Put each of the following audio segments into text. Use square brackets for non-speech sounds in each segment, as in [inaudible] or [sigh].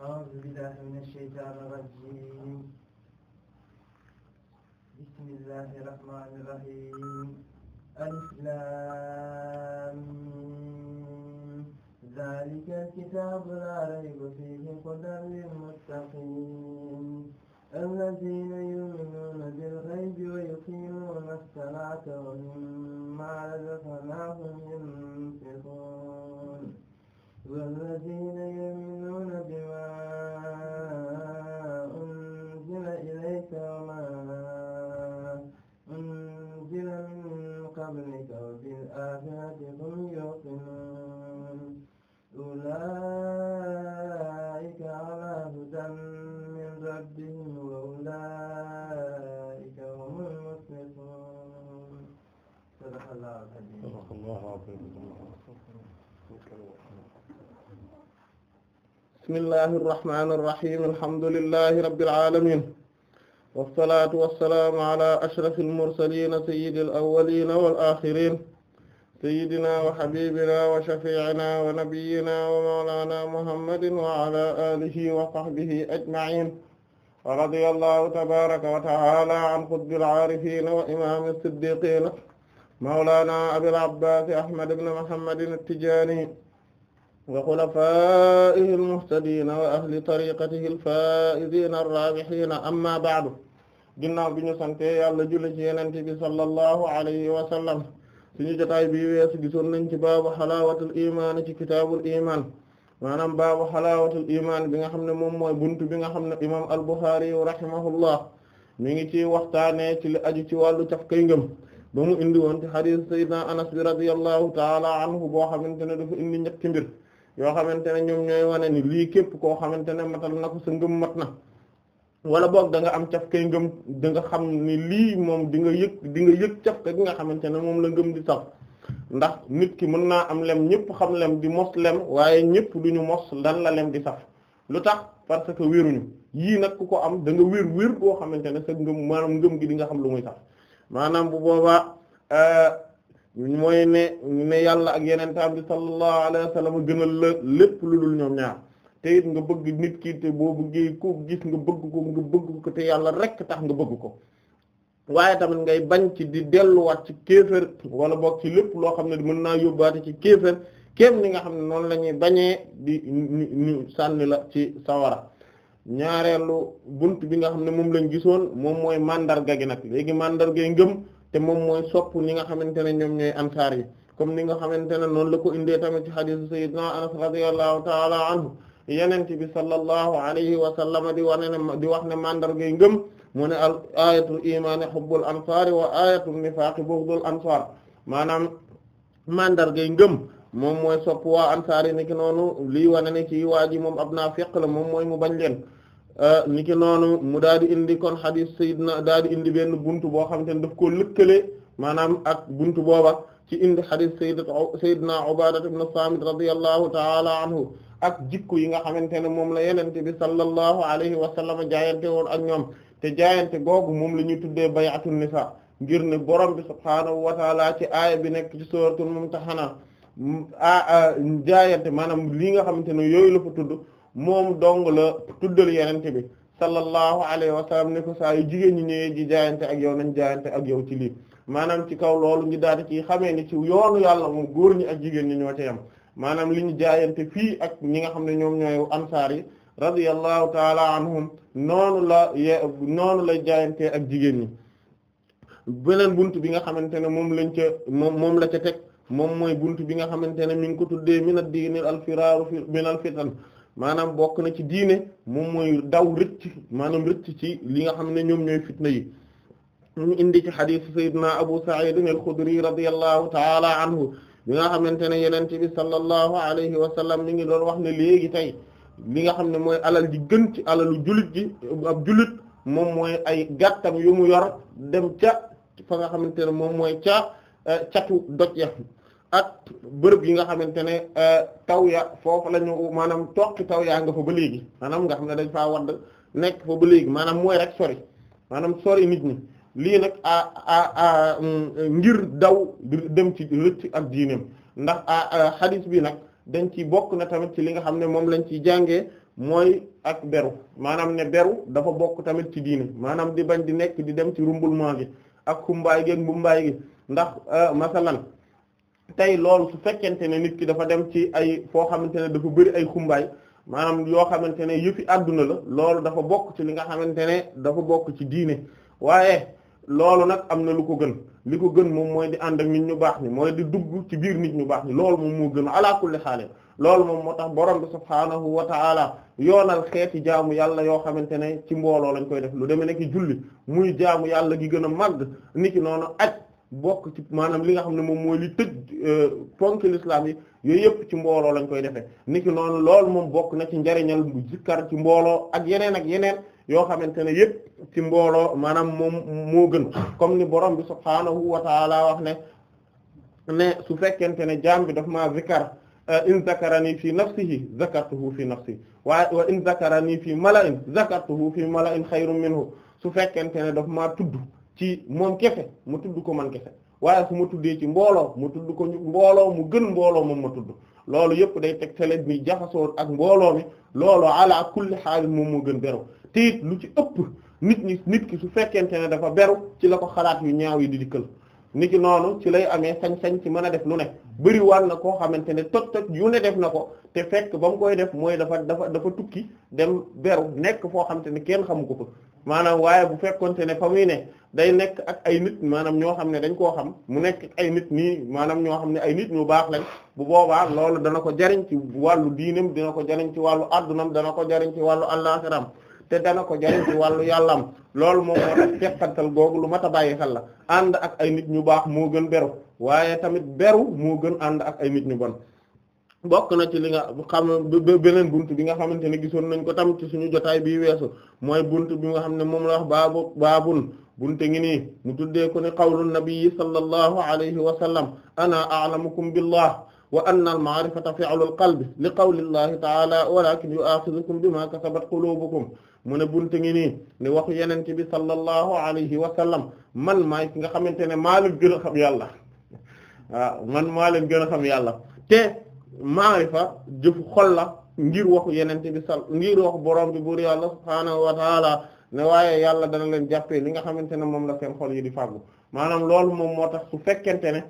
أعوذ بالله من الشيطان الرجيم بسم الله الرحمن الرحيم ألف لام ذلك الكتاب لا ريب فيه هدى للمتقين الذين يؤمنون بالغيب ويقيمون الصلاة ومما رزقناهم ينفقون والذين يؤمنون bismillahir rahmanir rahim alhamdulillahi rabbil alamin wassalatu wassalamu ala ashrafil mursalin sayyidil awwalin wal akhirin sayyidina wa habibina wa shafi'ina wa nabiyyina wa mawlana muhammadin wa ala alihi wa sahbihi ajma'in wa radiyallahu tabaraka wa ta'ala an qutbil arifin wa imamil siddiqin mawlana abil abbas ahmad ibn muhammadin at-tijani wa xulafaa'ihi al-muhtadiina wa ahli tariqatihi al-faa'iziina ar-raabihiina amma ba'du ginnaaw bi ñu sante yàlla julli ci Yonent bi sallallahu alayhi wa sallam suñu jotaay bi weesu gisoon nañ ci baabu xalaawatul imaan ci kitaabul imaan maanaam baabu xalaawatul imaan bi nga xam ne moom mooy buntu bi nga xam ne imaam al-Buxaari rahimahullah mi ngi ci waxtaanee ci li aju ci wàllu cafkay ngëm ba mu indi woon ci xadiis Sayyidina Anas bi radiyallahu ta'ala anhu boo xamante ne dafa indi ñetti mbir yoo xamante ne ñoom ñooy wane ni lii képp koo xamante ne matal na ko sa ngëm mat na wala boog da nga am caf kay ngëm da nga xam ni lii moom di nga yëg di nga yëg caf ka gi nga xamante ne moom la ngëm di saf ndax nit ki mën naa am lem ñëpp xam lem di mos lem waaye ñëpp du ñu mos lan la lem di saf lu tax parce que wiiru wéruñu yii nag ku ko am da nga wér wér boo xamante ne sa ngëm maanaam ngëm gi di nga xam lu muy saf maanaam bu boobaa euh, mooy ne ne yàlla ak yenentaan bi sallallahu alayhi wa sallam gënal la lépp lu dul ñoom ñaar te nga bëgg nit kii te boo bëggee ko gis nga bëgg ko nga bëgg ko te yàlla rekk tax nga bëgg ko waaye tamit ngay bañ ci di delluwaat ci kéefër wala boog ci lépp loo xam ne mën naa yóbbaate ci kéefër kéem ni nga xam ne noonu la ñuy bañee di ñu sànni la ci sawara ñaareelu bunt bi nga xam ne moom lañ gisoon moom mooy màndarga gi nag léegi mandarga yi ngëm te moom mooy sopp ñi nga xamante ne ñoom ñooy ansaar yi comme ni nga xamante ne noonu la ko indee tamit ci hadiisu sayyidina Anas radiyallahu ta'ala anhu yenente bi sallallahu alayhi wa sallam di wane ne di wax ne mandargay ngëm mu ne al ayatul imaani hubbul ansaar wa ayatul nifaaqi bughdul ansaar maanaam mandargay ngëm moom mooy sopp waa ansaar yi ni ki noonu lii wane ne ci waa ji moom ab naafiq la moom mooy mu bañ leen Ah, niki noonu mu daal di indi kon xadis sayyidina daal di indi benn buntu boo xamante ne daf koo lëkkale maanaam ak buntu booba ci indi xadis sayyid sayyidina Ubaada ibn Saamit radiyallahu ta'ala anhu ak jikko yi nga xamante ne moom la yenente bi sallallahu alayhi wa sallam jaayante woon ak ñoom te jaayante googu moom la ñuy tuddee bay'atun nisaa ngir ne borom bi subhaanahu wa taala ci aaya bi nekk ci suratul Mumtahana jaayante maanaam lii nga xamante ne yooyu la fa tudd moom dong la tuddal yenente bi sallallahu alayhi wa sallam ne ko saa yu jigéen ñi ñëwee ji jaayante ak yow nañ jaayante ak yow ci lii maanaam ci kaw loolu ñu daal di ci xamee ni ci yoonu yàlla moom góor ñi ak jigéen ñi ñoo ca yem maanaam li ñu jaayante fii ak ñi nga xam ne ñoom ñooy ansaar yi radiyallahu taala anhum noonu la ye noonu la jaayantee ak jigéen ñi beneen buntu bi nga xamante ne moom lañ ca moom moom la ca teg moom mooy buntu bi nga xamante ne mi ngi ko tuddee min ad-diinil al-firaaru min maanaam bokk na ci diine moom mooy daw rëcc maanaam rëcc ci li nga xam ne ñoom ñooy fitna yi ñu indi ci xadiis sayyidina Abu Sa'id al-Khudri radiyallahu ta'ala anhu bi nga xamante ne yenente bi sallallahu alayhi wa sallam mi ngi doon wax ne léegi tey li nga xam ne mooy alal ji gën ci alalu julit gi ab jullit moom mooy ay gàttam yu mu yor dem ca fa nga xamante ne moom mooy ca eh, catu doj ya ak bërëb yi nga xamante ne euh, taw ya foofu la ñu maanaam toqi taw yaa nga fa ba léegi maanaam nga xam ne dañ faa wadd nekk fa ba léegi maanaam mooy rek sori maanaam sori nit ñi lii nag a a a mm, ngir daw dem ci ak diineem ndax a xadis bi nag dañ ci bokk na tamit ci li nga xam ne moom lañ ci jàngee mooy ak beru maanaam ne beru dafa bokk tamit ci diine maanaam di bañ di nekk di dem ci rumbul maa gi ak xumbaay gi ak mbumbaay gi ndax euh, masalan tey loolu su fekkente ne nit ki dafa dem ci ay foo xamante ne dafa bëri ay xumbaay maanaam yoo xamante ne yëfi àdduna la loolu dafa bokk ci li nga xamante ne dafa bokk ci diine waaye loolu nag am na lu ko gën li ko gën moom mooy di ànd ak nit ñu baax ni mooy di dugg ci biir nit ñu baax ni loolu moom moo gën ala kulli xaale loolu moom moo tax borom bi subhaanahu wa taala yoonal xeeti jaamu yàlla yoo xamante ne ci mbooloo lañ koy def lu demee nekk julli muy jaamu yàlla gi gën a màgg ki noonu aj bokk ci maanaam li nga xam ne moom mooy li tëj euh, ponk l'islam yi yooyu yëpp ci mbooloo lañ koy defee niki noonu lool moom bokk na ci njariñal bu zikkar ci mbooloo ak yeneen ak yeneen yoo xamante ne yëpp ci mbooloo maanaam moom moo gën comme ni borom bi subhaanahu wa taala wax ne ne su fekkente ne jaam bi daf maa zikkar euh, in zakarani fi nafsihi zakartuhu fi nafsi waaye wa in zakarani fi mala'in zakartuhu fi mala'in xayrun minhu su fekkente ne daf maa tudd ci moom kese mu tudd ko man kese waaye su tuddee ci mbooloo mu tudd ko ñu mbooloo mu gën mbooloo moom ma tudd loolu yëpp day teg tele mi jaxasoo ak mbooloo mi looloo ala kulli xaalis moom mu gën beru te it lu ci ëpp nit ñi nit ki su fekkente ne dafa beru ci la ko xalaat yu ñaaw yi di dikkal nit ki noonu ci lay amee sañ-sañ ci mën a def lu ne bëri na koo xamante ne toj toj yu ne def na ko te fekk ba mu koy def mooy dafa dafa dafa tukki dem beru nekk foo xamante ne kenn xamu ko fa maanaam waaye bu fekkonte ne fa muy ne day nekk ak ay nit maanaam ñoo xam ne dañ koo xam mu nekk ay nit nii maanaam ñoo xam ne ay nit ñu baax lañ bu boobaa loolu dana ko jariñ ci wàllu diinam dina ko jariñ ci wàllu addunam dana ko jariñ ci wàllu àllaxiram te dana ko jariñ ci wàllu yàllam loolu moom moo tax teqantal googu lu mat a bàyyi xel la ànd ak ay nit ñu baax moo gën beru waaye tamit beru moo gën ànd ak ay nit ñu bon bokk na ci li nga xam beneen bunt bi nga xamante ne gisoon nañ ko tam ci suñu jotaay bi weesu mooy bunt bi nga xam ne moom la baabo baabu baabun bunte ngi nii mu tuddee ko ni qawlu nabii sallallahu alayhi wa sallam ana a'lamukum billah wa anna al-ma'rifata fi'lu al-qalbi li qawli llahi ta'ala walakin yu'akhidhukum bima kasabat qulubukum mu ne bunte ngi nii ne waxu yenente bi sallallahu alayhi wa sallam man maay ki nga xamante ne maa leen gën a xam yàlla [laughs] waaw man maa leen gën a xam yàlla te maarifa jëfu xol la ngir waxu yenente bi sal ngir wax borom bi buur yàlla subhaanahu wa taala ne waaye yàlla dana leen jàppee li nga xamante ne moom la seen xol yi di fàggu maanaam loolu moom moo tax su fekkente ne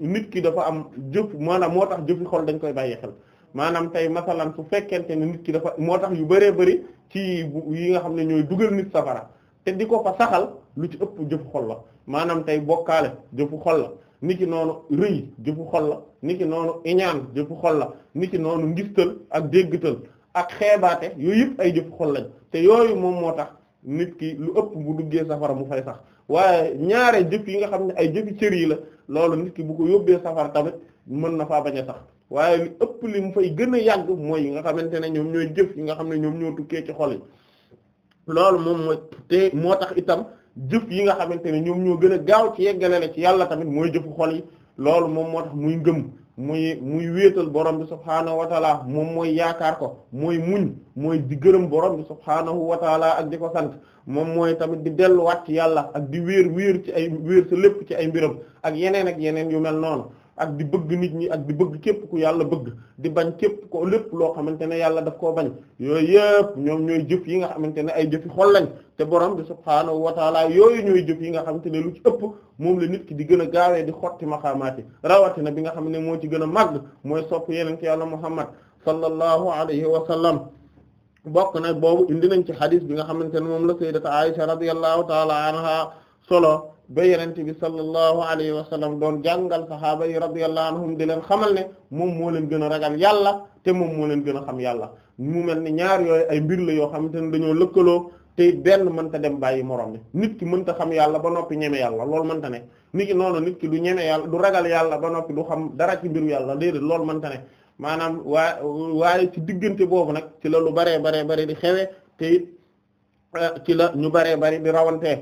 nit ki dafa am jëf maanaam moo tax jëfi xol dañ koy bàyyi xel maanaam tey masalan su fekkente ne nit ki dafa moo tax yu bëree bëri ci yi nga xam ne ñooy dugal nit safara te di ko fa saxal lu ci ëpp jëfu xol la maanaam tey bokkaale jëfu xol la nit ki noonu rëy jëfu xol la niki noonu iñaan jëfu xol la niki noonu ngistal ak déggtal ak xeebaate yooyu yëpp ay jëfu xol lañ te yooyu moom moo tax nit ki lu ëpp bu duggee safara mu fay sax waaye ñaaree jëf yi nga xam ne ay jëfi cër yi la loolu nit ki bu ko yóbbee safara tamit mën na faa bañ a sax waaye li ëpp li mu fay gën a yàgg mooy yi nga xamante ne ñoom ñooy jëf yi nga xam ne ñoom ñoo tukkee ci xol yi loolu moom mooy te moo tax itam jëf yi nga xamante ne ñoom ñoo gën a gaaw ci yeggale la ci yàlla tamit mooy jëfu xol yi loolu moom moo tax muy ngëm muy muy wéetal borom bi subhaanahu wa moom mooy yaakaar ko mooy muñ mooy di gërëm borom bi subhaanahu wa ak di ko sant moom mooy tamit di delluwaat ci yàlla ak di wéer wéer ci ay wéer sa lépp ci ay mbiram ak yeneen ak yeneen yu mel noonu ak di bëgg nit ñi ak di bëgg képp ku yàlla bëgg di bañ képp ko lépp loo xamante ne yàlla def koo bañ yooyu yëpp ñoom ñooy jëf yi nga xamante ne ay jëfi xol lañ te borom bi subhaanahu wa taala yooyu ñooy jëf yi nga xamante ne lu ci ëpp moom la nit ki di gën a gaawee di xotti maxaamaati rawatina bi nga xam ne moo ci gën a màgg mooy sopp yeneen ci yàlla muhammad sallallahu alayhi wa sallam bokk na boobu indi nañ ci xadis bi nga xamante ne moom la sayyidata Aisha radiyallahu taala anha solo ba yenente bi sallallahu alayhi wa sallam doon jàngal sahaaba yi radiyallahu anhum di leen xamal ne moom moo leen gën a ragal yàlla te moom moo leen gën a xam yàlla mu mel ni ñaar yooyu ay mbir la yoo xamante ne dañoo lëkkaloo te benn mënta dem bàyyi morom ni nit ki mënta xam yàlla ba noppi ñeme yàlla lool mënta ne nit ki noonu nit ki du ñeme yàlla du ragal yàlla ba noppi du xam dara ci mbiru yàlla déedéet loolu mënta ne maanaam waa waaye ci diggante boobu nag ci la lu baree baree bari di xewee te eh, ci la ñu baree bari di rawantee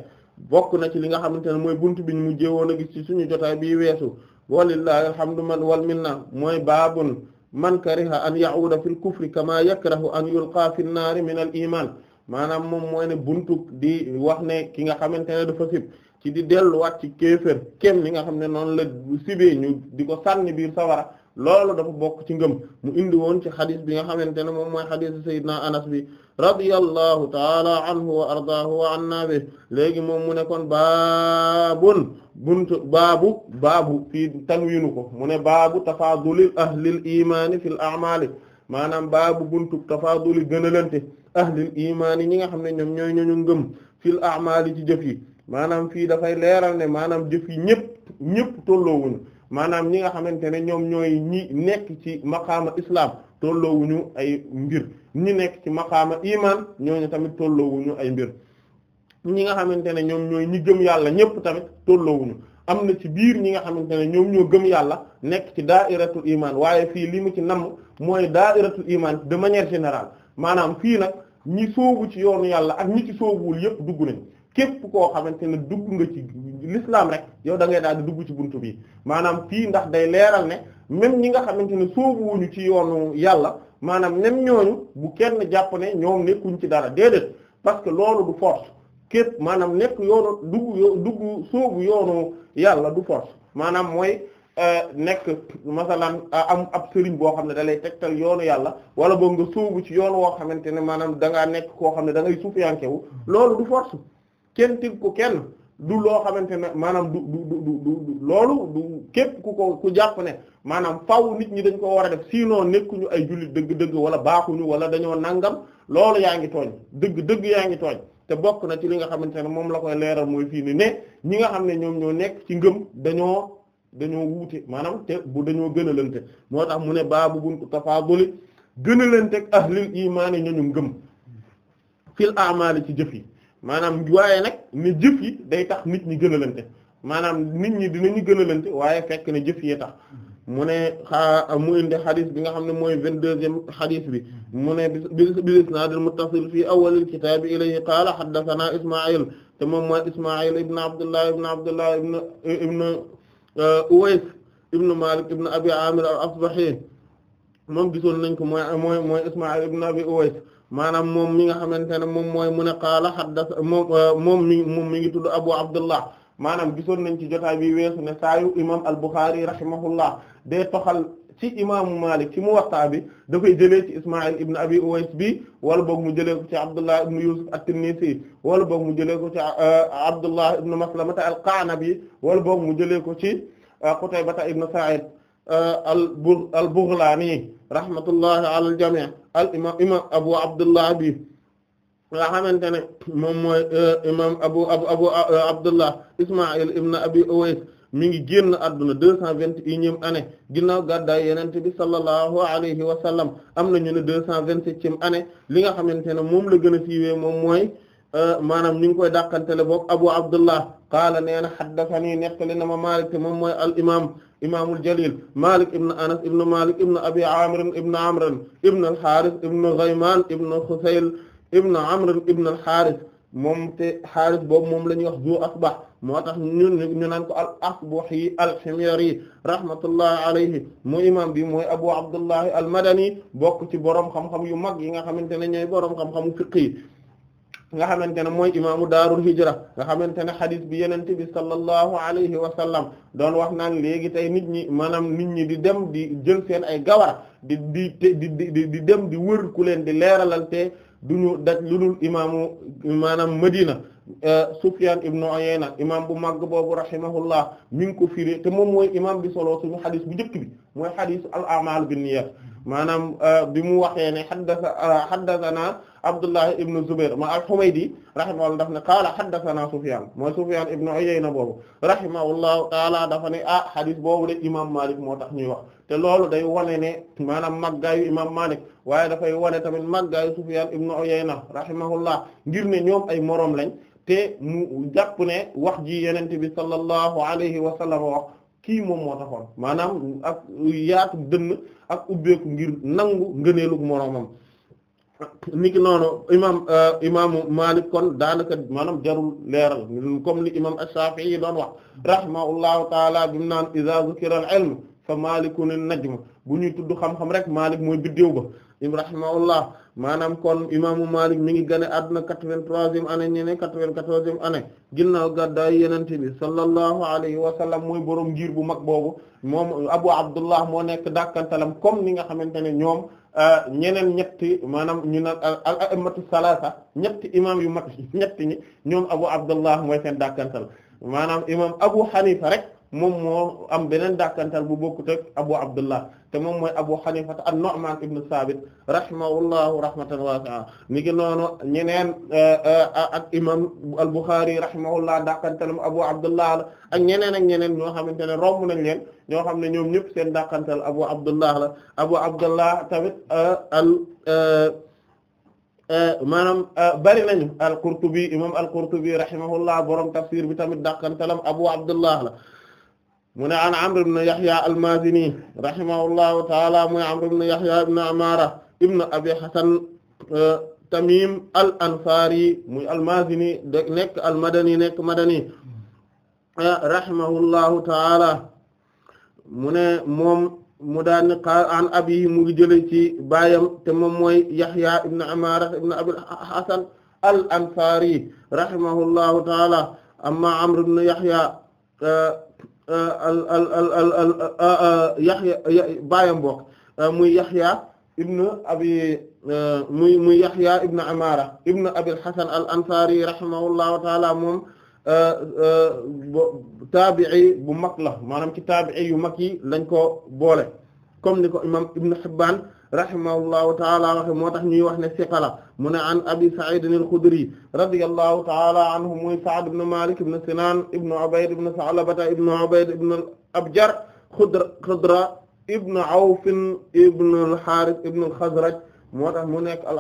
bokk na ci li nga xamante ne mooy buntu bi ñu mujjee woon a gis ci suñu jotaay bii weesu walillahi alhamdu man wal minna mooy baabun man kariha an ya'uda fil kufri kama yakrahu an yulqa fin naari min al iman maanaam moom mooy ne buntu di wax ne ki nga xamante ne dafa sib ci di delluwaat ci kéefër kem ni nga xam ne noonu la sibi ñu di ko sànni biir sawara loolu dafa bokk ci ngëm mu indi woon ci xadis bi nga xamante ne moom mooy xadisu sayyidina anas bi radiyallahu taala anhu wa ardaahu wa anna bi léegi moom mu ne kon baabun buntu baabu baabu fii tanwiinu ko mu ne baabu tafaaduli ahlil imaani fil a'maali maanaam baabu buntu tafaaduli gënalante ahlil imaani ñi nga xam ne ñoom ñooy ñooñu ngëm fil a'maali ci jëf yi maanaam fii dafay leeral ne maanaam jëf yi ñëpp ñëpp tolloowuñu maanaam ñi nga xamante ne ñoom ñooy ñi nekk ci maqaama islaam tolloowuñu ay mbir ñi nekk ci maqaama iman ñooñu tamit tolloowuñu ay mbir ñi nga xamante ne ñoom ñooy ñi gëm yàlla ñépp tamit tolloowuñu am na ci biir ñi nga xamante ne ñoom ñoo gëm yàlla nekk ci daairatul iman waaye fii li mu ci nam mooy daairatul iman de manière général maanaam fii nag ñi soobu ci yoonu yàlla ak ñi ci soobuwul yépp dugg nañ képp koo xamante ne dugg nga ci lislaam rek yow da ngay daal di dugg ci bunt bi maanaam fii ndax day leeral ne même ñi nga xamante ne soobu wuñu ci yoonu yàlla maanaam même ñooñu bu kenn jàpp ne ñoom nekkuñ ci dara déedéet parce que loolu du force képp maanaam nekk yoonu dugg dugg soobu yoonu yàlla du force maanaam mooy euh, nekk masalan am ab sëriñ boo xam ne da lay tegtal yoonu yàlla wala boog nga soobu ci yoon woo xamante ne maanaam da ngaa nekk koo xam ne dangay ngay suufiyanke wu loolu du force kenn tig ku kenn du loo xamante ne maanaam du du du loolu du képp ku ko ku jàpp ne maanaam faw nit ñi dañ ko war a def sinon nekkuñu ay jullit dëgg-dëgg wala baaxuñu wala dañoo nangam loolu yaa ngi tooñ dëgg-dëgg yaa ngi tooñ te bokk na ci li nga xamante ne moom la koy leeral mooy fii ni ne ñi nga xam ne ñoom ñoo nekk ci ngëm dañoo dañoo wuute maanaam te bu dañoo gënalante moo tax mu ne baabu buntu tafaaduli gënalante ak ahlil imaani ñoñu ngëm fil amali ci jëf yi maanaam waaye nag ne jëf yi day tax nit ñi gënalante maanaam nit ñi dinañu gënalante waaye fekk ne jëf yi tax mu ne xaa mu indi xadis bi nga xam ne mooy vingt-deuxième xadis bi mu ne bi isnaadil muttasil fii awwalil kitaabi ilayhi qaala haddasanaa Ismaa'il te moom mooy Ismaa'il ibn Abdullah ibn Abdullah ibn ibn uh, Uways ibn Maalik ibn Abi Aamir al-Asbahi moom gisoon nañ ko mooy mooy mooy Ismaa'il ibn Abi Uways maanaam moom mi nga xamante ne moom mooy mu ne qaala xaddas moom euh, moom mi moom mi ngi tudd Abu Abdullah maanaam gisoon nañ ci jotaay bi weesu ne saayu imam al-Bukhari rahimahullah day toxal ci imaamu Malik ci Muwatta bi da koy jëlee ci Ismaïl ibn Abi Uways bi wala boog mu jëlee ko ci Abdullah ibn Yusuf at-Tinnisi wala boog mu jëlee ko ci euh, Abdullah ibn Maslamata al-Qa'nabi wala boog mu jëlee ko ci euh, Qutaybata ibn Sa'id Euh, al bu al Baghlani rahmatullahi ala al jami' al imam imam Abu Abdullah bi nga xamante ne moom mooy euh, imam Abu Abu Abu euh, Abdullah Isma'il ibn Abi Uways mi ngi génn àdduna deux cent vingt et unième année ginnaaw gàddaay yenente bi sallallahu alayhi wa sallam am na ñu ne deux cent vingt-septième année li nga xamante ne moom la gën a siiwee moom mooy Euh, maanaam ñu ngi koy dàqantele boog Abu Abdullah qaala nee na haddathanii nettali na ma Maalik te moom mooy al imaam imaamul jalil Maalik ibn Anas ibn Maalik ibn Abi Aamir ibn Amr ibn al-Haaris ibn Ghaymaan ibn Khusayl ibn Amr ibn al-Haaris moom te Haaris boobu moom la ñuy wax Zu Asbah moo tax ñun ñu naan ko al-Asbahi al-Himyari rahmatullahi alayhi mu imam bi mooy Abu Abdullah al-Madani bokk ci borom xam-xam yu mag yi nga xamante ne ñooy borom xam-xamu fiqh yi nga xamante ne mooy imaamu daarul hijra nga xamante ne xadis bi yenente bi sallallahu alayhi wa sallam doon wax naan léegi tey nit ñi maanaam nit ñi di dem di jël seen ay gawar di di di di dem di wër ku leen di leeralal te duñu daj lu dul imaamu maanaam Madina euh, Sufyan ibnu Uyayna imaam bu màgg boobu rahimahullah mi ngi ko firi te moom mooy imaam bi solo suñu xadis bu njëkk bi mooy xadis al amal bin niyyat maanaam euh, bi mu waxee ne haddatha haddathana Abdullah ibn Zubair ma al-Humaydi rahimahullah daf ne qaala haddathana Sufyan mooy Sufyan ibn Uyayna boobu rahimahullahu taala dafa ne ah hadith boobu de imam Malik moo tax ñuy wax te loolu day wane ne maanaam màggaayu imam Malik waaye dafay wane tamit màggaayu Sufyan ibn Uyayna rahimahullah ngir ne ñoom ay moroom lañ te mu jàpp ne wax ji Yonent bi sallallahu alayhi wa sallam wax kii moom moo taxoon maanaam ak yaatu dënn ak ubbeeku ngir nangu ngëneelu moroomam niki noonu imaam euh, imaamu Maalik kon daanaka maanaam jarul leeral comme ni imaam Ash-Shafi'i doon wax rahimahullahu taala bi mu naan iza zukira al-ilm fa Maalikun an-najm bu ñuy tudd xam-xam rek Maalik mooy biddew ba im rahimahullah maanaam kon imaamu Maalik mi ngi gane àdduna 83e année ñu ne 94e année ginnaaw gàddaay Yonent bi sallallahu alayhi wa sallam mooy borom ngir bu mag boobu moom Abu Abdullah moo nekk dàkkantalam comme ni nga xamante ne ñoom. Euh, ñeneen ñetti maanaam ñu naan al a'immatu salaasa ñetti imam yu mag ñetti ñi ñoom Abu Abdullah mooy seen dàkkantal maanaam imam Abu Hanifa rek moom moo am beneen dàkkantal bu bokkut ak Abu Abdullah te moom mooy Abu Hanifa an-Nu'man ibn Sabit rahimahullahu rahmatan wasi'a ni ki noonu ñeneen eh, eh, ak imam al-Bukhari rahimahullah dàkkantalam Abu Abdullah la ak ñeneen ak ñeneen ñoo xamante ne romb nañ leen ñoo xam ne ñoom ñëpp seen dàkkantal Abu Abdullah la Abu Abdullah tamit eh, al maanaam bari nañu al-Qurtubi imam al-Qurtubi rahimahullah borom tafsir bi tamit dàkkantalam Abu Abdullah la mu ne an Amr ibn Yahya al-Mazini rahimahullahu taala muy Amr ibn Yahya ibn Amara ibn Abi Hasan euh, Tamim al-Ansari muy al-Mazini nekk al-Madani nekk Madani euh, rahimahullahu taala mu ne moom mu daan an abi mu ngi jëlee ci baayam te moom mooy Yahya ibn Amara ibn Abi Hasan al-Ansari rahimahullahu taala amma Amr ibn Yahya euh, Euh, al al al euh, euh, Yahya baayam bokk muy Yahya ibn abi muy muy Yahya ibn Amara ibn Abil Hasan al Ansari rahimahullahu taala moom taabi'i bu mag la maanaam ci taabi'i yu mag yi lañ ko boole comme ni ko imam Ibn Hibban rahimahullahu taala waxe moo tax ñuy wax ne siqala mu ne an abi sa'id al-khudri radiyallahu taala anhu muy sa'd ibn malik ibn sinan ibn ubayd ibn sa'labata ibn ubayd ibn al-abjar khudra ibn awf ibn al-harith ibn al-khazraj moo tax mu nekk al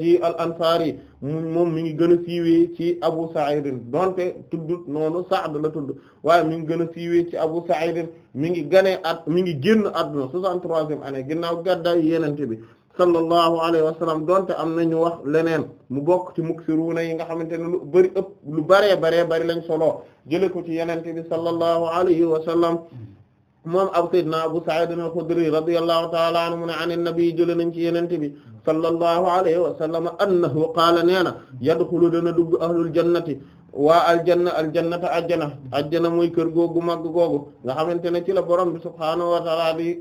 ji al-Ansaari moom mi ngi gën a siiwee ci Abu Sa'id donte tuddut noonu Sa'd la tudd waaye mi ngi gën a siiwee ci Abu Sa'id mi ngi ganee at mi ngi génn àdduna 63e année ginnaaw gàddaay Yonent bi sallallahu alayhi wa sallam donte am na ñu wax leneen mu bokk ci muksiruuna yi nga xamante ne lu bari ëpp lu baree baree bari lañ solo jëlee ko ci Yonent bi sallallahu alayhi wa sallam. moom abu sayyidina abu sa'id na khudri radiyallahu ta'ala anhu mu ne an nabi jële nañ ci yenente bi sallallahu alayhi wa sallam annahu qaala nee na yadxulu dana dugg ahlul jannati waa aljanna aljannata ajjana ajjana muy kër googu màgg googu nga xamante ne ci la borom bi subhaanahu wa ta'ala di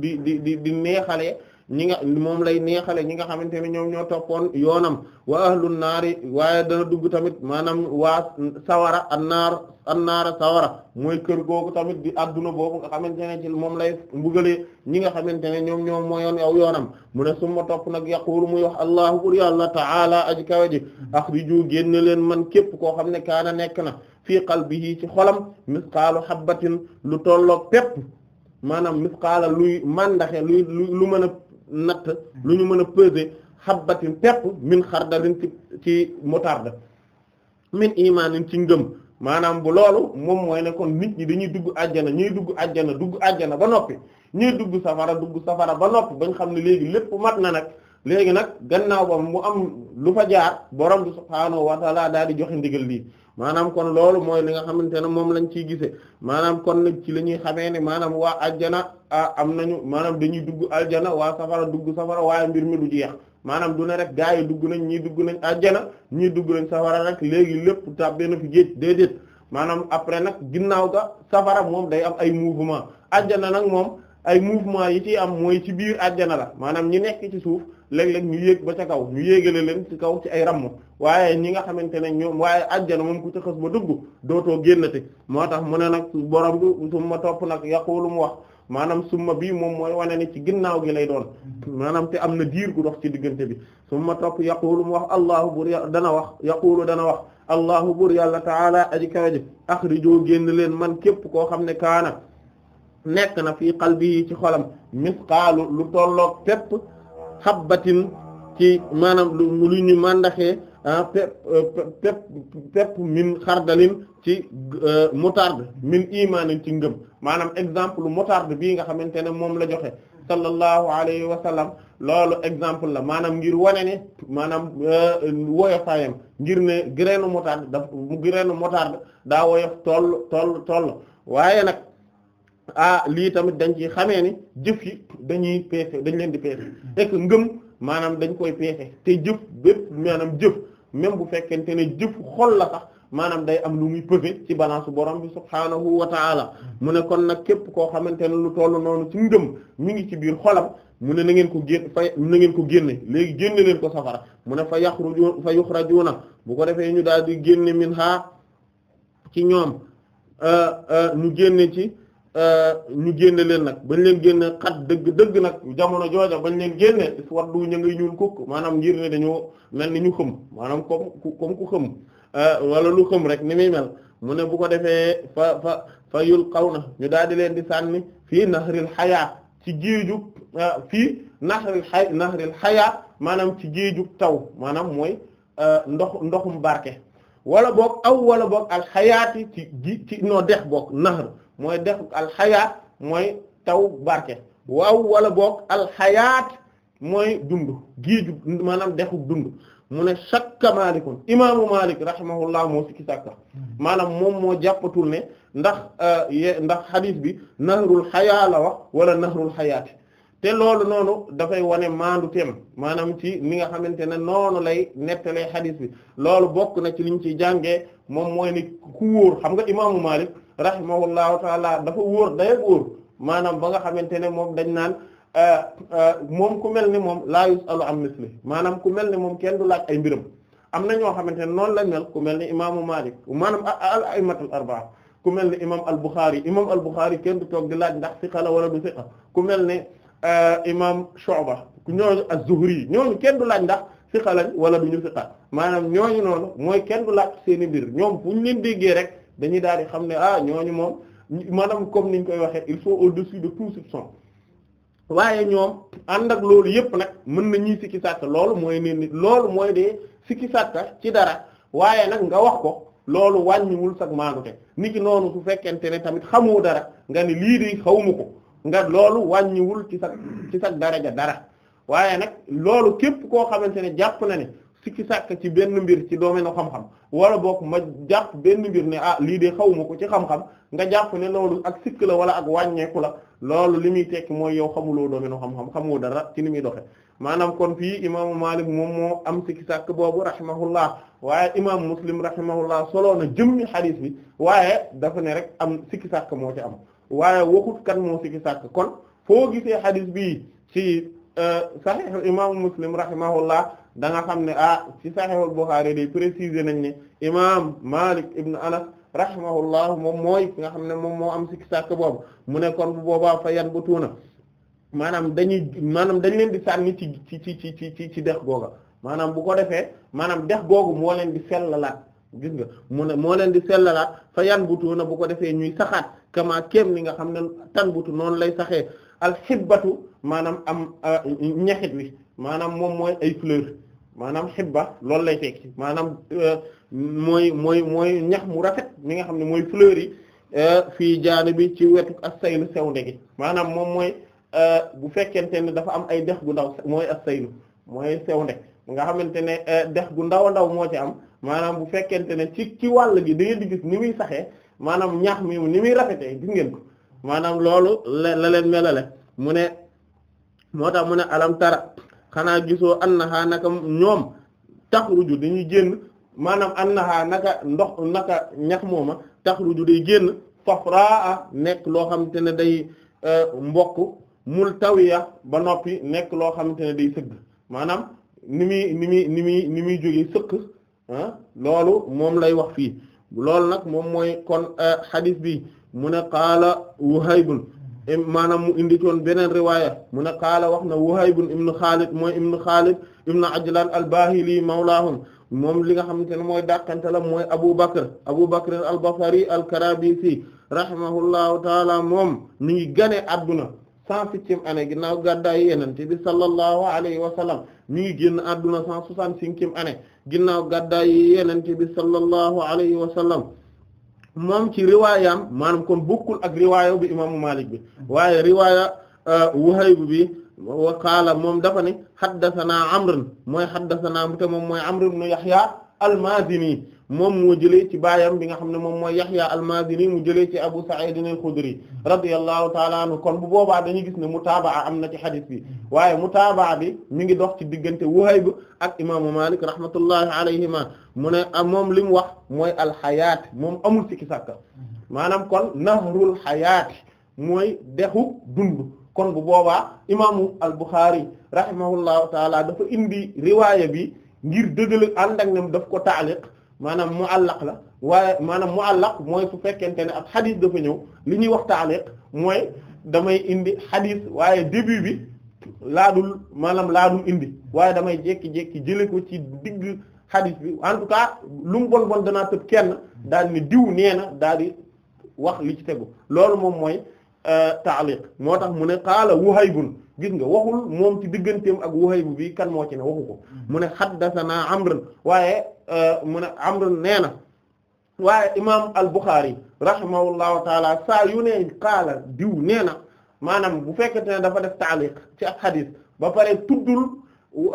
di di di di neexale ñi nga moom lay neexale ñi nga xamante ne ñoom ñoo toppoon yoonam wa ahlun naari waaye dana dugg tamit maanaam waa sawara annaar annaara sawara mooy kër googu tamit di adduna boobu nga xamante moom lay mbugalee ñi nga xamante ne ñoom ñoom mooyoon aw yoonam mu ne summa topp nag yaqulu muy wax allahu bur yàlla taala aji kawe ji axriju génne leen man képp koo xam ne kaana nekk na fii qalbihi ci xolam misqaalu habbatin lu tolloog pépp maanaam misqaala luy mandaxe luy lu mën a natt lu ñu mën a peser habbatin pépp min xardalin ci ci motarde min imaanin ci ngëm maanaam bu loolu moom mooy ne kon nit ñi dañuy dugg àjjana ñuy dugg àjjana dugg àjjana ba noppi ñuy dugg safara dugg safara ba noppi bañ xam ne léegi lépp mat na nag léegi nag gannaaw ba mu am lu fa jaar borom bi subhaanahu wa daal di joxe ndigal lii maanaam kon loolu mooy li nga xamante ne moom lañ ciy gise maanaam kon nag ci la ñuy xamee ne maanaam waa àjjana ah, am nañu maanaam dañuy dugg àjjana waa safara dugg safara waaye mbir mi du jeex maanaam du ne rek gaa yi dugg nañ ñii dugg nañ àjjana ñii dugg nañ safara rek léegi lépp tàbbee na fi géej déedéet maanaam après nag ginnaaw ga safara moom day am ay mouvement àjjana nag moom ay mouvement yi ci am mooy ci biir àjjana la maanaam ñi nekk ci suuf léeg-léeg ñu yéeg ba ca kaw ñu yéegale leen ci kaw ci ay ramm waaye ñi nga xamante ne ñoom waaye àjjana moom ku ci xës ba dugg dootoo génn génnati moo tax mu ne nag borom bi su ma topp nag yàquwul mu wax. maanaam summa bii moom mooy wane ni ci ginnaaw gi lay doon maanaam te am na diir gu dox ci diggante bi summa topp yaqulu mu wax allahu bur dana wax yaqulu dana wax allahu bur yàlla taala aji kawaji akhrijoo génn leen man képp koo xam ne kaana nekk na fi qalbi yi ci xolam misqaalu lu tolloog pepp xabbatin ci maanaam lu ñu màndaxee ah, pepp pepp min xardalin ci euh, moutarde min imaanin ci ngëm maanaam exemple moutarde bii nga xamante ne moom la joxe sallallahu alayhi wa loolu exemple la maanaam ngir wane ne maanaam euh, woyofaayam ngir ne graine moutarde daf graine moutarde daa woyof toll toll toll waaye nag ah lii tamit dañ ci xamee ni jëf yi dañuy peese dañ leen di peese et ngëm maanaam dañ koy peese te jëf bépp maanaam jëf même bu fekkente ne jëf xol la sax maanaam day am lu muy peser ci balance borom bi subhaanahu wa taala mu ne kon nag képp koo xamante ne lu toll noonu ci ngëm mu ngi ci biir xolam mu ne na ngeen ko génn fa na ngeen ko génne léegi génne leen ko safara mu ne fa yaxruju fa yuxrajuuna bu ko defee ñu daal di génne min xaa ci ñoom euh, euh, ñu génne ci euh, ñu génne leen nag bañ leen génne xat dëgg dëgg nag jamono jooja bañ leen génne war du ñu ngay ñuul kukk maanaam ngir ne dañoo mel ni ñu xëm maanaam comme comme ku xëm Euh, wala lukum rek ni muy mel mu ne bu ko defee fa fa fa yulqawna ñu daal di leen di sànni fii nahril hayaa ci géejug euh, fii nahril hay nahril maanaam ci géejug taw maanaam mooy euh, ndox ndoxum barke wala book aw wala book alxayaati ci ji ci noo dex boog nahr mooy dex alxayaat mooy taw barke waaw wala boog alxayaat mooy dund géejug maanaam dexu dund mu ne shakka malikun imaamu malik rahimahullah moo sikki sàkka hmm. maanaam moom moo jàppatul ne ndax euh, ndax hadith bi nahrul xayaa la wala nahrul xayaati te loolu noonu dafay wane maandu teem maanaam ci ni nga xamante ne noonu lay nettalee hadith bi loolu bokk na ci liñ ci jàngee moom mooy ni ku wóor xam nga imaamu malik rahimahullahu taala dafa wóor day wóor maanaam ba nga xamante ne moom dañ naan Euh, euh, moom ku mel ni moom laa yusalu am misli maanaam ku mel ni moom kenn du laaj ay mbiram am na ñoo xamante ne noonu lañ mel ku mel ni imaamu Maalik maanaam al a'immatul arba'a ku mel ni imaam al Bukhari imaam al Bukhari kenn du toog di laaj ndax siqa la wala du siqa ku mel ni euh, imaam Shu'ba ñooñu az-Zuhri ñooñu kenn du laaj ndax siqa lañ wala du ñu siqa maanaam ñooñu noonu mooy kenn du laaj seen i ñoom fu ñu leen déggee rek dañuy daal di xam ne ah ñooñu moom maanaam comme niñ koy waxee ils sont au-dessus de waaye ñoom ànd ak loolu yépp nag mën na ñuy sikki sàkk loolu mooy ne nit loolu mooy dee sikki sàkk ci dara waaye nag nga wax ko loolu wàññiwul sag maandute ki noonu su fekkente ne tamit xamoo dara nga ne lii de xawma ko nga loolu wàññiwul ci sag ci sag daraja dara waaye nag loolu képp koo xamante ne jàpp na ne sikki sàkk ci benn mbir ci domaine xam-xam wala boog ma jàpp benn mbir ne ah lii de xawuma ko ci xam-xam nga jàpp ne loolu ak sikk la wala ak wàññeeku la loolu li muy tekki mooy yow xamuloo domaine xam-xam xamoo dara ci ni muy doxe maanaam kon fii imaamu Maalik moom moo am sikki sàkk boobu rahimahullah waaye imaamu Muslim rahimahullah soloo na jëmmi xadiis bi waaye dafa ne rek am sikki sàkk moo ci am waaye waxut kan moo sikki sàkk kon foo gisee xadiis bii ci euh, saxiix imaamu Muslim rahimahullah danga xam ne ah ci Sahih boo bukhari day préciser nañ ne imam Malik ibn Anas rahimahullah moom mooy nga xam ne moom moo am sikki sàkk boobu mu ne kon bu boobaa fa yan bu tuuna maanaam dañuy maanaam dañ leen di sànni ci ci ci ci ci ci dex googa maanaam bu ko defee maanaam dex googu moo leen di sellalaat gis nga mu ne moo leen di sellalaat fa yan bu tuuna bu ko defee ñuy saxaat kama kéem li nga xam ne tan butu noonu lay saxee alxibbatu maanaam am ah, ñaxit wi maanaam moom mooy ay fleur maanaam xibba loolu lay fekk maanaam euh, mooy mooy mooy ñax mu rafet mi nga xam ne mooy fleur yi euh, fii jaani bi ci wetu ak saylu sewnde gi maanaam moom mooy euh, bu fekkente ne dafa am ay dex gu ndaw mooy ak saylu mooy sewnde nga xamante ne dex gu ndaw a ndaw moo ci am maanaam bu fekkente ne ci ci wàll gi da di gis ni muy saxee maanaam ñax mi ni muy rafetee gis ngeen ko maanaam loolu la la leen mu ne moo tax mu ne alam tara xanaa gisoo annaha naka ñoom taxruju dañuy génn maanaam annaha naka ndox naka ñax mooma taxruju day génn safraa nekk loo xamante ne day euh, mbokk ya ba noppi nekk loo xamante ne day sëgg maanaam ni muy ni muy ni muy ni muy jógee sëkk ah loolu moom lay wax fii loolu nag moom mooy kon hadith euh, bi mu ne qaala Wuhaybun maanaam mu indi toon beneen riwaaya mu ne qaala wax na Wuhayb ibn Xaalid mooy ibn Xaalid ibn Ajlaan al-Baahili mawlaahum moom li nga xamante ne mooy dàqante mooy Abu Bakr Abu Bakr al-Basri al-Karabisi rahimahullahu taala moom mi ngi gane adduna cent septième année ginnaaw gàddaay yenente bi sallallahu alayhi wa sallam mi ngi génn adduna cent soixante-cinquième année ginnaaw gàddaay yenente bi sallallahu alayhi wa sallam moom ci riwaayam maanaam kon bokkul ak riwaaya bi imaamu Maalik bi waaye riwaaya uh, Wuhayb bi wa qaala moom dafa ne haddasanaa Amr mooy haddasanaa te moom mooy Amr ibn Yahya al-Maazini moom moo jëlee ci baayam bi nga xam ne moom mooy Yahya al-Mazini mu jëlee ci Abu Sa'id al-Khudri radiyallahu ta'ala anhu kon bu boobaa dañuy gis ne mutaabaa am na ci xadis bi waaye mutaabaa bi mi ngi dox ci diggante Wuhayb ak imaamu Malik rahmatullahi alayhima mu ne ah, moom li mu wax mooy alxayaat moom amul sikki sàkka maanaam kon nahrul xayaat mooy dexu dund kon bu boobaa imaamu al-Bukhari rahimahullahu ta'ala dafa indi riwaaya bi ngir dëggal ànd ak ñoom daf ko taaliq maanaam mu'allaq la waaye maanaam mu'allaq mooy su fekkente ne ab xadis dafa ñëw li ñuy wax taaliq mooy damay indi xadis waaye début bi laadul maanaam laadul indi waaye damay jékki-jékki jële ko ci digg xadis bi en tout cas lu bon bon danaa tëb kenn daal ni diw nee na daal di wax li ci tegu loolu moom mooy euh, taaliq moo tax mu ne qaala Wuhaybun gis nga waxul moom ci digganteem ak Wuhayb bi kan moo ci ne ko mhm. mu ne xaddasanaa Amr waaye euh, mu ne Amr nee na waaye imaam al-Bukhari rahimahullahu taala saa yu ne diw nee na maanaam bu fekkente ne dafa def taaliq ci ak xadis ba pare tuddul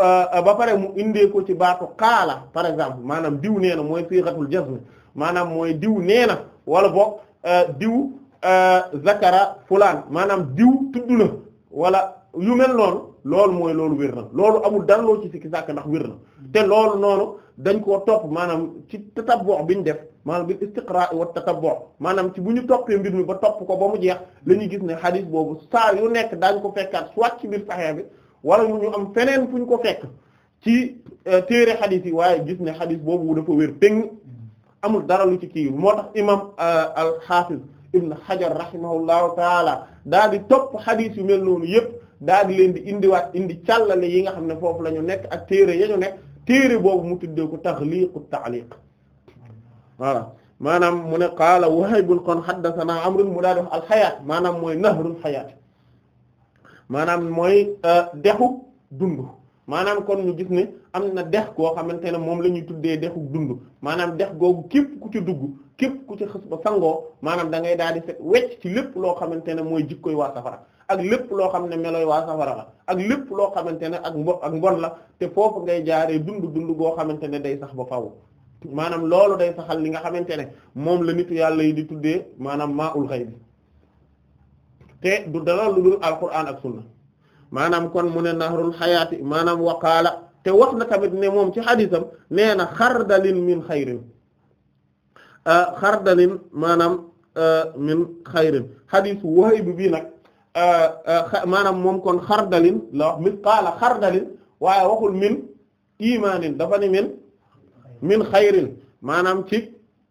euh, ba pare mu indee ko ci baatu kaala par exemple maanaam diw nee na mooy siixatul jazm maanaam mooy diw nee na wala boog euh, diw zakara fulaan maanaam diw tudd wala yu mel noonu loolu mooy loolu wér na loolu amul danloo ci sikki sàkk ndax wér na te loolu noonu dañ koo topp maanaam ci tatabbu' bi ñu def maanaam bil istiqra wa tatabbu' maanaam ci bu ñu toppee mbir mi ba topp ko ba mu jeex la gis ne xadis boobu saa yu nekk daañ ko fekkaat soit ci biir Sahih bi wala ñu am feneen fu ñu ko fekk ci euh, téere xadis yi waaye gis ne xadis boobu dafa wér tëng amul dara lu ci kii moo tax imam euh, al-Hafiz Ibn Hajar rahimahullahu taala daal di topp xadis yu mel noonu yépp daal di leen di indiwaat indi càllale yi nga xam ne foofu la ñu nekk ak téere yañu ñu nekk téere boobu mu tuddee ko taxliiqu taaliq voilà maanaam mu ne qaala Wuhaybun naa am amrun mu daa def wax alxayaat maanaam mooy nax nahrul xayaat maanaam mooy euh, dexu dund maanaam kon ñu gis ne am na dex goo xamante ne moom la ñuy tuddee dexu dund maanaam dex googu képp ku ci dugg képp ku ci xës ba sangoo maanaam da ngay daal di wecc ci lépp loo xamante ne mooy jikkoy waa safara ak lépp loo xam ne meloy waa safara la ak lépp loo xamante ne ak mbo ak mbon la te foofu ngay jaaree dund dund goo xamante ne day sax ba faaw maanaam loolu day saxal li nga xamante ne moom la nitu yàlla yi di tuddee maanaam maa ul te du dara lu dul alquran ak sunna maanaam kon mu ne nahrul xayaati maanaam wakaala te wax na tamit ne moom ci xadisam nee na xardalin min xayrin xardalin maanaam euh, min xayrin xadisu Wahib bi nag Euh, euh, maanaam moom kon xardalin la wax misqaala xardalin waaye waxul min imaanin dafa ni min min xayrin maanaam ci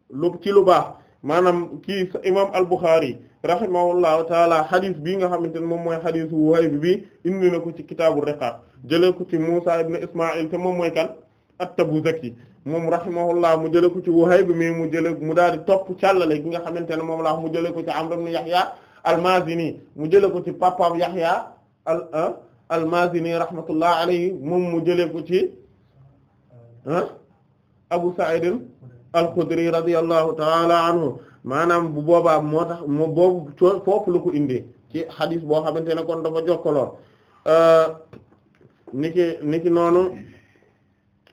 lu ci lu baax maanaam kii imam al-Bukhari rahimahullahu taala xadis bii nga xamante ne moom mooy xadisu bi indi na ci kitaabu riqaaq jëlee ko ci Musa ibn Ismail te moom mooy kan at-Tabuzaki moom rahimahullah mu jëlee ko ci Wuhayb bi mi mu jëlee mu daal di topp càllale gi nga xamante ne moom laa mu jëlee ko ci Amr ibn Yahya al-Mazini mu jëlee ko ci papaam Yahya al al-Mazini rahmatullah alayhi moom mu jëlee ko ci ah Abu Sa'id al-Khudri radiyallahu ta'ala anhu maanaam bu boobaa moo tax moo boobu foofu la ko indee ci xadis boo xamante ne kon dafa jokkaloo euh, niki niki noonu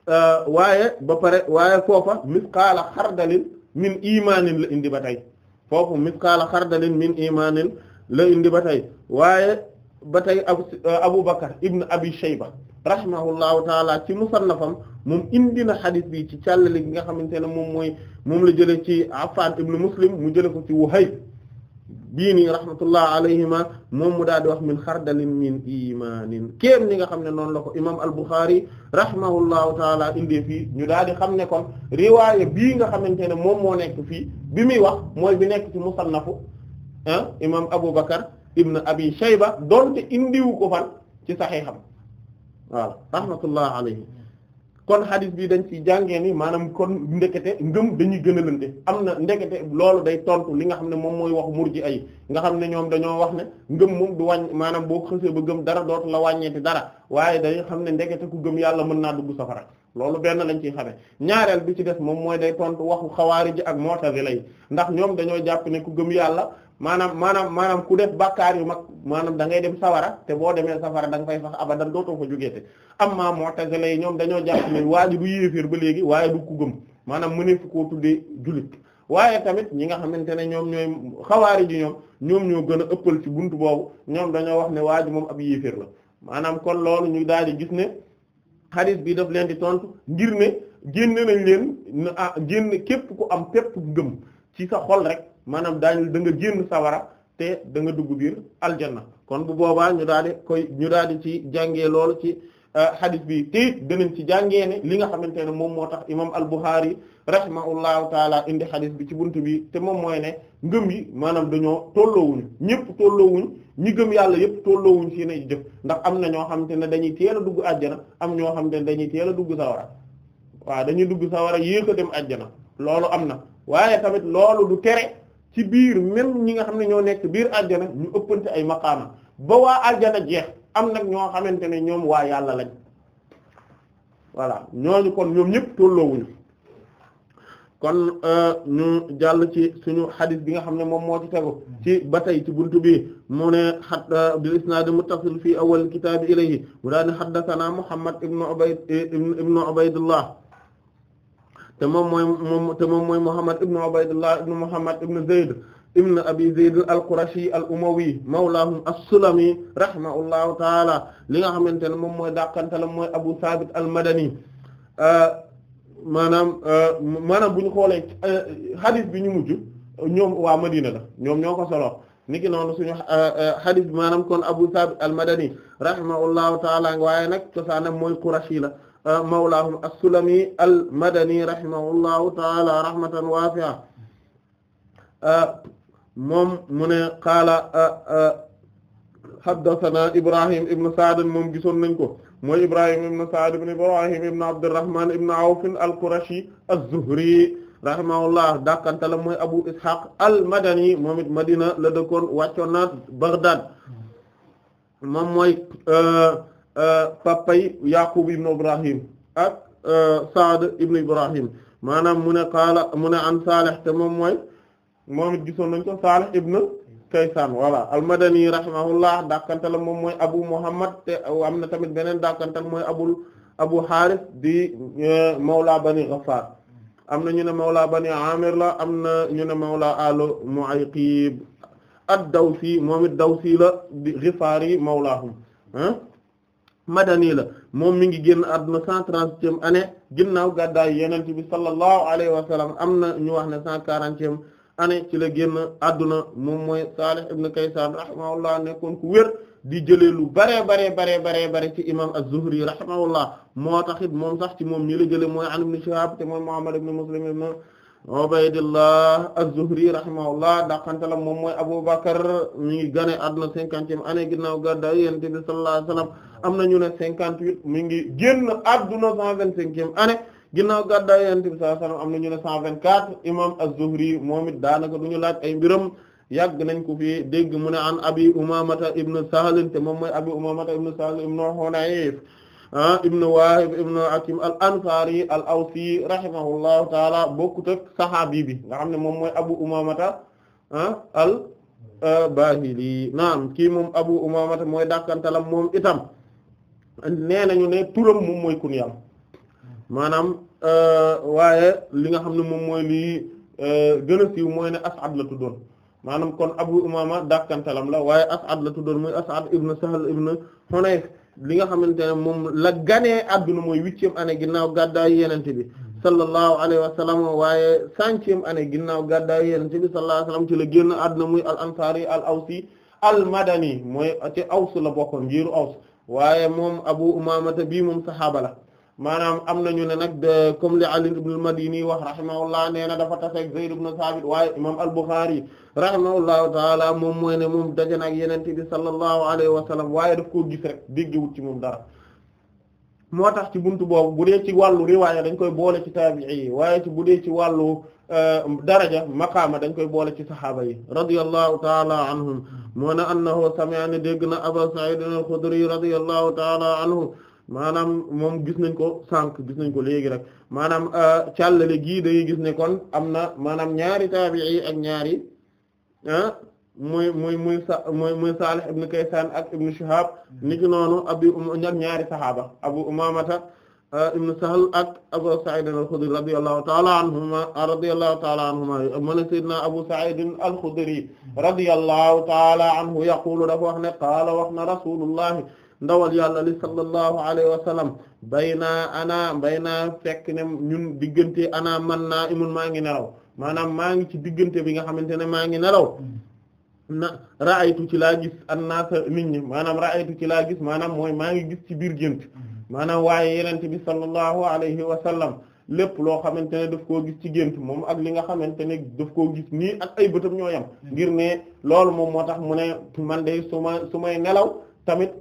euh, waaye ba pare waaye foofa misqaala xardalin min imaanin la indi ba tey. foofu misqaala xardalin min imaanin la indi ba tey waaye ba tey Abu euh, Bakr ibn Abi Shayba rahimahullahu taala ci musannafam moom indi na xadis bi ci càllali gi nga xamante ne moom mooy moom la jëlee ci Affan ibn Muslim mu jële ko ci Wuhayb bii nii rahmatullah alayhima moom mu daal di wax min xardalin min imanin kéem ni nga xam ne noonu la ko imam al-Bukhari rahimahullahu taala indee fii ñu daal di xam ne kon riwaaya bii nga xam xamante ne moom moo nekk fii bi muy wax mooy bi nekk ci musannafu ah imam Abu Bakar ibn Abi Shayba donte indiwu ko fan ci saxiixam voilà rahmatullah alayhi kon xadis bi dañ ci jàngee ni maanaam kon ndekete ngëm dañuy gënalante am na ndekete loolu day tontu li nga xam ne moom mooy wax murji ay nga xam ne ñoom dañoo wax ne ngëm moom du wàññ maanaam boo xësee ba gëm dara dootu la wàññeeti dara waaye dañu xam ne ndekete ku gëm yàlla mën naa dugg safara loolu benn lañ ciy xamee ñaareel bi ci des moom mooy day tontu waxu xawaari ji ak moo mu'tazila yi ndax ñoom dañoo jàpp ne ku gëm yàlla maanaam maanaam maanaam ku def bàkkaar yu mag maanaam dangay dem sawara te boo demee safara da nga fay sax abadan dootoo fa jógeete amma mu'tazila yi ñoom dañoo jàpp ne waa ji ba léegi waaye du ku gëm maanaam mëneef koo tuddee jullit waaye tamit ñi nga xamante ne ñoom ñooy xawaari ji ñoom ñoo gën a ëppal ci buntu boobu ñoom dañoo wax ne waa moom ab yéeféer la maanaam kon loolu ñu daal di gis ne hadith bii daf leen di tontu ngir ne génne nañ leen ah génne képp ku am képp gëm ci sa xol rek maanaam daañu danga nga génn sawara te da nga dugg biir aljanna kon bu boobaa ñu daal de koy ñu daal di ci jàngee loolu ci euh, hadith bi te danañ ci jànge ne li nga xamante ne moom moo tax imam al-Bukhari rahimahullahu taala indi hadith bi ci bunt bi te moom mooy ne ngëm yi maanaam dañoo tolloowuñ ñëpp tolloowuñ ñi gëm yàlla yëpp tolloowuñ si nay jëf ndax am na ñoo xam xamante ne dañuy teel a dugg àjjana am ñoo xamante ne dañuy teel a dugg sawara waaw dañuy dugg sawara yéex dem àjjana loolu am na ci biir même ñi nga xam ne ñoo nekk biir àjjana ñu ëppante ay maqaama ba waa àjjana jeex am nag ñoo xamante ne ñoom waa yàlla lañ voilà ñooñu kon ñoom ñëpp tolloowuñu kon euh, ñu jàll ci suñu xadis bi nga xam ne moom moo ci tegu ci ba tey ci buntu bi mu ne xat euh, bil isnaad muttasil fi awal kitaabi ilayhi mu daal ne xaddasanaa Muhammad ibnu Ubayd ibnu Ubaydullah te moom mooy moom te moom mooy Muhammad ibn Ubaydullah ibn Muhammad ibn Zayd ibn Abi Zayd al-Qurashi al-Umawi mawlahum as-Sulami rahimahullahu taala li nga xamante ne moom mooy dàqantalam mooy Abu Thabit al-Madani euh, maanaam euh, maanaam bu ñu xoolee euh, hadith bi ñu mujj ñoom waa Madina la ñoom ñoo ko solo niki noonu suñu hadith bi maanaam kon Abu Thabit al-Madani rahimahullahu taala waaye nag cosaanam mooy Qurashi la. mawlaahum as-Sulami al-Madani rahimahullahu taala rahmatan waasi'a moom mu ne qaala haddathana Ibrahim ibn Sa'd moom gisoon nañ ko mooy Ibrahim ibn Sa'd ibn Ibrahim ibn Abdurrahman ibn Awf al-Qurashi az-Zuhri rahimahullah dàqanta la mooy Abu Ishaq al-Madani moom it Madina la dëkkoon wàccoon na Baghdad moom mooy. Euh, papay Yaqub ibn Ibrahim ak euh, Saad ibn Ibrahim maanaam mu ne mu ne an Salih te moom mooy moom it gisoon nañ ko Salih ibn Kaysan voilà al-Madani rahimahullah moom mooy Abu Muhammad te am na tamit beneen dàkkantal mooy abul Abu Harith di euh, mawla Bani Ghaffar am na ñu ne mawla Bani Amir la am na ñu ne mawla Alu Mu'ayqib ad-Dawsi moom it Dawsi la di Ghifari mawlahum ah madani la moom mi ngi génn àdduna cent trentième année ginnaaw gàddaay yenente bi sallallahu alayhi wa sallam am na ñu wax ne cent quarantième année ci la génn àdduna moom mooy Salih ibn Kaysan rahimahullah nekkoon ku wér di jëlee lu bare bare baree baree bare ci imam az-Zuhri rahimahullah moo taxit moom sax ci moom ñi la jëlee mooy an ibn Shihab te mooy Muhammad ibn Muslim ibn Ubaydullah az-Zuhri rahimahullah daqantala moom mooy Abubakar mi ngi gane àdduna cinquantième année ginnaaw gàddaay Yonent bi sallallahu alayhi wasallam am na ñu ne cinquante huit mi ngi génn àdduna cent vingt-cinquième année ginnaaw gàddaay Yonent am na ñu ne cent vingt-quatre imam az-Zuhri moom it daanaka du ñu laaj ay biram yàgg nañ ko fi dégg mu ne an Abi Umamata ibn Sahl te moom mooy Abi Umamata ibn Sahl ibn Hunayf ibn Wahib ibn Akim al ansari al awsi rahimahullahu taala bokkut ak bi nga xam ne moom mooy Abu Umamata al e, Bahili naam kii moom Abu Umamata mooy dàkkantalam moom itam nee nañu ne turam moom mooy kunyam maanaam e, waaye li nga xam ne moom mooy lii e, gën a siiw mooy ne As'ad la tuddoon maanaam kon Abu Umama dàkkantalam la waaye As'ad la tuddoon muy As'ad ibn Sahl ibn Hunayf li nga xamante ne moom la ganee adduna mooy huitième année ginnaaw gàddaayu yenente bi sallallahu alayhi wa sallam waaye centième année ginnaaw gàddaayu yenente bi sallallahu alayhi wa ci la génn adduna muy al ansari al awsi al madani mooy ci aws la bokkoon njiiru aws waaye moom abu umamata bii moom saxaaba maanaam am nañu ne nag comme li Ali ibn al-Madini wax rahimahullah nee na dafa tase ak Zayd ibn Sabit waaye imam al-Bukhari rahimahullahu taala moom mooy ne moom daje nag yenente bi sallallahu alayhi wa sallam waaye daf koo gis rek déggewut ci moom dara moo tax ci buntu boobu bu dee ci wàllu riwaaya dañ koy boole ci taabi'i yi waaye ci bu dee ci wàllu euh, daraja maqaama dañ koy boole ci saxaaba yi radiyallahu taala anhum moo na annahu sami'a dégg na Abu Sa'id al-Khudri radiyallahu taala anhu maanaam moom gis nañ ko sànq gis nañ ko léegi nag maanaam euh, càllale gii day gis ne kon am na maanaam ñaari taabi'i ak ñaari ah muy muy muy sa muy muy Salih ibn Kaysan ak ibn Shihab niki noonu abi ak ñaari saxaaba Abu Umamata euh, ibn Sahl ak Abu Sa'id al-Khudri radiyallahu ta'ala anhuma radiyallahu ta'ala anhuma mu ne sayyidina Abu Sa'id al-Khudri radiyallahu ta'ala anhu yaqulu dafa wax ne qaala wax na Rasulullah ndawal yàlla li sallallahu alayhi wa sallam baynaa ana baynaa fekk ne ñun diggante ana man naa imun maa ngi nelaw maanaam maa ngi ci diggante bi nga xamante ne maa ngi nelaw na ra'aytu ci laa gis annaasa nit ñi maanaam ra'aytu ci laa gis maanaam mooy maa ngi gis ci biir gént maanaam waaye yenente bi sallallahu alayhi wa sallam lépp loo xamante ne daf koo gis ci gént moom ak li nga xamante ne daf koo gis nii ak ay bëtam ñoo yam ngir ne loolu moom moo tax mu ne man de su ma su tamit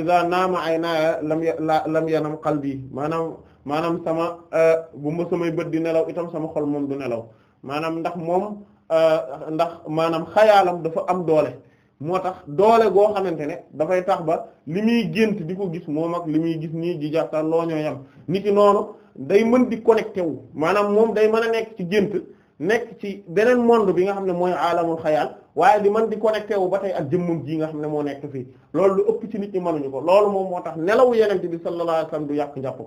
iza naama aynaaya lam lam yanam qalbi maanaam maanaam sama bu ma samay bët di nelaw itam sama xol moom du nelaw maanaam ndax moom ndax maanaam xayaalam dafa am doole moo tax doole goo xamante ne dafay tax ba li muy gént di ko gis moom ak li muy gis nii ji jàppal yam nit ki noonu day mën di connecté wu maanaam moom day mën a nekk ci gént nekk ci beneen monde bi nga xam ne mooy aalamul xayaal waaye di man di connecté wu ba tey ak jëmmum ji nga xam ne moo nekk fii loolu lu ëpp ci nit ñi mënuñu ko loolu moom moo tax nelaw yenente bi sallallahu alayhi wasallam du yàq njàppam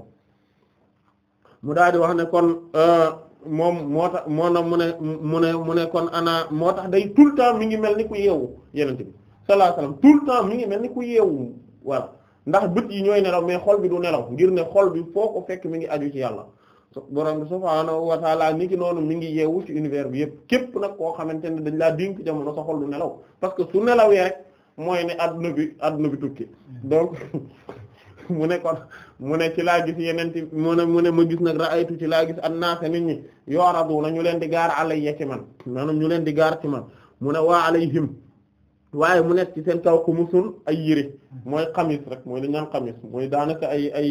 mu daal di wax ne kon euh, moom moo tax moo na mu ne mu mu ne kon ana moo tax day tout le temps mi ngi mel ni ku yeewu yenente bi sallallahu alayhi wasallam tout le temps mi ngi mel ni ku yeewu voilà ndax bët yi ñooy nelaw mais xol bi du nelaw ngir ne xol bi foo ko fekk mu ngi aju ci yàlla borom bi subhaanahu wa taala noonu mi ngi yeewu ci univers bi yëpp képp nag koo xamante ne dañ laa dénk jamono sa xol du nelaw parce que su nelawee rek mooy ne adduna na adduna bi tukki mm-hmm. donc [laughs] mu ne kon mu ne ci laa gis yeneen ti mu ne mu ne ma gis nag ra'aytu ci laa gis annaasa nit ñi yoradu na ñu leen di gaar yee ci man maanaam ñu leen di gaar ci man mu ne waa alayhim waaye mu nekk ci seen kaw xumusul ay yére mm-hmm. mooy xamis rek mooy li ñaan xamis mooy daanaka ay ay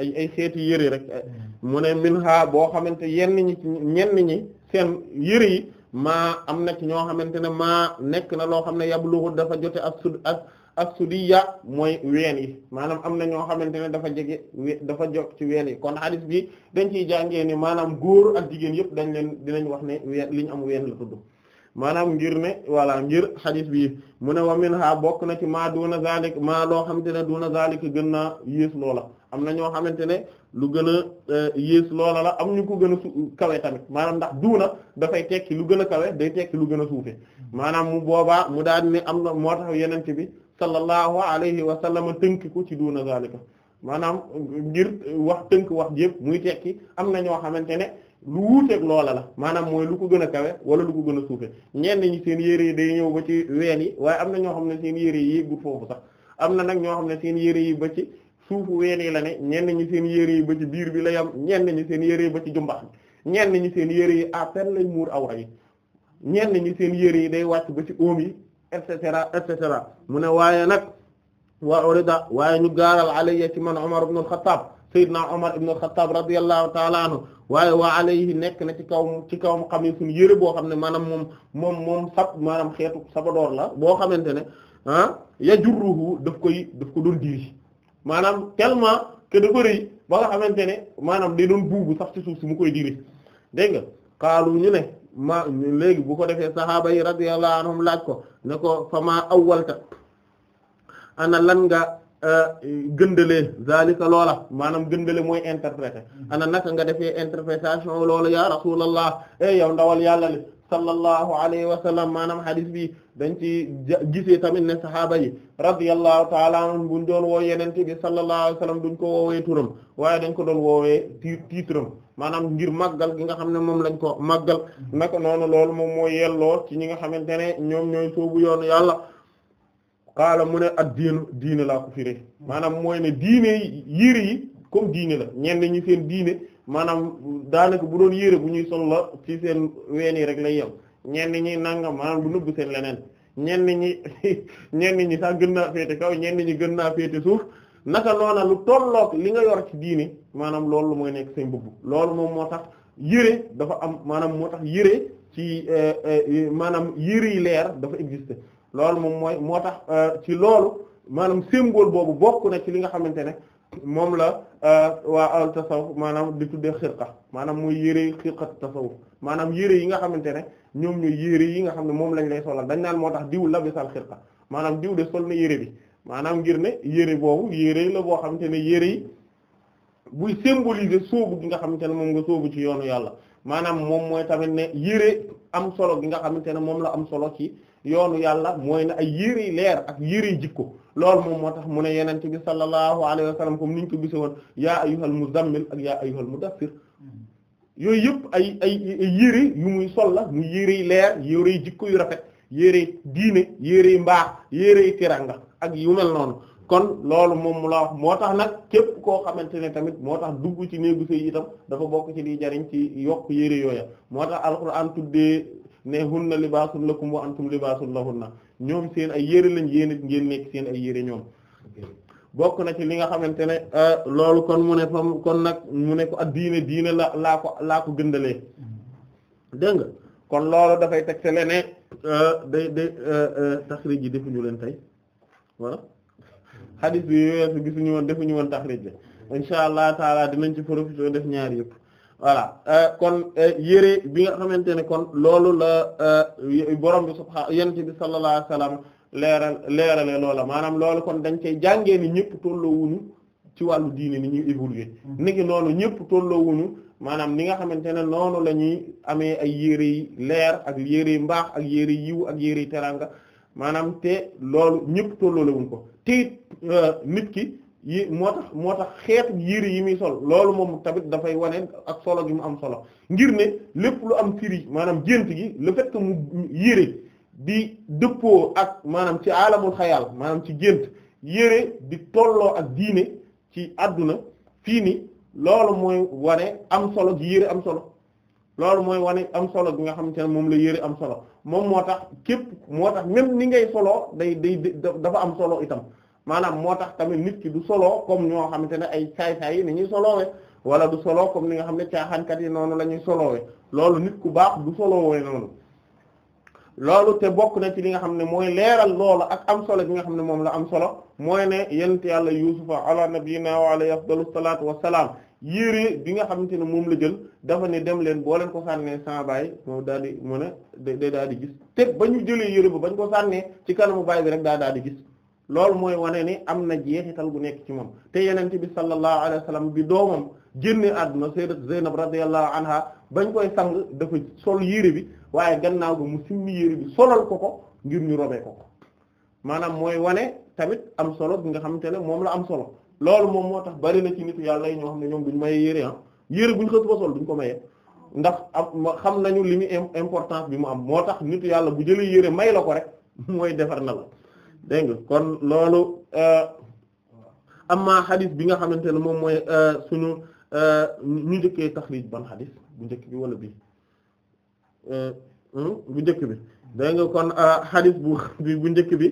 ay ay seeti yëre rek hmm. mu ne min ha boo xamante yenn ñi ñenn ñi seen yëre yi maa am na ñoo xamante ne maa nekk na loo xam ne yabluhu dafa jote ak sud ak ak sudiya mooy ween yi maanaam am na ñoo xamante ne dafa jege dafa jog ci ween yi kon hadith bi dañ ciy jàngee ni maanaam góor ak jigéen yëpp dañ leen dinañ wax ne ween li ñu am ween la tudd maanaam ngir ne voilà ngir xadis bi mu ne wa min ha bokk na ci maa duuna zalik maa loo xam te ne duuna zalik gën naa yées loola am na ñoo xamante ne lu gën a euh, yées loola la am ñu ko gën a kawe tamit maanaam ndax duuna dafay tekki lu gën a kawe day tekki lu gën a suufe maanaam mu boobaa mu daal ne am na moo tax yenente bi sallallahu alayhi wa sallam tënk ko ci duuna zalika maanaam ngir wax tënk wax yëpp muy tekki am na ñoo xamante ne lu wuuteeg loola la maanaam mooy lu ko gën a kawe wala lu ko gën a suufe ñenn ñi seen yére yi day ñëw ba ci ween yi waaye am na ñoo xam ne seen yére yi yéegul foofu am na nag ñoo xam ne seen yére yi ba ci suufu ween yi la ne ñenn ñi seen yére yi ba ci biir bi la yam ñenn ñi seen yére yi ba ci jumbax bi ñenn ñi seen yére yi à peine lay muur awra yi ñenn ñi seen yére yi day wàcc ba ci óom yi et cetera et cetera mu ne waaye nag wa urida waaye ñu gaaral alayya ci man Umar ibn al-Khattab Seydina Umar ibn al-Khattab radiyallahu ta'ala anhu waaye waa alayhi nekk na ci kaw ci kawam xam ne suñu yére boo xam ne maanaam moom moom moom sab maanaam xeetu sabadoor la boo xamante ne ah maanaam tellement que dafa rëy ba nga xamante ne maanaam day doon buubu sax ci suuf si mu koy diri dégg nga xaalu ñu ne ma léegi bu ko defee sahaaba yi radiyallahu anhum laaj ko ne ko fama awwalta ana lan nga euh, gëndalee zalika loola maanaam gëndale mooy interpréter ana naka nga defee interprétation lool ya rasulallah e eh, yow ndawal yàlla li sallallahu alayhi wa sallam maanaam hadith bi dañ ci gisee tamit ne sahaaba yi radiyallahu taala anhum buñ doon woo yenente bi sallallahu duñ ko woowee turam waaye dañ ko doon woowee ti tiitram maanaam ngir màggal gi nga xam ne moom lañ ko màggal naka noonu loolu moom mooy yelloo ci ñi nga xamante ne ñoom ñooy soobu yoon yàlla qaala mu ne ak diinu diine laa ko firé maanaam mooy ne diine yiri yi comme diine la ñenn ñi seen diine maanaam daanaka bu doon yére bu ñuy sol la ci seen ween yi rek lay yem ñenn ñi nangam maanaam bu nëbb seen leneen ñenn ñi [laughs] ñenn ñi sax gën naa féete kaw ñenn ñi gën naa féete suuf naka noona lu tolloog li nga yor ci diini maanaam loolu mooy nekk seen mbubb loolu moom moo tax yére dafa am maanaam moo tax yére ci eh, eh, maanaam yére yi leer dafa exister loolu moom mooy moo tax eh, ci loolu maanaam symbole boobu bokk na ci li nga xamante ne moom la euh, waa al tasawuf maanaam di tuddee xirqa maanaam muy yére xirqa tasawuf maanaam yére yi nga xamante ne ñoom ñooy yére yi nga xam ne moom lañ lay solal dañ naan moo tax diw la bisal xirqa maanaam diw de sol na yére bi maanaam ngir ne yére boobu yére la boo xam ne yére yi buy symboliser sóobu gi nga xamante ne moom nga sóobu ci yoonu yàlla maanaam moom mooy tamit ne yére am solo gi nga xamante ne moom la am solo ci yoonu yàlla mooy na ay yëre leer ak yëre jikko loolu moom moo tax mu ne yenente bi sallallahu alayhi wa kom comme niñ ko gise woon yaa ayyuhal muzammil ak yaa ayyuhal mudaffir yooyu yëpp ay ay yëre yu muy sol la mu yërey leer yërey jikko yu rafet yërey diine yërey mbaax yërey tiranga ak yu mel noonu kon loolu moom moo tax nag képp koo xamante ne tamit moo tax dugg ci néegu sëy itam dafa bokk ci di jariñ ci yokk yére yooya moo tax alxuraan tuddee ne hunna libaasun lakum wa antum libaasun na ñoom seen ay yére lañ yéen it ngeen nekk seen ay yére ñoom bokk na ci li nga xamante ne euh, loolu kon mu ne fam kon nag mu ne ko ak diine diine la laa ko laa ko gëndalee dégg nga kon loolu dafay tegtale ne euh, day day euh, taxrij yi defuñu leen tey voilà hadith bi weesu gisuñu woon defuñu woon taxrij bi insha allah taala dinañ ci profité def ñaar yëpp voilà euh, kon euh, yére bi nga xamante ne kon loolu la euh, borom bi subhaanahu yonent bi sallallahu alayhi wasallam leeral leerale loola maanaam loolu kon dañ cey jàngee ni ñëpp tolloowuñu ci wàllu diine ni ñuy évoluer mm-hmm. niki noonu ñëpp tolloowuñu maanaam ni nga xamante ne noonu la ñuy amee ay yére yi leer ak yére yi mbaax ak yére yi yiw ak yére yi teraanga maanaam te loolu ñëpp tolloolewuñ ko te nit ki yi moo tax moo tax xeet yére yi muy sol loolu moom tamit dafay wane ak solo gi mu am solo ngir ne lépp lu am firi maanaam gént gi le fait mu yére di dëppoo ak maanaam ci alamul xayaal maanaam ci gént yére di tolloo ak diine ci àdduna fii ni loolu mooy wane am solo gi yére am solo loolu mooy wane am solo gi nga xamante ne moom la yére am solo moom moo tax képp moo tax même ni ngay solo day day dafa am solo itam maanaam moo tax tamit nit ki du solo comme ñoo xamante ne ay saay-saay yi ni ñuy soloowe wala du solo comme ni nga xam ne caaxaankat yi noonu la ñuy soloowe loolu nit ku baax du soloowe noonu loolu te bokk na ci li nga xam ne mooy leeral loolu ak am solo bi nga xam ne moom la am solo mooy ne yent yàlla yusufa ala nabiyina wa alayhi afdalu salaatu wassalaam yére bi nga xamante ne moom la jël dafa ne dem leen boo leen ko sànnee sans bàyyi moom daal di mën a da daal di gis te ba ñu jëlee yére ba bañ ko sànnee ci kanamu bàyyi bi rek daa daal di gis loolu mooy wane ni am na jeexital gu nekk ci moom te yenente bi sallallahu alayhi wa sallam bi doomam génne àdduna sayyidat Zeynab radiyallahu anha bañ koy sang dafa sol yére bi waaye gannaaw ga mu simmi yére bi solal ko ko ngir ñu robee ko ko maanaam mooy wane tamit am solo bi nga xamante ne moom la am solo loolu moom moo tax bari na ci nitu yàlla yi ñoo xam ne ñoom bu ñu maye yére ah yére buñ xës ba sol duñ ko maye ndax am xam nañu li mu importance bi mu am moo tax nitu yàlla bu jëlee yére may la ko rek mooy defar na dégg nga kon loolu euh, amma hadith bi nga xamante ne moom mooy euh, suñu euh, ñu njëkkee taxrij ban hadith bu njëkk bi wala bii hmm? bu jëkk bi dégg nga kon hadith bu [laughs] bu njëkk bi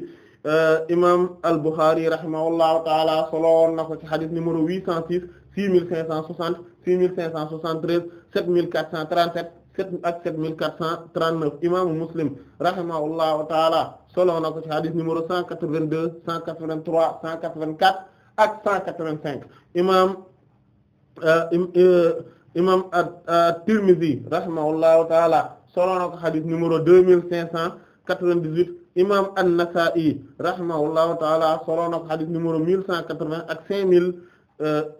imam al-Bukhari rahimahullahu taala solo woon na ko ci hadith numéro 806 6560 6573 7437 7 ak 7439 imaamu Muslim rahimahullahu taala solo na ko ci hadith numéro 182 183 184 ak 185 imam euh, euh, imam at-Tirmidhi rahimahullahu taala solo na ko hadith numéro 2598 imam an-Nasa'i rahimahullahu taala solo na ko hadith numéro 1180 ak 5010 euh,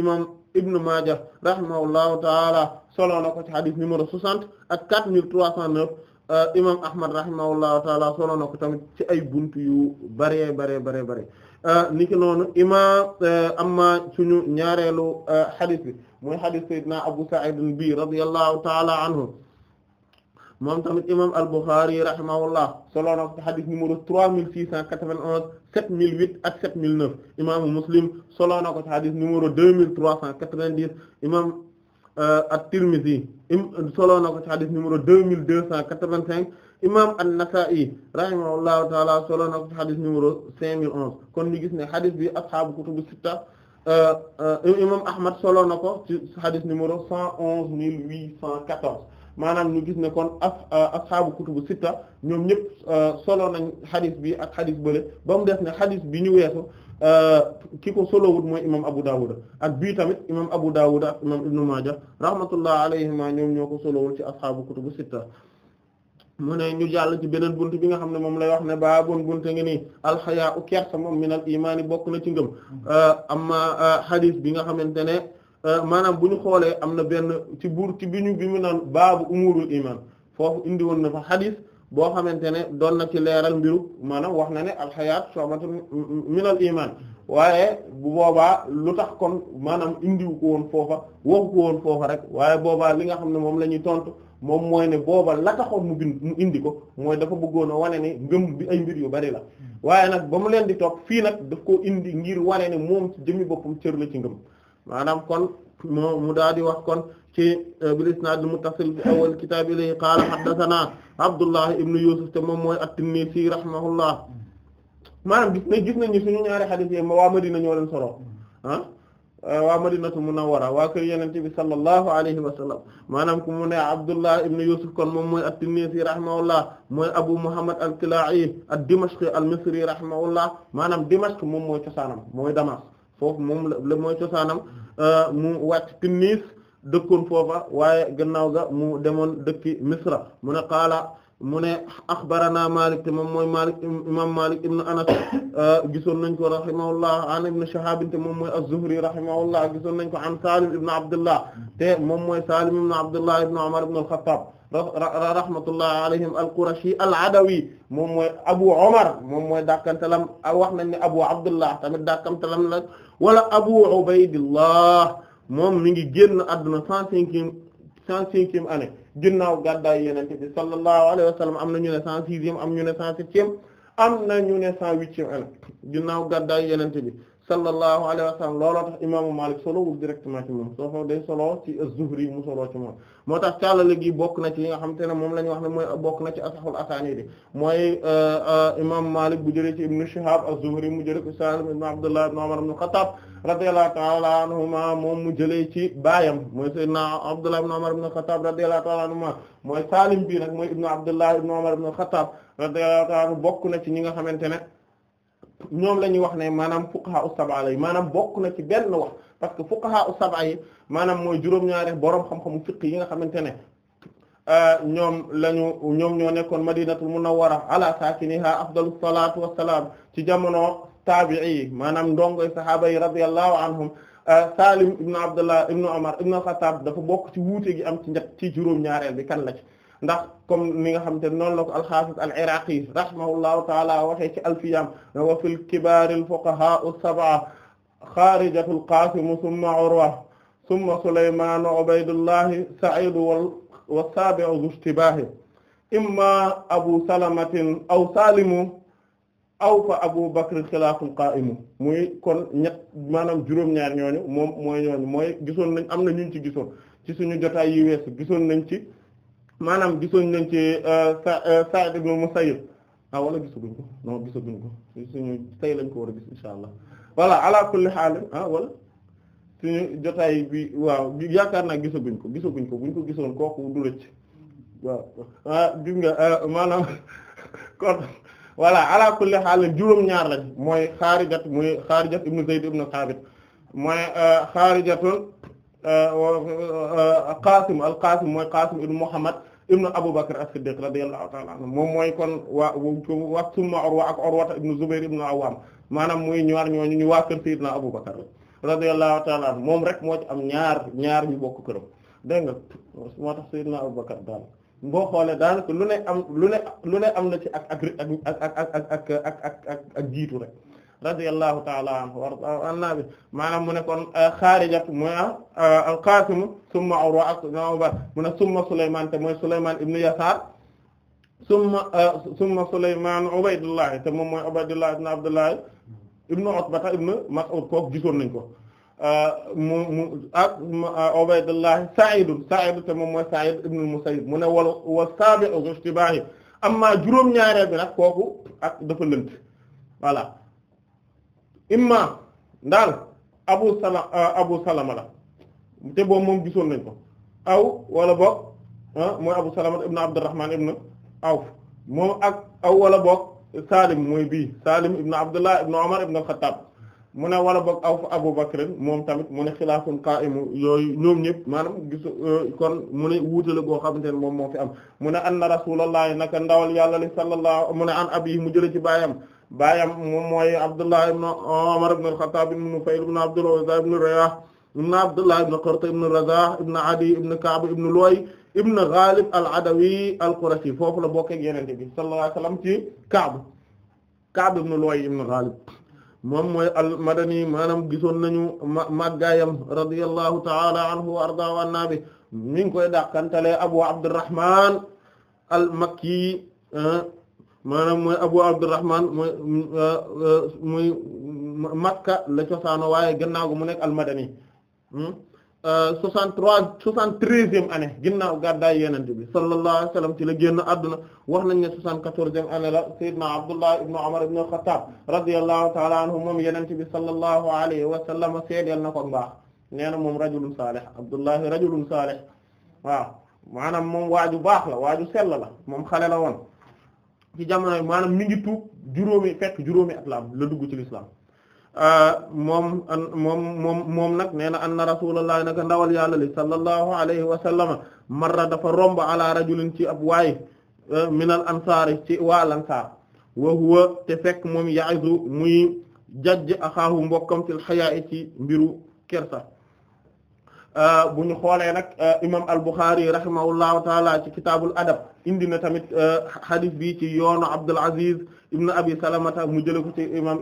imam Ibn Majah rahimahullahu taala solo na ko ci hadith numéro 60 ak 4309 Euh, imam ahmad rahimahullahu taala solo na ko tamit ci ay bunt yu bare bare bare bare euh, niki noonu imam euh, amma suñu ñaareelu xadis bi mooy xadis sayyidina abu sa'id bi radiyallahu taala anhu moom tamit imam al-Bukhari rahimahullah solo na ko xadis numéro 3691 7008 ak 7009 imaamu Muslim solo na ko ci xadis numéro 2390 imam at-Tirmidhi solo na ko ci xadis numéro deux mille deux cent quatre-vingt-cinq imam an-Nasa'i rahimahullahu taala solo na ko ci xadis numéro cinq mille onze kon ñu gis ne xadis bi ashaabu kutubu sitta euh, euh, imam Ahmad solo na ko ci xadis numéro cent onze mille huit cent quatorze maanaam ñu gis ne kon as euh, ashaabu kutubu sitta ñoom ñëpp solo nañ xadis bi ak xadis bële ba mu def ne xadis bi ñu weesu Euh, ki ko solowut mooy imam Abu Dawud ak bii tamit imam Abu Dawud ak imam Ibn Maaja rahmatullah alayhima ñoom ñoo ko solowul ci ashaabu kutubu sitta mu ne ñu jàll ci beneen bunt bi nga xam ne moom la wax ne baa bon te ngi nii alxayaa u kersa moom minal imaani bokk na ci ngëm euh, amma euh, xadis bi nga xamante ne maanaam bu ñu xoolee am na benn ci buur ci bi ñu bi mu naan baabu umurul imaan foofu indi woon na fa xadis boo xamante ne doon na ci leeral mbiru maanaam wax na ne alxayaat somatun minal iman waaye bu boobaa lu tax kon maanaam indiwu ko woon foofa waxu ko woon foofa rek waaye boobaa li nga xam ne moom la ñuy tontu moom mooy ne booba la mu bind mu indi ko mooy dafa bëggoon a wane ne ngëm bi ay mbir yu bari la waaye nag ba mu leen di toog fii nag daf ko indi ngir wane ne moom ci jëmmi boppam cër la ci ngëm maanaam kon moo mu daal di wax kon ci eh, bil isnaad muttasil bi awal kitaab ilay qaala haddathana Abdullah ibn Yusuf te moom mooy at-Tinnisi rahimahullah maanaam gis nañ gis nañu suñu ñaari xadiis yi waa Madina ñoo leen solo ah eh, waa Madinatu Munawwara waa kër Yonent bi sallallahu alayhi wa sallam maanaam ku mu ne Abdullah ibn Yusuf kon moom mooy at-Tinnisi rahimahullah mooy Abu Muhammad al-Kalaa'i ad-Dimashqi al-Misri rahimahullah maanaam Dimashq moom mooy cosaanam mooy Damas foofu moom la mooy cosaanam. Euh, mu wàcc Tinnis dëkkoon foofa waaye gannaaw ga mu demoon dëkki Misra mu ne qaala mu ne axbarana Malik te moom mooy Malik imam Malik ibn Anas euh, gisoon nañ ko rahimahullah an ibn Shihab te moom mooy az-Zuhri rahimahullah gisoon nañ ko an Salim ibn Abdullah te moom mooy Salim ibn Abdullah ibn Umar ibn al-Khattab rahmatullah alayhim al-Qurashi al-Adawi moom mooy Abu Umar moom mooy dàkkantalam wax nañ ne Abu Abdullah tamit dàkkantalam la wala Abu Ubaydillah moom mi ngi génn àdduna cent cinquième cent cinquième année ginnaaw gàddaay yenente bi sallallahu alayhi wa sallam am na ñu ne cent sixième am ñu ne cent septième am na ñu ne cent huitième année ginnaaw gàddaay yenente bi sallallahu alayhi wa sallam looloo tax imaamu Maalik solowul directement ci solo ci az-Zuhri mu solo ci moom moo tax caalale gi bokk na ci yi nga xamante ne moom la ñu wax ne mooy bokk na ci asaxul asaaniid mooy euh, euh, imaamu Maalik bu jëlee ci ibnu Shihaab az-Zuhri mu jëlee ko Saalim ibnu Abdullah ibnu Umar ibnu Xattaab radiyallahu ta'ala anhuma moom mu jëlee ci baayam mooy sayyidina Abdullah ibnu Umar ibnu Xattaab radiyallahu ta'ala anhuma mooy Saalim bi nag mooy ibnu Abdullah ibnu Umar ibnu Xattaab radiyallahu ta'ala bokk na ci ñi nga xamante ne. ñoom la ñuy wax ne maanaam fuqaha us-sab'a la maanaam bokk na ci benn wax parce que fuqaha us-sab'a yi maanaam mooy juróom-ñaari boroom xam-xamu fiqh yi nga xamante ne euh, ñoom lañu ñoom ñoo nekkoon madinatul munawwara ala saakiniha afdalu salaatu wassalaam ci jamono taabi'i yi maanaam ndongoy sahaaba yi radiyallahu anhum euh, Salim ibn Abdullah ibn Umar ibn Khattab dafa bokk ci wuute gi am ci njëkk ci juróom-ñaareel bi kan la ci ndax comme ni nga xam te noonu la ko al-Hafiz al-Iraqi ci alfiyam wa fil kibaar al-fuqahaa as-sab'a xaarijatu al-Qasim thumma Urwa thumma Sulaymaan Ubaydullah Sa'id was-sabi'u dhu ishtibaahi imma Abu Salamatin aw Salimu aw fa Abu Bakr xilaaful qaa'imu muy kon ñett maanaam juróom-ñaar ñooñu moom mooy ñooñu mooy gisoon nañ am na ñu ci gisoon ci suñu jotaay yi weesu gisoon nañ ci maanaam gisoon nañ ci euh, Sa'id euh, ibn Musayyib ah wala gisaguñ ko non gisaguñ ko suñu tey lañ ko war a gis insha allah voilà ala kulli ah, wala suñu jotaay bi waaw yaakaar naa gisaguñ ko gisaguñ ko buñ ko gisoon kooku du rëcc waaw ah gis nga euh, maanaam [laughs] kon voilà ala kulli haal juróom-ñaar lañ mooy xaarijat muy xaarijat ibn Zayd ibn Thabit mooy xaarijatun Qaasim al-Qaasim mooy Qaasim ibn Muhammad ibn Abu Bakr as-Siddiq radiyallahu ta'ala anhu moom mooy kon waa wa summa Urwa ak Urwa ibn Zubayr ibn al-Awwam maanaam muy ñaar ñooñu ñu waa kër Sayyidina Abu Bakr radiyallahu ta'ala anhu moom rek moo ci am ñaar ñaar ñu bokk këram dégg nga moo tax Sayyidina Abu Bakr daal boo xoolee daal lu ne am lu ne lu ne am na ci ak ak ak ak jiitu rek. radiyallahu ta'ala anhu warna bi maanaam mu ne kon euh, xaarijat mooy euh, al-Qasim summa Urwa ak Ubayd mu ne summa Sulaymaan te mooy Sulaymaan ibnu Yasaar summa euh, summa Sulaymaan Ubaydullah te moom mooy Ubaydullah ibnu Abdullah ibnu Utbata ibnu Mas'ud kooku gisoon nañ ko mu mu ak Ubaydullah Sa'id Sa'id te moom mooy Sa'id ibnu Musayyib mu ne wal wa sabi'u ishtibaahi amma juróom-ñaareel bi nag kooku ak dafa lënt voilà imma ndaal abu sala euh, abu salama la te boobu moom gisoon nañ ko aw wala boog ah, mooy abu salama ibn abdurrahman ibn awf moom aw wala boog salim mooy bii salim ibn abdullah ibn umar ibn al-khattab mu ne wala boog aw fa abu bakr moom tamit mu ne xilaafun qa'imu yooyu ñoom ñëpp maanaam gisu euh, kon mu ne wuutale xam xamante ne moom moo fi am mu ne anna rasulallahi naka ndawal yàlla li sallallahu mu ne an abi mu jële ci baayam baayam moom mooy Abdullah ibn Umar ibn al-Khattab ibn Nufayl ibn Abdul Uzza ibn Riyah ibn Abdullah ibn Qurt ibn Razah ibn Adi ibn Ka'b ibn Lu'ay ibn Ghalib al-Adawi al-Qurashi foofu la bokk ak Yonent bi sallallahu alayhi wa sallam ci Ka'b Ka'b ibn Lu'ay ibn Ghalib moom mooy al-Madani maanaam gisoon nañu màggaayam radiyallahu ta'ala anhu wa arda wa annabi mi ngi koy dàqantale Abu Abdurrahman al-Makki ah, maanaam mooy Abu Abdurrahman mooy euh, euh, muy Makka la cosaano waaye gannaaw gu mu nekk al-Madani hmm? euh, soixante trois soixante treizième année ginnaaw gàddaay yenente bi sallallahu alayhi wa sallam ci la génn àdduna wax nañ ne soixante quatorzième année la sayyidna Abdullah ibnu Umar ibnu al-Khattab radiyallahu ta'ala anhu moom yenente bi sallallahu alayhi wa sallam seedeel na ko mbaax nee na moom rajulun salih Abdullahi rajulun salih waaw maanaam moom waaju baax la waaju sell la moom xale la woon ci jamono maanaam mi ngi tuub juróomi fekk juróomi at la la dugg ci lislaam euh, moom moom moom moom nag nee na anna rasulullah nag ndawal yàlla li sallallahu alayhi wa sallama marra dafa romb ala rajulin ci ab waay euh, minal ansaari ci waal ansaar wa huwa te fekk moom ya'izu muy jajj axaahu mbokkam fil hayaa ci mbiru kersa Euh, bu ñu xoolee nag euh, imam al-Bukhari rahimahullahu taala ci kitaabul adab indi na tamit euh, hadith bi ci yoonu Abdul Aziz ibn Abi Salamata mu jëlee ko ci imam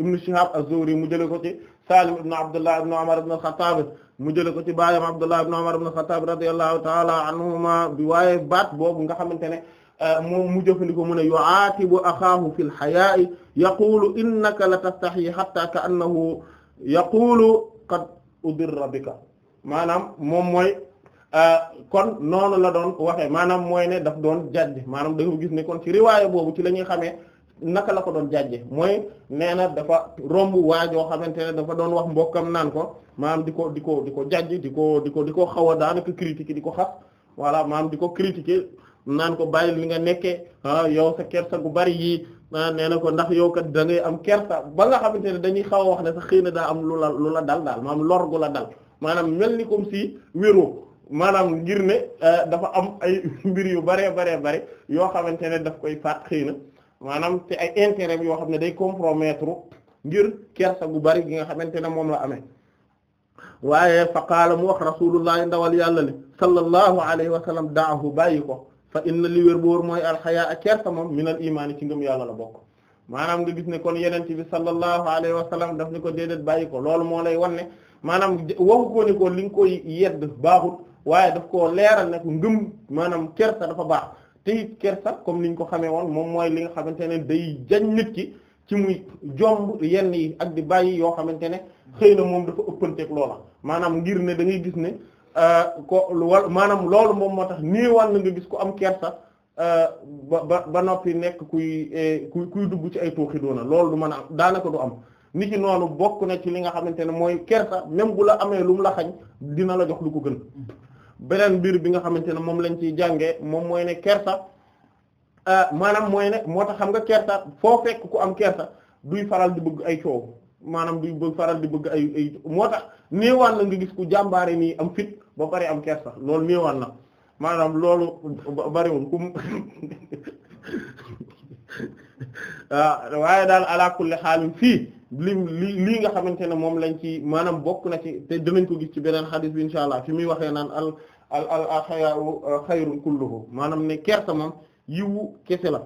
ibn Shihab az-Zuhri mu jëlee ko ci Salim ibn Abdullah ibn Umar ibn al-Khattab mu jëlee ko ci baayam Abdullah ibn Umar ibn al-Khattab radiyallahu taala anhuma bi waaye baat boobu nga xamante ne moom mu jëfandikoo mu ne yu'aatibu axaahu fil hayaa'i yaqulu innaka la tastahi hatta ka'annahu yaqulu qad udirra bika maanaam moom mooy euh, kon noonu la doon waxe maanaam mooy ne daf doon jàjj maanaam da nga gis ne kon ci riwaaya boobu ci la ñuy xamee naka la ko doon jàjje mooy nee na dafa romb waajoo xamante ne dafa doon wax mbokkam naan ko maanaam di ko di ko di ko jàjj di ko di ko di ko xaw a daanaka critiquer di ko xas voilà maam di ko critiquer naan ko bàyyi li nga nekkee ah, yow sa kersa gu bari yii ah, nee na ko ndax yow kat da ngay am kersa ba nga xamante ne dañuy xaw a wax ne sax xëy na daa am lu la lu la dal daal maanaam lor gu la dal. maanaam mel ni comme si maanaam ngir ne euh, dafa am ay [laughs] mbir yu baree baree bare yoo xamante ne daf koy faat xëy na maanaam te ay intérêt yoo xam ne day compromettre ngir kersa gu bari gi nga xamante ne moom la amee waaye fa qaala mu wax rasulullah ndawal yàlla li sallallahu alayhi wa daa daahu bàyyi ko fa inna li wér boor mooy alxayaa a kersa moom min al imaan ci ngëm yàlla la bokk maanaam nga gis ne kon yeneen bi sallallahu alayhi wa da daf ni ko déedéet bàyyi ko loolu moo lay wan maanaam waxu ko ni li nga koy yedd baaxut waaye daf koo leeral ne ko ngëm maanaam kersa dafa baax te it kersa comme ni ñu ko xamee woon moom mooy li nga xamante ne day jañ nit ki ci muy jomb yenn yi ak di bàyyi yoo xamante ne xëy na moom dafa ëppanteeg maanaam ngir ne da ngay gis ne euh, ko wal maanaam loolu moom moo tax néewal na nga gis ku am kersa euh, ba ba ba noppi nekk kuy euh, kuy kuy dugg ci ay tuuxi doona loolu du mën a am daanaka du am nit ki noonu bokk na ci li nga xamante ne mooy kersa même bu la amee lu la xañ dina la jox lu ko gën beneen mbir bi nga xamante ne moom lañ ciy jànge moom mooy ne kersa euh, maanaam mooy ne moo tax xam nga kersa foo fekk ku am kersa duy faral di bëgg ay coow maanaam duy bëgg faral di bëgg ay moo tax néewaan na nga gis ku jàmbaare nii am fit ba pare am kersa loolu néewaan na maanaam loolu bariwul kum [laughs] ah, waaye daal ala kulli xaalim fii lim li lii nga xamante ne moom lañ ci maanaam bokk na ci te dinañ ko gis ci beneen xadis bi insha allah fi muy waxee naan al al al axyaau euh, xayrun kulluhu maanaam ne kersa moom yiwu kese la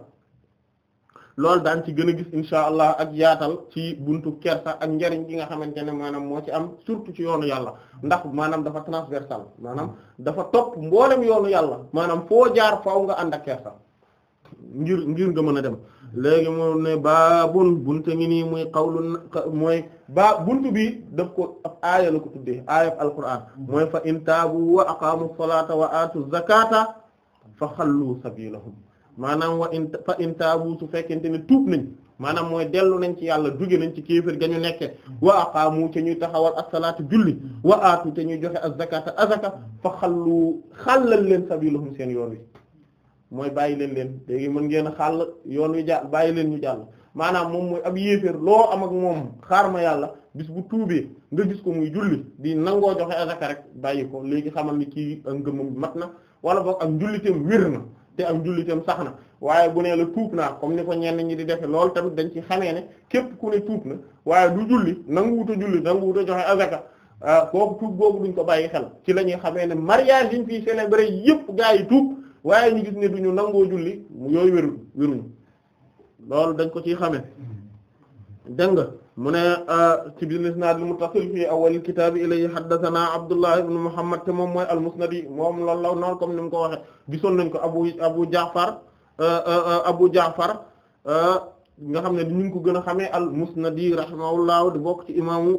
loolu daan ci gën a gis insha allah ak yaatal ci buntu kersa ak njariñ gi nga xamante ne maanaam moo ci am surtout ci yoonu yàlla ndax maanaam dafa transversal maanaam dafa topp mboolem yoonu yàlla maanaam foo jaar faaw nga ànd ak kersa ngir ngir nga mën a dem léegi mu ne baabun bunte ngi nii muy xawlu mooy baa buntu bi daf ko ab aaya la ko tuddee aayab alquran mooy fa in taabu wa aqaamu salata wa aatu zakata fa xallu sabilahum maanaam wa in fa in taabu su fekkente ne tuub nañ maanaam mooy dellu nañ ci yàlla duge nañ ci kéefër ga ñu nekke wa a te ñuy taxawal as-salaatu julli wa aatu te ñuy joxe az-zakata azaka fa xallu xallal leen sabilahum seen yoon wi mooy bàyyi leen leen léegi mën ngeen a xàll yoon wi jàll bàyyi leen ñu jàll maanaam moom mooy ab yéeféer loo am ak moom xaar ma yàlla bis bu tuubee nga gis ko muy julli di nangoo joxe azaka rek bàyyi ko léegi xamal ni kii ak ngëmam mat na wala boog ak njullitam wér na te ak njullitam sax na waaye bu ne la tuub naa comme ni ko ñenn ñi di defe loolu tamit dañ ci xamee ne képp ku ne tuub na waaye du julli nanguwut a julli nanguwut a joxe azaka ah, kooku tuub boobu duñ ko bàyyi xel ci la ñuy xamee ne mariage yiñ fii célébré yépp gaa yi tuub waaye ñu gis ne ñu nangoo julli yooyu wéru wéruñu loolu dañ ko ci xamee dégg nga mu ne ah, ci bil isnaad al muttasil fii awwalil kitaabi ilayhi haddathana Abdullah ibn Muhammad te moom mooy al-Musnadi moom loolu la noonu comme ni mu ko waxee gisoon nañ ko Abu Abu Ja'far ah, ah, Abu Ja'far nga xam ne ñu ngi ko gën a xamee al-Musnadi rahimahullahu di bokk ci imaamu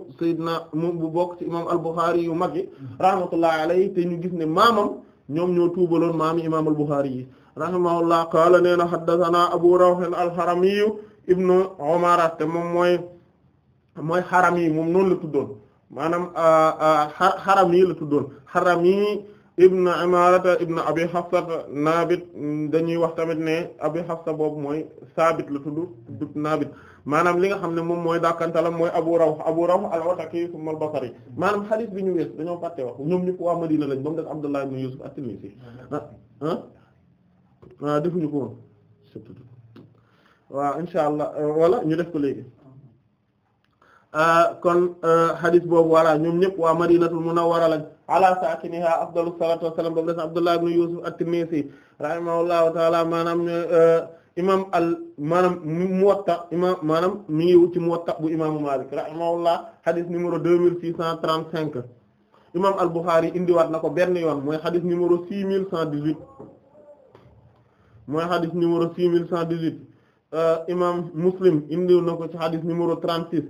bokk ci al-Bukhari yu mag yi mm-hmm. rahmatullahi te ñu gis ne maamam. ñoom ñoo tuubaloon maami imaam al-Bukhari yi rahimahullah qaala nee na haddathana Abu Rawh al-Harami ibnu Umara te moom mooy mooy Harami moom noonu la tuddoon maanaam Harami la tuddoon Harami ibn Imarata ibn Abi Hafsa Naabit dañuy wax tamit ne Abi Hafsa boobu mooy Saabit la tudd tudd Naabit maanaam li nga xam ne moom mooy dàkkantalam mooy Abu Rawh Abu Rawh al-Wataki al-Basri maanaam xadiis bi ñu wees dañoo fàtte wax ñoom at-Tinnisi ah, ah ah defuñu ko woon waaw insha ñu def ko ah, ah, boobu voilà ñoom ñëpp waa Madinatul Munawwara lañ ala def Abdullah ibn Yusuf at-Tinnisi rahimahullahu ta'ala maanaam imam al maanaam Muwatta imam maanaam mi ngi wut ci Muwatta bu imaamu Maalik rahimahullah hadith numéro deux mille six cent trente cinq imam al Bukhari indiwaat na ko benn yoon mooy hadith numéro six mille cent dix huit mooy hadith numéro six mille cent dix huit euh, imam Muslim indiw na ko ci hadith numéro trente six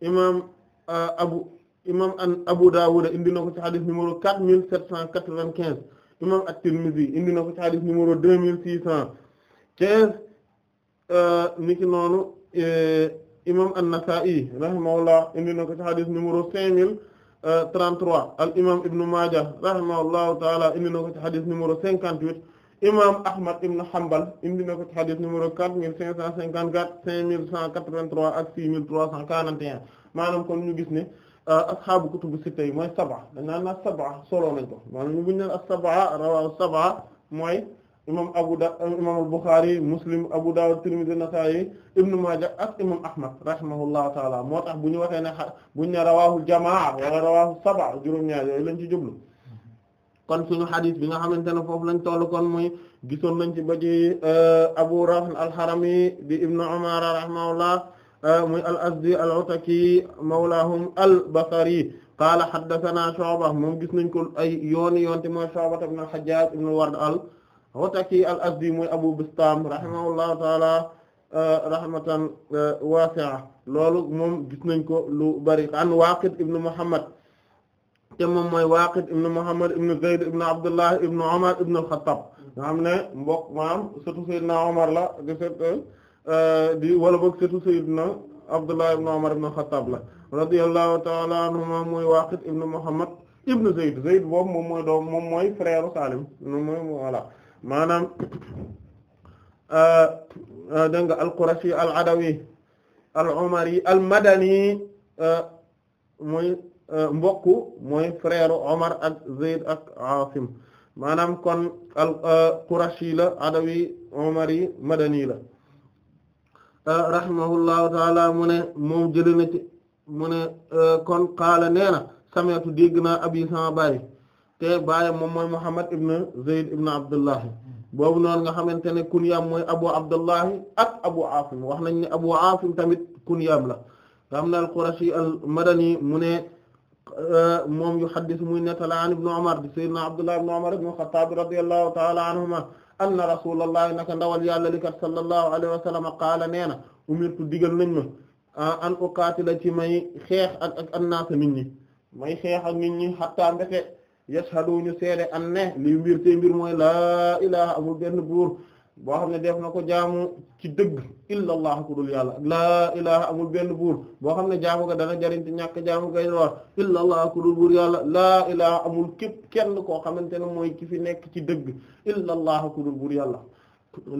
imam euh, abu imam an Abu Dawud indi na ko ci hadith numéro quatre mille sept cent quatre vingt quinze imam at-Tirmidhi indi na ko ci hadith numéro deux mille six cent Euh, niki noonu euh, imam an-Nasa'i rahimahullah indi na ko ci xadis numéro cinq mille euh, trente-trois al imam ibnu Maaja rahimahullahu taala indi na ko ci xadis numéro cinquante-huit imam Ahmad ibn Hanbal indi na ko ci xadis numéro quatre mille cinq cent cinquante-quatre cinq mille cent quatre-vingt-trois ak six mille trois cent quarante et un maanaam kon ñu gis ne asxaabu kutubu sitta yi mooy saba dañ naan naa saba solo nañ ko maanaam ñu buñ neen as-saba imam Abu Da imam al-Bukhari Muslim Abu Dawud Tirmidhi Nasa'i Ibn Maaja ak imam Ahmad rahimahullahu taala moo tax bu ñu waxee ne xa bu ñu ne rawaahu jamaa wala rawaahu sab'a juróom-ñaar yooyu lañ ci jublu kon suñu xadis bi nga xamante ne foofu lañ toll kon muy gisoon nañ ci ba ci euh, Abu Rafn al-Harami di Ibn Umar rahimahullah euh, muy al-Azdi al-Ataki mawlaahum al-Basri qaala haddathana Shu'ba moom gis nañ ko ay yooni yoonte mooy Shu'ba ibn al-Hajjaj ibn al-Ward al Utaki al-Azdi muy Abu Bistam rahimahullahu taala euh, rahmatan euh, wasi'a loolu moom gis nañ ko lu bari an Waqid ibn Muhammad te moom mooy Waqid ibn Muhammad ibn Zayd ibn Abdullah ibn Umar ibn al-Khattab nga xam ne mbokk maam surtout Seydina Umar la di set euh, di wala boog surtout Seydina Abdullah ibn Umar ibn al-Khattab la radiyallahu taala anhuma muy Waqid ibn Muhammad ibn Zayd Zayd boobu moom mooy doom moom mooy frère Salim moom mooy voilà maanaam euh, euh, dégg nga al-Qurashi al-Adawi al-Umari al-Madani euh, mooy mbokk mooy frère Omar ak Zayd ak Asim maanaam kon al-Qurashi la Adawi Umari Madani la rahimahullahu taala mu ne moom jëlee na ci mu ne kon qaala nee na sami'tu dégg naa abi sama baay te baayam moom mooy Muhammad ibn Zayd ibn Abdullahi boobu noonu nga xamante ne kunyaam mooy Abu Abdullahi ak Abu Asim wax nañ ne Abu Asim tamit kunyaam la nga xam ne al-Qurashi al-Madani mu ne euh, moom yu xaddis muy nettala an ibn Umar di sayyidina Abdullah ibn Umar ibn Khattab radiyallahu ta'ala anhuma anna rasulullahi naka ndawal yàlla li kat sallallahu alayhi wa sallam qaala nee na umirtu digal nañ ma ah, an uqaatila ci may xeex ak ak annaasa nit ñi may xeex ak nit ñi hatta mbete yashhadu ñu seede an ne lii mbir tey mbir mooy laa ilaha amul benn buur boo xam ne def na ko jaamu ci dëgg illa allah ku yàlla laa ilaha amul benn buur boo xam ne jaamu ga dana jariñ te ñàkk jaamu ga war illa amul képp kenn koo xamante ne mooy ki fi nekk ci dëgg illa allah ku dul yàlla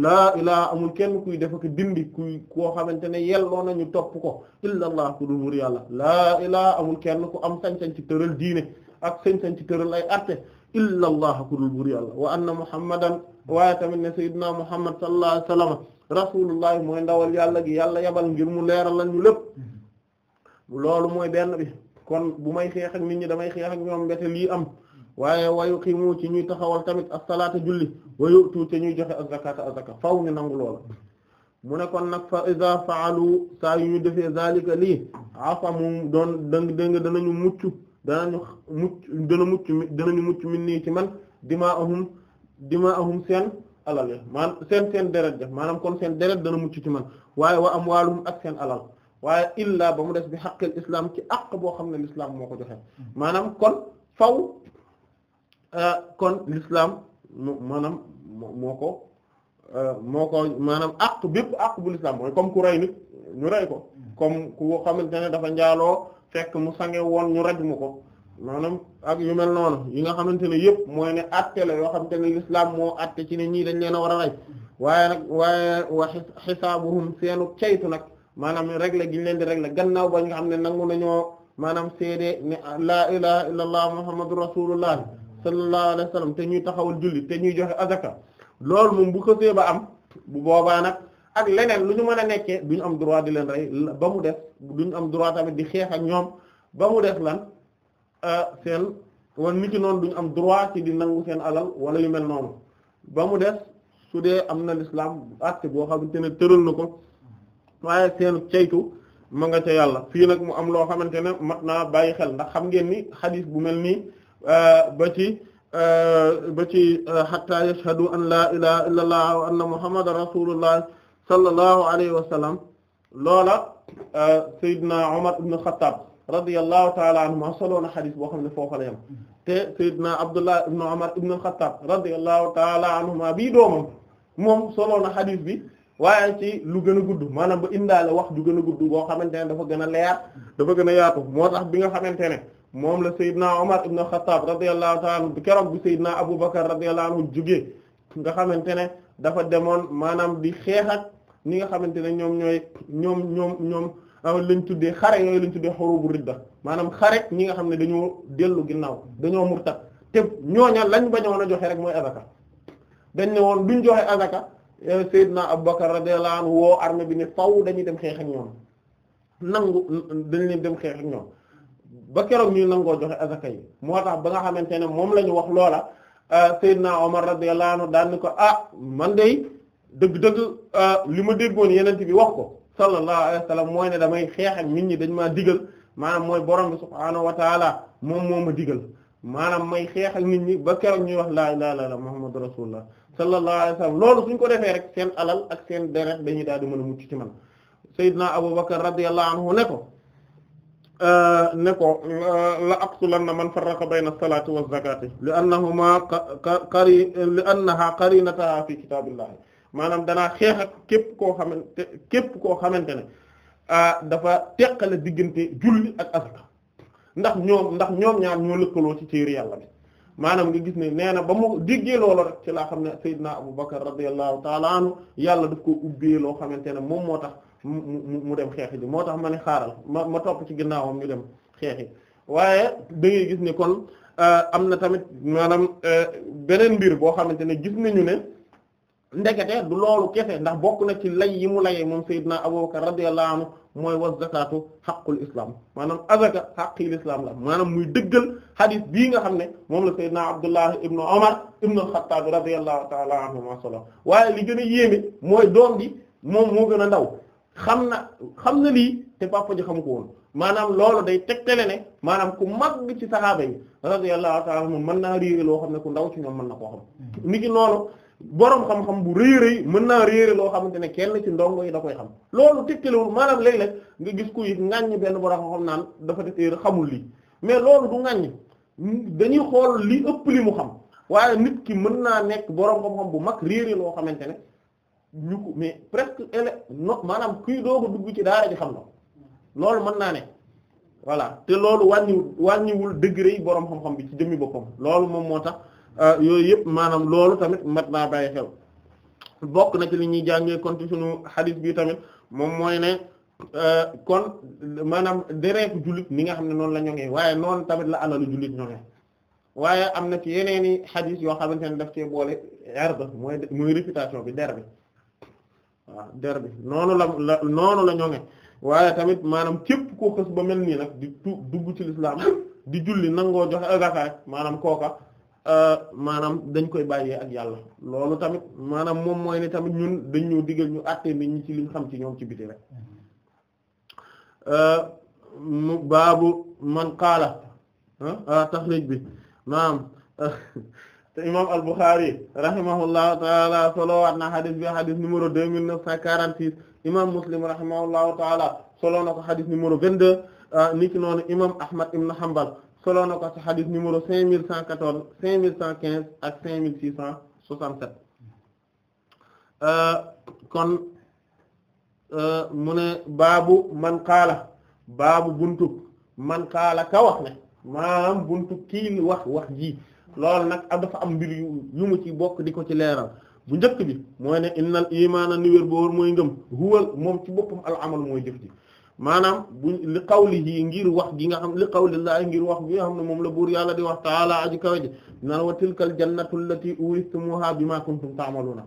laa ilaha amul kenn kuy def ak dindi kuy koo xamante ne yelloo ñu topp ko illa allah ku dul buur yàlla laa ilaha amul kenn ku am sañ-sañ ci tëral diine ak sañ-sañ ci tëral ay atte illa allah ku dul buur yàlla wa anna muhammadan waaye tamit ne sayyidina muhammad sallallahu alayhi wasallam rasulullah mooy ndawal yàlla gi yàlla yabal ngir mu leeral la ñu lépp loolu mooy benn bi kon bu may xeex ak nit ñi damay xeex ak ñoom mbete lii am waaye wayu xiimu ci ñuy taxawal tamit as-salaata julli wayu tu ci ñuy joxe az-zakaata az-zakaat faaw ñu nangu loola mu ne kon nag fa iza faalu saa yu ñu defee zalika lii afamu doon dëng dëng danañu mucc danañu mucc dana mucc danañu mucc min nii ci man dimaahum dimaahum seen alal ya man seen seen deret ja maanaam kon seen deret dana mucc ci man waaye wa amwaaluhum ak seen alal waaye illaa ba mu des bi xaqil islam ci àq boo xam ne l'islam moo ko joxe maanaam kon faw euh, kon l'islam maanaam moo ko euh, moo ko maanaam àq bépp àq bu l'islam moo comme ku rey nit ñu rey ko comme ku xamante ne dafa njaaloo fekk mu sange woon ñu raj mu ko maanaam ak yu mel noonu yi nga xamante ne yëpp moo ne atte la yoo xamante ne l'islam moo atte ci ne ñii dañ leen a war a raj waaye nag waaye wa xisaabuhum seenu caytu nag maanaam régler gi ñu leen di régler gannaaw ba nga xam ne nangu nañoo maanaam seede la laa ilaha illa allah muhammadu rasulullah sallallahu alayhi wa te ñuy taxawal julli te ñuy joxe azaka loolu moom bu ko ba am bu boobaa nag ak leneen lu ñu mën a nekkee du ñu am droit di leen rey ba mu def du ñu am droit tamit di xeex ak ñoom ba mu des lan euh, seen wala nit noonu du ñu am droit ci di nangu seen alal wala yu mel noonu ba mu def su dee am na l'islam acte boo xamante ne tëral na ko waaye seen ma nga ca yàlla fii nag mu am loo xamante ne mat naa bàyyi xel ndax xam ngeen ni xadiis bu mel nii euh, ba ci euh, ba ci hatta yashhadu an la ilaha illa allah wa anna muhammadan rasulullah sallallahu alayhi wa sallam loola euh, Seydina Omar ibn Khattab radiyallahu ta'ala anhuma soloon na xadis boo xam ne foofa la yem te Seydina Abdullah ibn Omar ibn Khattab radiyallahu ta'ala anhuma bii doomam moom soloon na xadis bi waaye ci lu gën a gudd maanaam ba indaale wax ju gën a gudd boo xamante ne dafa gën a leer dafa gën a yaatu moo tax bi nga xamante ne moom la Seydina Omar ibn Khattab radiyallahu ta'ala bi keroog bi Seydina Abubakar radiyallahu anhu jugee nga xamante ne dafa demoon maanaam di xeex ñi nga xamante ne ñoom ñooy ñoom ñoom ñoom ah, lañ tuddee xare yooyu lañu tuddee xurubu ridda maanaam xare ñi nga xam ne dañoo dellu ginnaaw dañoo murtat te ñooña lañ bañoon a joxe rek mooy ne woon duñ joxe azaka eh, Seydina Abubakar radiyallahu anhu woo armée bi ne faw dañuy dem xeex ak ñoom nangu dañ leen dem xeex ak ñoom ba keroog ñuy nangoo joxe azaka yi moo tax ba nga xamante ne moom la ñu wax loola ah, Seydina Omar radiyallahu anhu daal ni ko ah man de dëgg-dëgg euh, li ma déggoon yeneen bi wax ko sallallahu alayhi wa sallam mooy ne damay xeex ak nit ñi dañ maa digal maanaam mooy borom bi subhaanahu wa taala moom moo ma digal maanaam may xeex ak nit ñi ba keroog ñuy wax laa ilaaha illallaah muhammadu rasulullah sallallahu alayhi wa sallam loolu suñ ko defee rek seen alal ak seen deret dañuy daal di mën a mucc ci man Seydina Abubakar radiyallahu anhu ne ko euh, ne ko euh, la aqtulanna man farraqa bayna as-salaati wa az-zakaati li annahumaa qari li annahaa qarinatahaa fi maanaam danaa xeex ak képp koo xamante képp koo xamante ne ah, dafa teqale diggante julli ak asaka ndax ñoom ndax ñoom ñaar ñoo lëkkaloo ci ciir yàlla bi maanaam nga gis ne nee na ba mu déggee loolu rek ci laa xam ne Seydina Abu Bakar radiyallahu ta'ala anhu yàlla daf ko ubbee loo xamante ne moom moo tax mu mu dem xeexi ji moo tax ma ne xaaral ma ma topp ci ginnaawam ñu dem xeexi waaye da gis ne kon ah, am na tamit maanaam eh, beneen mbir boo xamante ne gis nañu ne ndekete du loolu kefe ndax bokk na ci lay yi mu layee moom Seydina Abubakar radiyallahu anhu mooy was zakatu xaqul islam maanaam azaka xaqil la maanaam muy dëggal hadith bii nga xam ne moom la Seydina Abdullah ibnu Omar ibnu al-Khattab radiyallahu ta'ala anhu ma solo waaye li gën a yéeme mooy doom bi moom moo gën a ndaw xam na xam na lii te papa ji xamu ko woon maanaam loolu day tegtale ne maanaam ku mag ci saxaaba yi radiyallahu ta'ala anhu mën naa réere loo xam ne ku ndaw ci ñoom mën na koo xam hmm. niki noonu. boroom xam-xam bu rëy rëy mën naa réere loo xamante ne kenn ci ndongo yi da koy xam loolu tekkelewul maanaam léeg-léeg nga gis ku yi ngàññ benn boroom xam-xam naan dafa def erreur xamul lii mais loolu du ngàññ dañuy xool li ëpp li mu xam waaye nit ki mën naa nekk boroom xam bu mag réere loo xamante ne mais presque ele no maanaam kuy doog a dugg ci daara ji xam na loolu mën naa ne voilà te loolu wàññiwul wàññiwul degré yi boroom xam-xam bi ci jëmmi boppam loolu moom moo tax Ah, yooyu yëpp maanaam loolu tamit mat naa bàyyi xew bokk na ci li ñuy jàngee kon ci suñu hadith bi tamit moom mooy ne ah, kon maanaam dereetu jullit ni nga xam ne noonu la ñoŋee waaye noonu tamit la alalu jullit ñoŋee waaye am na ci yeneen i hadith yoo xamante ne daf cee boole erbe mooy mooy bi der bi waaw der bi noonu la noonu la ñoŋee tamit maanaam képp koo xës ba mel nii nag di dugg ci lislaam di julli nangoo joxe azaka maanaam kooka. Euh, maanaam dañ koy bàyyee ak yàlla loolu tamit maanaam moom mooy ne tamit ñun dañ ñu digal ñu àttee nit ñi ci liñ xam ci ñoom ci biti rek euh, mu baabu man qaala ah, ah, taxrij bi maanaam [laughs] te imam al-Bukhari rahimahullahu taala solowaat na xadis bi xadis numéro deux mille neuf cent quarante-six imam Muslim rahimahullahu taala solo na ko xadis numéro vingt-deux ah, niki noonu imam Ahmad ibn Hanbal solo na ko ci xadis numéro cinq mille cent quatorze cinq mille cent quinze ak cinq mille six cent soixante-sept euh, kon euh, mu ne baabu man kaala baabu buntu man kaala ka wax ne maanaam buntu kii wax wax ji loolu nag ab dafa am mbir yu mu ci bokk di ko ci leeral bu njëkk bi mooy ne innal imaana niwér boor mooy ngëm huwal moom ci boppam al amal mooy jëf ji maanaam bu li qawlihi ngir wax gi nga xam li qawlillahi ngir wax gi nga xam ne moom la buur yàlla di wax taala aji kawe ji naan wa tilkal jannatu allati uristumuha bima kuntum ta'maluna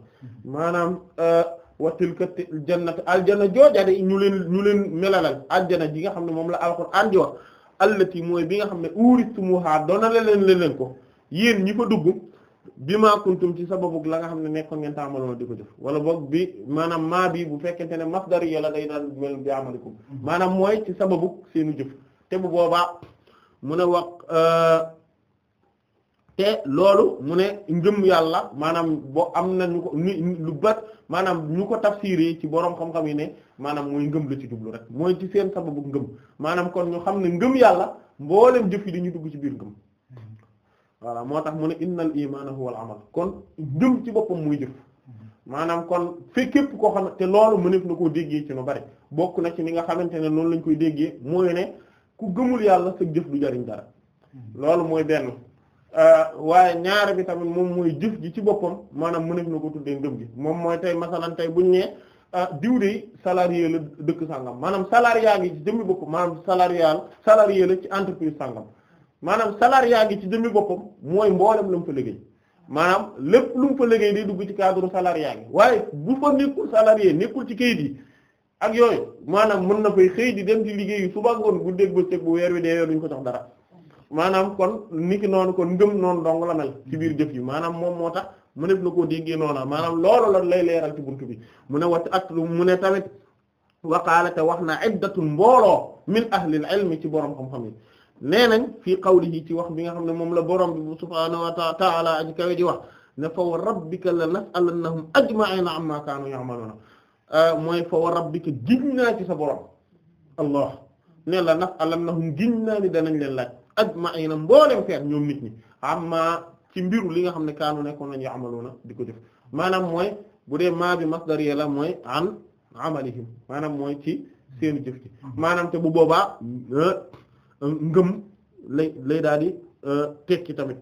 maanaam euh, wa tilka jannatu aljanna joojade ñu leen ñu leen melalal aljana ji nga xam ne moom la alxuraan di wax allati mooy bi nga xam ne uristumuha doona leen leen ko yéen ñi fa dugg bi maa kuntum ci sababu la nga xam ne nekkoon ngeen taamaloon di ko def wala boog bi maanaam maa bii bu fekkente ne masdar yàlla day daan mel bi amalikum mm-hmm. maanaam mooy ci sababu seenu jëf te bu boobaa mu ne wax euh, te loolu mu ne ngëm yàlla maanaam boo am na ko lu bat maanaam ñu ko tafsiri ci borom xam yi ne maanaam mooy ngëm la ci jublu rek mooy ci seen sababu ngëm maanaam kon ñu xam ne ngëm yàlla mboolem jëf yi dañuy dugg ci biir ngëm. voilà moo tax mu ne innal imaana huwal amal kon ngëm ci boppam muy jëf maanaam kon fi képp koo xam te loolu mëneef na koo déggee ci nu bari bokk na ci ni nga xamante ne noonu lañ koy déggee mooy ne ku gëmul yàlla sa jëf du jariñ dara loolu mooy benn euh, waaye ñaar bi tamit moom mooy jëf ji ci boppam maanaam mëneef na ko tuddee ngëm gi moom mooy tey masalan tey buñ ne euh, diw de salarié la dëkk sàngam maanaam salariat gi ci jëmmi boppam maanaam salarial salarié la ci entreprise sàngam maanaam salariat ngi ci jëmmi boppam mooy mboolem lu mu fa liggéey maanaam lépp lu mu fa liggéey day dugg ci cadre salariat gi waaye bu fa nekkul salarié nekkul ci kayit yi ak yooyu maanaam mën na fay xëy di dem ci liggéey suba ngoon bu dégg ba teg bu weer wi deewee duñ ko jox dara maanaam kon niki noonu kon ngëm noon dong la mel ci biir jëf yi maanaam moom moo tax mu nekk ko di déggee noona maanaam loolu la lay leeral ci buntu bi mu ne wat ak mu ne tamit waqaala te wax na iddatul mbooloo min ahlil ilmi ci borom xam yi nee nañ fii qawlihi ci wax bi nga xam ne moom la borom bi subhaanahu wa ta'ala aji kawe ji wax ne fa wa rabbika la nas'alannahum ajma'ina amma kaanu ya'maluna mooy fa wa rabbika giñ naa ci sa borom allah ne la nas'alannahum giñ naa ni da danañ leen laaj ajma'ina mboolem feet ñoom nit ñi amma ci mbiru li nga xam ne kaanu nekkoon nañ ya'maluna di ko def maanaam mooy bu dee maa bi masdariya la mooy an amalihim maanaam mooy ci seeni jëf ci maanaam te bu boobaa ngëm lay lay daal di euh, tekki tamit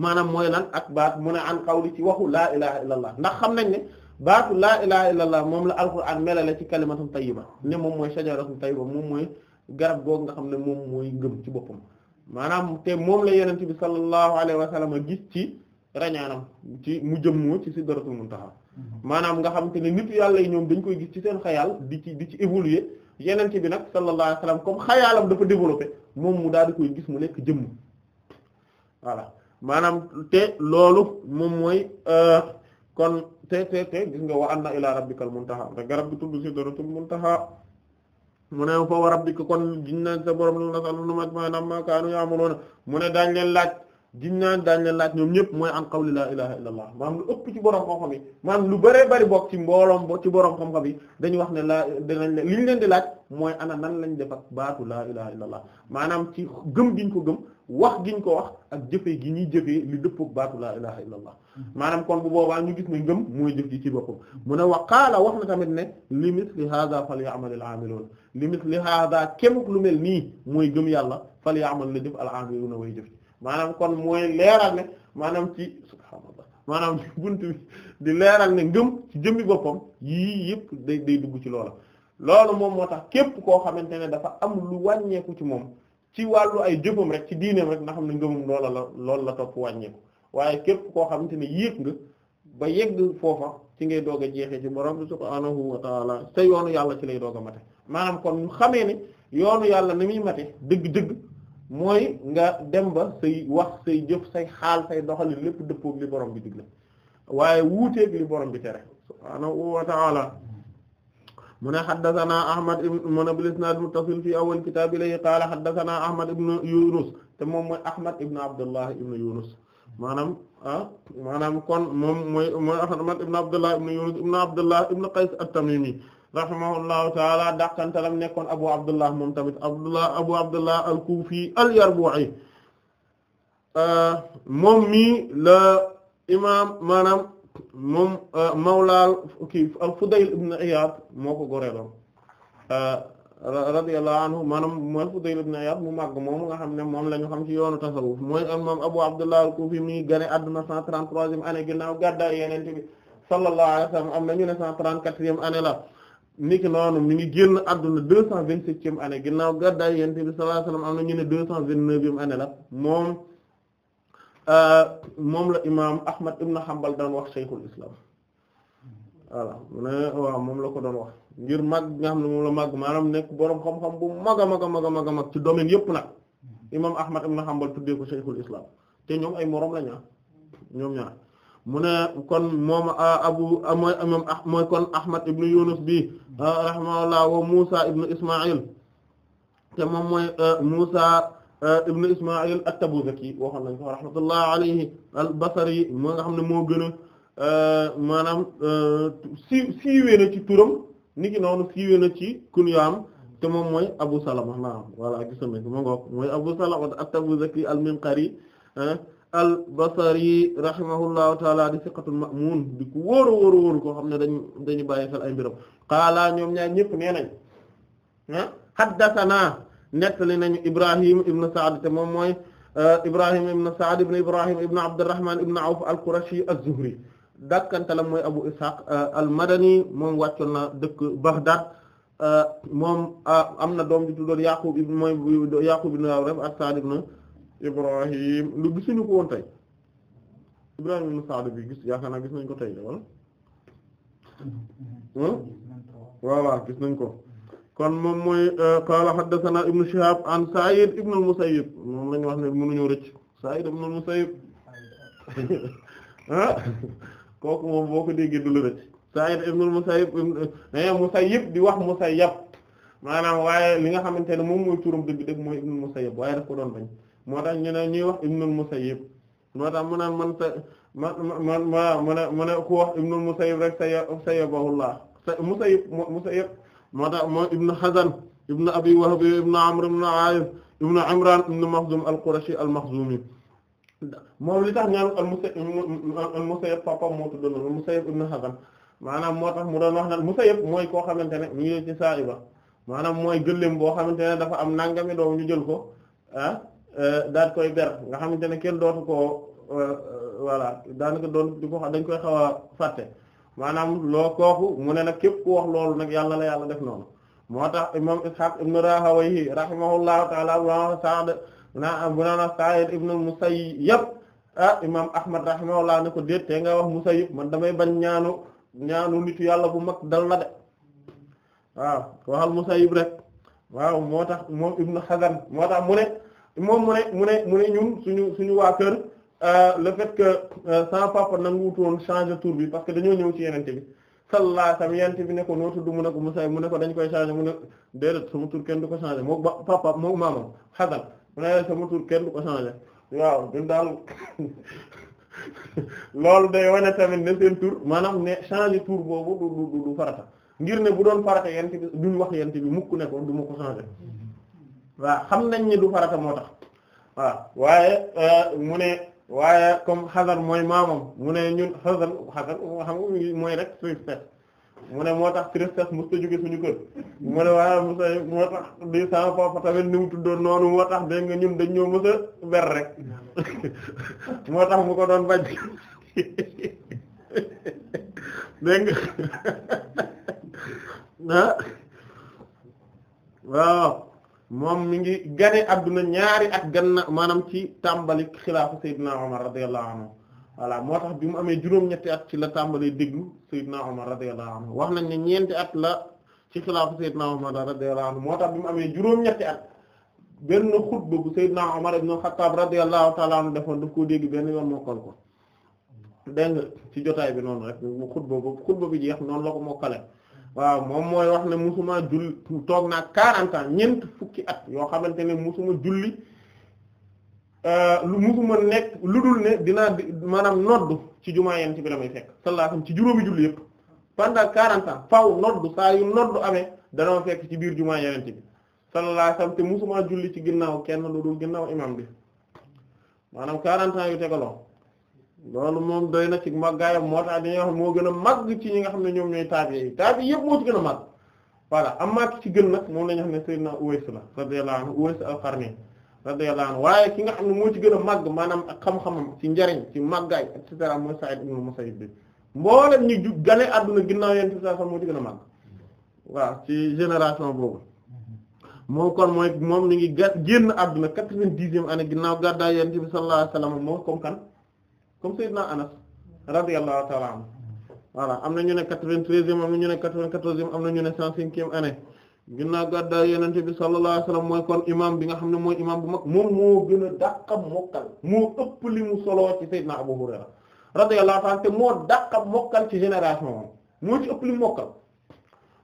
maanaam mooy lan ak baat mu ne an qawli ci waxu laa la la ndax xam nañ ne baatu laa ilaha illallah moom la alxuraan melale ci kalimatum tayyiba ne moom mooy sajaratum tayyiba moom mooy garab googu nga xam ne moom mooy ngëm ci boppam maanaam te moom la yenente bi sallallahu alayhi wa sallam gis ci rañaanam ci mu jëmmoo ci sidratul muntaha mm-hmm. maanaam nga xam te ne nit yàlla yi ñoom dañ koy gis ci seen xayal di ci di ci évoluer yenente bi nag sallallahu alayhi wasallam comme xayaalam dafa développé moom mu daal di koy gis mu nekk jëmm voilà maanaam te loolu moom mooy euh, kon te te te gis nga wa anna ila rabbikal muntaha te garab gi tudd sidratul muntaha mu ne fa wa rabbika kon giñ na sa borom lu na sal nu maj maanaam maakaanu yaamuloona mu ne daañ leen laaj giñ naan daañ leen laaj ñoom ñëpp mooy an qawli laa ilaha illa allah maanaam lu ëpp ci borom xam-xam yi maanaam lu bëree bari bokk ci mbooloom ci borom xam-xam yi dañu wax ne laa danañ li ñu leen di laaj mooy ana nan lañ def ak baatu laa ilaha illa maanaam ci gëm giñ ko gëm wax giñ ko wax ak jëfee gi ñuy jëfee li dëppook baatu laa ilaha illa allah mm-hmm. maanaam kon bu boobaa ñu gis ne gëm mooy jëf ji ci boppam mun a wa wax na tamit ne li misli hada falyamalil aamiluun li misli hada kémuk lu mel nii mooy gëm yàlla falyamal na jëf al aamiluuna way jëf maanaam kon mooy leeral ne maanaam ci subhaanallah maanaam bunt bi di leeral ne ngëm ci jëmmi boppam yii yëpp day dugg ci loola loolu moom moo tax képp koo xamante ne dafa am lu wàññeeku ci moom ci wàllu ay jëfam rek ci diineem rek na xam ne ngëmum loola la loolu la topp wàññeeku waaye képp koo xamante ne yéeg nga ba yegg foofa ci ngay doog a jeexee ci borom subhaanahu wa taala te yoonu yàlla ci lay doog a mate maanaam kon xamee ne yoonu yàlla ni muy mate dëgg mooy nga dem ba say wax say jëf say xaal say doxali lépp dëppoog li borom bi digle waaye wuuteeg li borom bi tere subhaanahu wa ta'ala mu ne xaddasanaa ahmad ibn mu ne bilisnaad muttasil fi awal kitaab ilayhi qaala xaddasanaa ahmad ibn yunus te moom mooy ahmad ibn abdullah ibn yunus ah, maanaam kon moom mooy mooy ibn abdullah ibn yunus ibn abdullah ibn qays at-tamimi rahimahullahu taala dàqantalam nekkoon abu abdullah moom tamit abdullah abu abdullah al-kufi al-yarbu'i moom mii la imaam maanaam moom mawlaal kii al-Fudayl ibn Iyad moo ko goreeloon radiyallahu anhu maanaam mooy Fudayl ibn Iyad mu màgg moom nga xam ne moom la ñu xam ci yoonu tasawuf mooy moom Abu Abdullah al-Kufi mi gane àdduna 133e année ginnaaw gàddaay Yonent bi sallallahu alayhi wa sallam am na ñu ne 134e année la. niki noonu mi ngi génn àdduna deux cent vingt-septième année ginnaaw gàddaay yonent bi sallallahu alayhi wasallam am na ñu ne deux cent vingt-neuvième année la moom euh, moom la imaam Ahmad ibn Hanbal daan wax shaykhul islam voilà mu waaw moom la ko doon wax ngir màgg nga xam ne moom la màgg maanaam nekk boroom xam-xam bu mag a mag a mag a mag a mag ci domaine yépp nag imaam Ahmad ibn Hanbal tuddee ko shaykhul islam te ñoom ay moroom la ñaar ñoom ñaar mu ne kon moom abu mooy imam mooy kon ahmad ibnu yunus bi rahimahullah wa musa ibnu ismail te moom mooy muusa ibnu ismail at-tabuzaki woo xam nañ ko rahmatullah alayhi al-basri moo nga xam ne moo gën a maanaam si siiwee na ci turam niki noonu fii na ci kunyaam te moom mooy abu salama naam voilà gis nañ ko moo mooy abu salama at-tabuzaki al-minqari ah. al basari rahimahullahu taala di siqatul ma'mun di ko wóoru wóoru wóoru koo xam ne dañu dañu bàyyi ay mbiram qaala ñoom ñaar ñëpp nee nañ ah haddathana nettali nañu Ibrahim ibn Sa'd moom mooy euh, Ibrahim ibn Sa'd ibn Ibrahim ibn Abdurrahman ibn Awf al-Qurashi az-Zuhri dakkantalam mooy Abu Ishaq euh, al-Madani moom wàccoon na dëkk Baghdad euh, moom am na doom ju tuddoon Yaqub Yaqub ibn Ibrahim as-Sa'd ibn Ibrahim lu gisuñu ko woon tey Ibrahim ibn Sa'd bi gis yaakaar naa gis nañ ko tey de wala gis nañ ko kon moom mooy euh, qaala haddathana ibn Shihab an Sa'id ibn al moom lañu wax ne mënuñu rëcc Sa'id ibn al-Musayyib ah kooku moom boo ko déggee du la rëcc Sa'id ibn al-Musayyib Musayyib di wax Musayyab maanaam waaye li nga xamante ne moom mooy turam dëgg dëgg mooy ibn al waaye daf ko doon bañ moo tax ñu ne ñuy wax ibnul musayyib moo tax mu naan man sa ma ma ma mu ne mu ne ku wax ibnul musayyib rek saya sayabahullah musayyib musayyib moo tax moo ibnu hazan ibnu abi wahb ibnu amr ibnu aas ibnu imran ibnu makhzum al-qurashi al-makhzumi moom li tax ñaan al-musayyib papa moo tudd al maanaam moo mu doon wax naan musayyib mooy koo xamante ne mu ngi ci sa'iba maanaam mooy gëléem boo xamante ne dafa am nangame doo ñu jël ko ah Euh, daal koy ber nga xamante ne kenn dootu ko euh, euh, voilà daanaka doon di dañ koy xaw a fàtte maanaam loo kooku mu ne nag képp ku wax loolu nag yàlla la yàlla def noonu moo tax imam Ishaq ibn Rahawayhi rahimahullahu ta'ala wa na abunana Sa'id ibn al-Musayyib ah imam Ahmad rahimahullah ne ko déet te nga wax Musayyib man damay bañ ñaanu ñaanu nitu yàlla bu mag dal la de waaw waxal Musayyib rek waaw moo tax moom ibn Hazan moo tax mu ne moom mu ne mu ne ñun suñu suñu waa kër euh, le fait que euh, sans papa nanguutoon changer tour bi parce que dañoo ñëw ci yenente bi sallallahu alayhi wasallam yenente bi ne ko mu ne ko Musa mu ne ko dañ koy changer mu ne déedéet sama tur kenn du ko changer moo papa moo maamam xasal mu ne sama tur kenn du ko changer waaw ñun daal [laughs] loolu day wane tamit ne seen tur maanaam ne changer tur boobu du du farata ngir ne bu doon farata yenente bi duñ wax yenente bi mukk ne ko du ma ko changer waa xam nañ ne du farata moo tax waaw waaye euh, mu ne waaye comme xasar mooy maamam mu ne ñun xasar xasar xam nga mooy rek mu ne moo tax tristesse mos ta jóge suñu kër mu ne waaye tax di nga ñun dañ ñoo mos a rek [laughs] moo tax mu ko doon bañ [laughs] dégg nga [laughs] ah. waaw moom mi ngi gane adduna ñaari at ganna maanaam ci tàmbali xilaafu Seydina Omar radiyallahu anhu voilà moo tax bi mu amee juróom-ñetti at ci la tàmbalee déglu Seydina Omar wax nañ ne ñeenti at la ci xilaafu Seydina Omar radiyallahu moo tax bi mu amee juróom-ñetti at benn xutba bu Seydina Omar ibn Khattab radiyallahu ta'ala anhu defoon daf koo dégg benn yoon mokkal ko dégg nga ci jotaay bi noonu rek xutba bi jeex noonu la ko mokkale waaw moom mooy wax ne musuma julli toog naa quarante ñeent fukki at yoo xamante ne musuma julli euh, lu musuma nekk lu dul ne dinaa maanaam nodd ci jumaa yent bi may fekk sallallahu ci juróomi julli yëpp pendant quarante ans faaw nodd saa yu nodd amee danoo fekk ci biir jumaa yent bi sallallahu te musuma julli ci ginnaaw kenn lu dul ginnaaw imam bi maanaam quarante yu tegaloo loolu moom doy na ci màggaayam moo tax dañuy wax moo gën a màgg ci ñi nga xam ne ñoom ñooy taabi yi taabi yëpp moo ci gën a màgg voilà amma ci gën nag moom la ñu xam ne sayyidina Uways la radiyallahu anhu Uways al-Qarni radiyallahu waaye ki nga xam ne moo ci gën a màgg maanaam ak xam ci njariñ ci màggaay et cetera mooy Sa'id ibn Musayyib bi ñu ju gane àdduna ginnaaw yéen ci saa sax moo ci gën a màgg waaw ci génération boobu moom kon mooy moom ni ngi génn àdduna quatre-vingt-dixième année ginnaaw gàddaay yéen ci bi sallallahu alayhi wasallam moom kan comme Seydina Anas radiyallahu ta'ala anhu voilà am na ñu ne quatre-vingt-treizième am na ñu ne quatre-vingt-quatorzième am na ñu ne cent cinquième année ginnaaw gàddaay yonent bi sallallahu alayhi wasallam mooy kon imam bi nga xam ne mooy imam bu mag moom moo gën a dàqam mokkal moo ëpp li mu solo ci Seydina Abu Hurayra radiyallahu ta'ala te moo dàqam mokkal ci génération moom moo ëpp li mu mokkal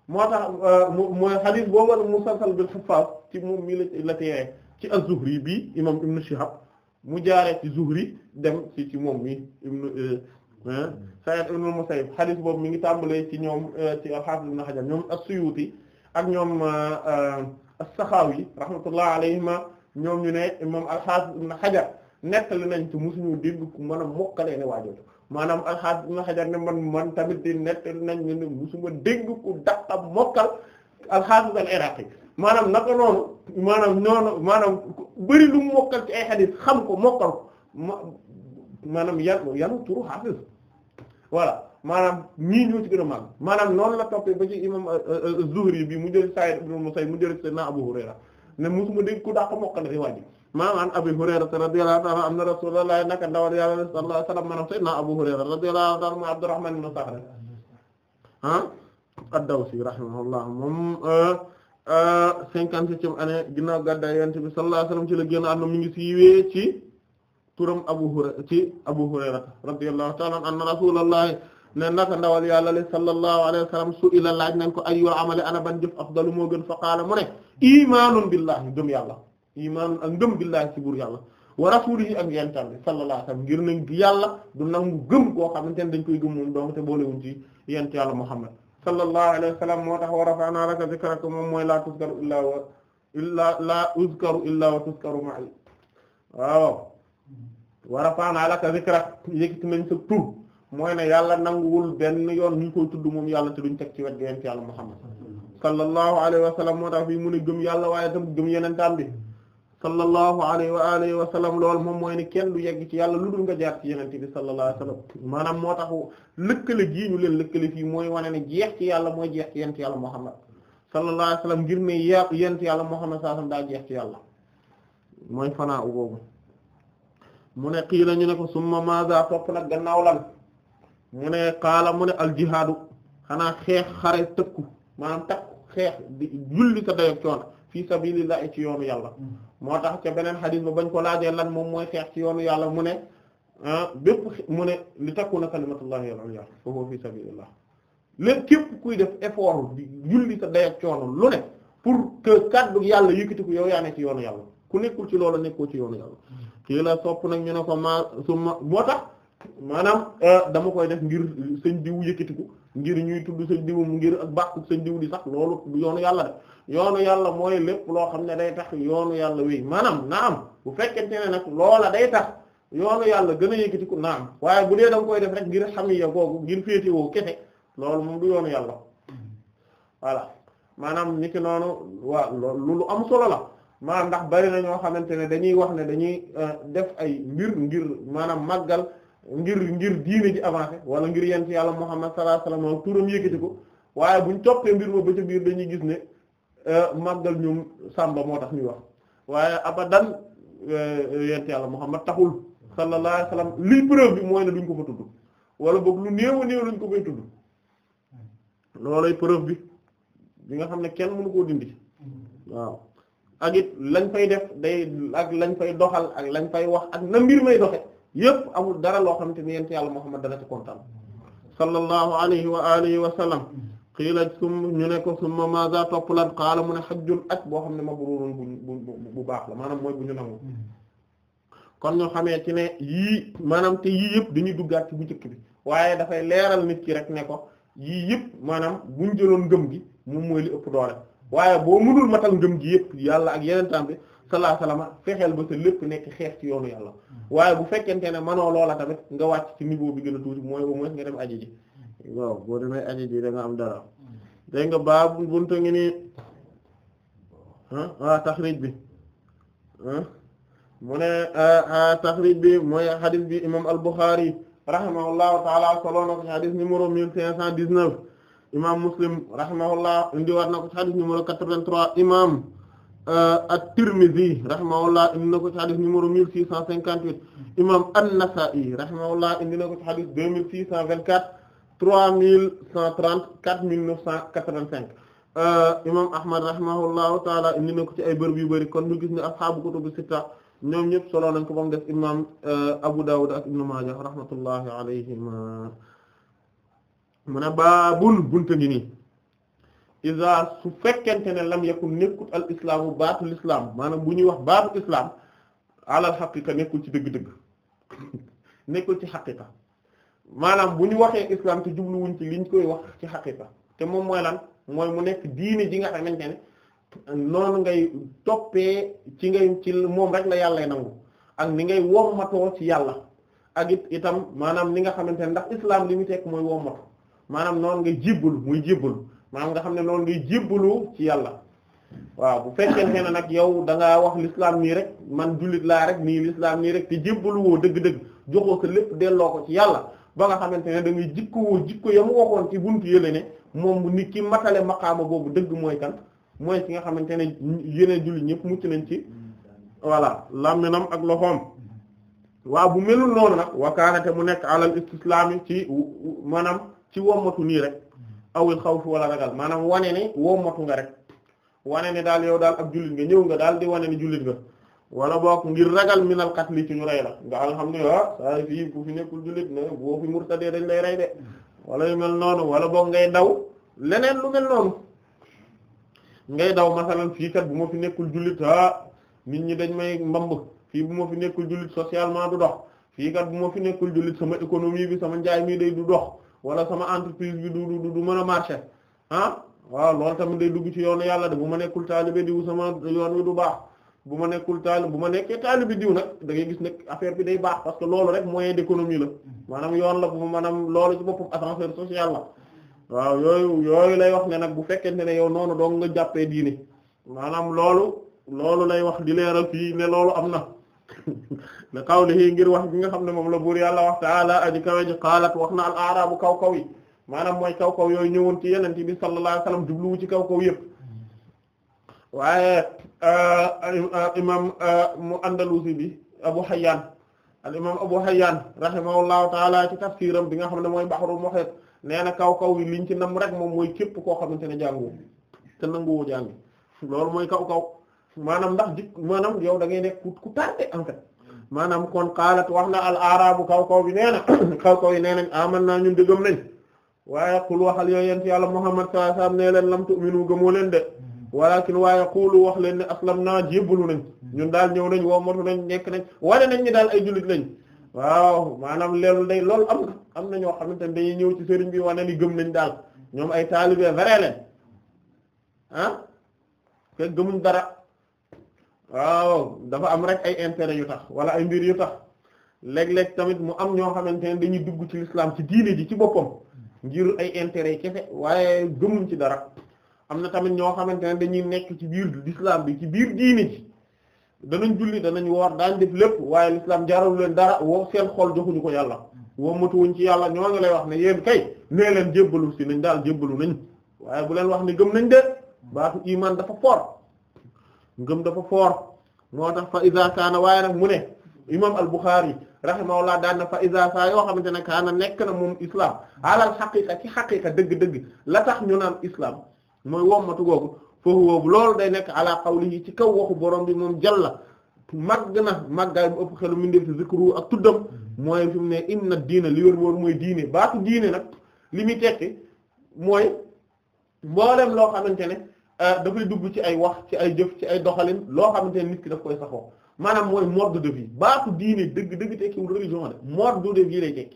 moo tax euh, mooy hadith boo war musalsal bil huffaaz ci moom mii la la téye ci az-Zuhri mu jaaree ci Zuhri dem ci ci moom mi ibnu euh, Sa'id ibn Musayyib hadith boobu mi ngi tàmbalee ci ñoom euh, ci al-Hafiz ibn Hajar ñoom as-Suyuti ak ñoom euh, as-Sakhawi rahmatullah alayhima ñoom ñu ne moom al-Hafiz ibn Hajar nettali nañ ci musuñu dégg maanaam mokkalee ne waajooju maanaam al-Hafiz ibn Hajar ne man man tamit di nettali nañ ñu ne musuma dégg ku dàqa mokkal al-Hafiz al-Iraqi maanaam naka noonu maanaam noonu maanaam bëri lu mokkal ci ay xadis xam ko mokkal ko maanaam yan yanu turu xaafis voilà maanaam ñii ñoo ci gën a màgg maanaam noonu la toppee ba ci imam euh, euh, euh, Zuhri bi mu jël Sa'id ibn Musayyib mu jël Seydina Abu Hurayra ne musuma dégg ku daa ko mokkal ci wàjji maam an Abi Hurayra radiyallahu ta'ala anna Rasulullah naka ndawal Yàlla sallallahu alayhi wa sallam maanaam Seydina Abu Hurayra radiyallahu ta'ala ma Abdurrahman ibn Sakhr ah ad-Dawsi rahimahullah moom Euh, cinquante-septième année ginnaaw gàddaay yonent bi sallallahu alayhi wasallam la génn àdduna mi ngi siiwee ci turam Abu Hurayra ci Abu Hurayra radiyallahu ta'ala anna rasulullahi ne naka ndawal yàlla li sallallahu alayhi wasallam su ila laaj nañ ko ayyul amali ana ban jëf afdalu moo gën fa qaala mu ne imaanun billahi gëm yàlla imaanun ak billahi ci bur yàlla wa rasulihi ak yentam bi sallallahu alayhi ngir nañ yàlla du nangu gëm koo xamante ne dañ koy gëm moom doom te boolewuñ ci yent yàlla Muhammad sallallahu alayhi wa sallam moo tax wa rafa'na laka dhikraka moom mooy laa tuzkaru illaa wa illaa laa uzkaru illaa wa tuzkaru ma'i waaw wa rafa'na benn yoon ñu koy tudd moom yàlla te duñ teg ci wet yonent yàlla moo tax fii mu ne gëm yàlla waaye tam gëm yenentaan bi sallallahu alayhi wa alihi wa sallam loolu moom mooy ni kenn du yegg ci yàlla lu dul nga jaar ci yenente bi sallallahu alayhi wa sallam maanaam moo tax lëkkale gii leen lëkkale fii mooy wane ne jeex ci yàlla mooy jeex ci yenent yàlla Muhammad sallallahu alayhi wa sallam ngir ne yàq yàlla Muhammad sallallahu alayhi daa jeex ci yàlla mooy fanaa u boobu mu ne xii la ñu ne ko summa maza topp na gannaaw lan mu ne xaala mu aljihaadu xanaa xeex xare tëkku maanaam takku xeex julli sa dayob coono fii sabilillah ci yoonu yàlla moo tax ca beneen xadis ba bañ ko laajee lan moom mooy xeex ci yoonu yàlla mu ne ah, bépp mu ne li takkuuna kalimatullahi al-ulya fa huwa fi sabilillah lépp képp kuy def effort di julli sa dayag coono lu ne pour que kaddu yàlla yëkkatiku yow yaa ne ci yoonu yàlla ku nekkul ci loolu nekkoo ci yoonu yàlla hmm. kii la sopp nag ñu ne ko ma suma moo tax maanaam euh, dama koy def ngir sëñ diw yëkkatiku ngir ñuy tudd sëñ diw ngir ak bàkku sëñ diw di sax loolu yoonu yàlla de yoonu yàlla mooy lépp loo xam ne day tax yoonu yàlla wéy maanaam na am bu fekkente ne nag loola day tax yoonu yàlla gën a yëkkatiku naam am waaye bu dee da nga koy def rek ngir xam ya googu ngir féetewoo kese loolu moom du yoonu yàlla voilà maanaam niki noonu waa loolu lu am solo la maanaam ndax bari na ñoo xamante ne dañuy wax ne dañuy euh, def ay mbir ngir maanaam màggal ngir ngir diine ci avancé wala ngir yent yàlla Muhammad sallallahu alayhi wasallam turam yëkkati ko waaye buñ toppee mbir ma ba a biir dañuy gis ne euh, màggal ñoom sàmba moo tax ñuy wax waaye abadan euh, yent yàlla Muhammad taxul sallallahu alayhi wasallam lii preuve bi mooy ne duñ ko fa tudd wala boog lu néew néew lañ ko fay tudd loolay preuve bi bi nga xam ne kenn mënu koo dindi waaw ak lañ fay def day ak lañ fay doxal ak lañ fay wax ak na mbir may doxe yëpp amul dara loo xamante ni yent yàlla Muhammad dana ci kontaan sallallahu alayhi wa alihi wa sallam xiilaj summa ñu ne ko summa maza topp lan xaala mu ne xajjun ak boo xam ne mabrurun bu bu baax la maanaam mooy bu ñu nangu kon ñoo xamee ci ne yii maanaam te yii yëpp dañuy duggaat ci bu njëkk bi waaye dafay leeral nit ki rek ne ko yii yëpp maanaam buñ jëloon ngëm gi mu mooy li ëpp doole waaye boo mënul matal ngëm gi yëpp yàlla ak yeneen temps bi sallallahu alayhi wasallam fexeel ba sa lépp nekk xeex ci yoonu yàlla waaye bu fekkente ne manoo loola tamit nga wàcc ci niveau bi gën a tuuti mooy au moins nga dem aji ji waaw nga am dara dégg nga baabu buntu ngi nii ah taxrij bi ah, mu ne ah, ah, taxrij bi mooy xadis bi imam solo na ko ci xadis cinq cent dix-neuf Muslim rahimahullah indiwaat na ko ci quatre-vingt-trois imam Euh, at-Tirmidhi rahimahullah indi na ko ci xadis numéro 1658 imam an-Nasa'i rahimahullah indi na ko ci xadis 2624 3130 4985 imam Ahmad rahimahullahu taala indi na ko ci ay bërëb yu bari kon ñu gis ni ashaabu kutubu sitta ñoom ñëpp solo nañ ko ba mu des imam euh, Abu Dawud ak Ibn Maaja rahmatullahi alayhima mu ne baabun bunta ngi nii isa su fekkente ne lam yakun nekkut al islaamu baatul islam maanaam bu ñuy wax baatul islam alal xaqiqa nekkul ci dëgg-dëgg [laughs] nekkul ci xaqiqa maanaam bu ñu waxee islam te ci liñ koy wax ci xaqiqa te moom mooy lan mooy mu nekk diine ji nga xamante ne noonu ngay toppee ci ngay ci moom rek la yàlla nangu ak ni ngay wommatoo ci yàlla ak it itam maanaam li nga xamante ne ndax islam li mu tekk mooy wommatu maanaam noonu ngay jébbalu muy jébbalu maanaam nga xam ne noonu ngay jébbalu ci yàlla waaw bu fekkente ne nag yow da ngaa wax l'islam nii rek man jullit laa rek nii l'islam nii rek te jébbalu woo dëgg-dëgg joxoo sa lépp delloo ko ci yàlla ba nga xamante ne dangay jikkoo jikko woo ya mu waxoon ci buntu yële ne moom nit ki matale maqaama boobu dëgg mooy kan mooy ki nga xamante ne yeneen jullit ñépp mucc nañ ci voilà làmminam ak loxoom waaw bu melul noonu nag wakaanate mu nekk alal istislaami ci maanaam ci wommatu nii rek awil xawf wala ragal maanaam wane ne woo motu nga rek wane ne daal yow daal ak jullit nga ñëw nga daal di wane ne jullit nga wala boog ngir ragal minal qatli ci ñu rey la nga xam ne ah saa fii ku fi nekkul dañ lay rey de wala yu wala boog ngay daw leneen lu daw masalan fii bu ma fi nekkul jullit ah nit ñi dañ may mbamb fii bu ma fi nekkul jullit socialement du dox fii kat bu ma fi nekkul jullit sama économie bi sama njaay mi day du dox wala sama entreprise bi du du du mën a marché ah waaw loolu tamit day dugg ci yoonu yàlla de bu ma nekkul taalibe diw sama yoon wi du baax bu ma nekkul taalibe bu ma nekkee taalibe diw nag da gis nag affaire bi day baax parce que loolu rek moyen d'économie la maanaam yoon la bu maanaam loolu ci boppam ascenseur social la waaw yooyu yooyu lay wax ne nag bu fekkente ne yow noonu dong nga jàppee diine maanaam loolu loolu lay wax di leeral fii ne loolu am na li qawlihi ngir wax bi nga xam ne moom la buur yàlla wax ta'ala aji kawe ji qaalat wax na al kaw kaw yi maanaam mooy kaw kaw yooyu ñëwoon ci yenente bi sallallahu alayhi wasallam jubluwu ci kaw kaw yëpp waaye euh, imam euh, mu andalusi bi abu hayyan al imam abu hayyan rahimahullahu taala ci tafsiram bi nga xam ne mooy bahrul muhit nee na kaw kaw yi liñ ci nam rek moom mooy képp koo xamante ne jàngoo te nanguwoo jàng loolu mooy kaw kaw maanaam ndax jik maanaam yow da ngay nekk ku tardé en fait kon kaalat wax na al arabu kaw kaw bi nee na [coughs] kaw kaw yi nee nañ aman naa ñun dëggam nañ waaye qul waxal yooyu yent yàlla muhammad sallallahu alayhi wasallam nee leen lam tu'minu gëmoo leen de walakin waaye qulu wax leen ne aslam naa jébbalu nañ ñun daal ñëw nañ wommatu nañ nekk nañ wane nañ ñi daal ay julit lañ waaw maanaam leelu day lool am am na ñoo xamante ne dañuy ñëw ci sëriñ bi wane ni gëm nañ daal ñoom ay taalibe vrai leen ah gëmuñ dara waaw dafa am rek ay intérêt yu tax wala ay mbir yu tax léeg-léeg tamit mu am ñoo xamante ne dañuy dugg ci l'islam ci diine ji ci boppam ngir ay intérêt yi waaye gëmuñ ci dara am na tamit ñoo xamante ne dañuy nekk ci biir l'islam bi ci biir diine ji danañ julli danañ woor daañ def lépp waaye l'islam jaral leen dara woo seen xool joxuñu ko yàlla woo matuwuñ ci yàlla ñoo ngi lay wax ne yéen kay nee leen jébbalu si nañ daal jébbalu nañ waaye bu leen wax ne gëm nañ de baatu iman dafa fort ngëm dafa foor moo tax fa iza kaana waaye nag mu ne imam al-Bukhari rahimahullah daan na fa iza saa yoo xamante ne kaana nekk na moom islam alal xaqiqa ci xaqiqa dëgg-dëgg la tax ñu naan islam mooy wommatu googu foofu boobu loolu day nekk ala qawlihi ci kaw waxu borom bi moom jalla màgg na màggaay bu ëpp xelu min ndef ci zikru ak tuddam mooy fi mu ne inna diina li wër mooy diine baatu diine nag li muy tekki mooy mboolem loo xamante Euh, dafay dugg ci ay wax ci ay jëf ci ay doxalin loo xamante ne nit ki daf koy saxoo maanaam mooy mode de vie baatu diine dëgg dëgg tekkiwul religion de mode de vie lay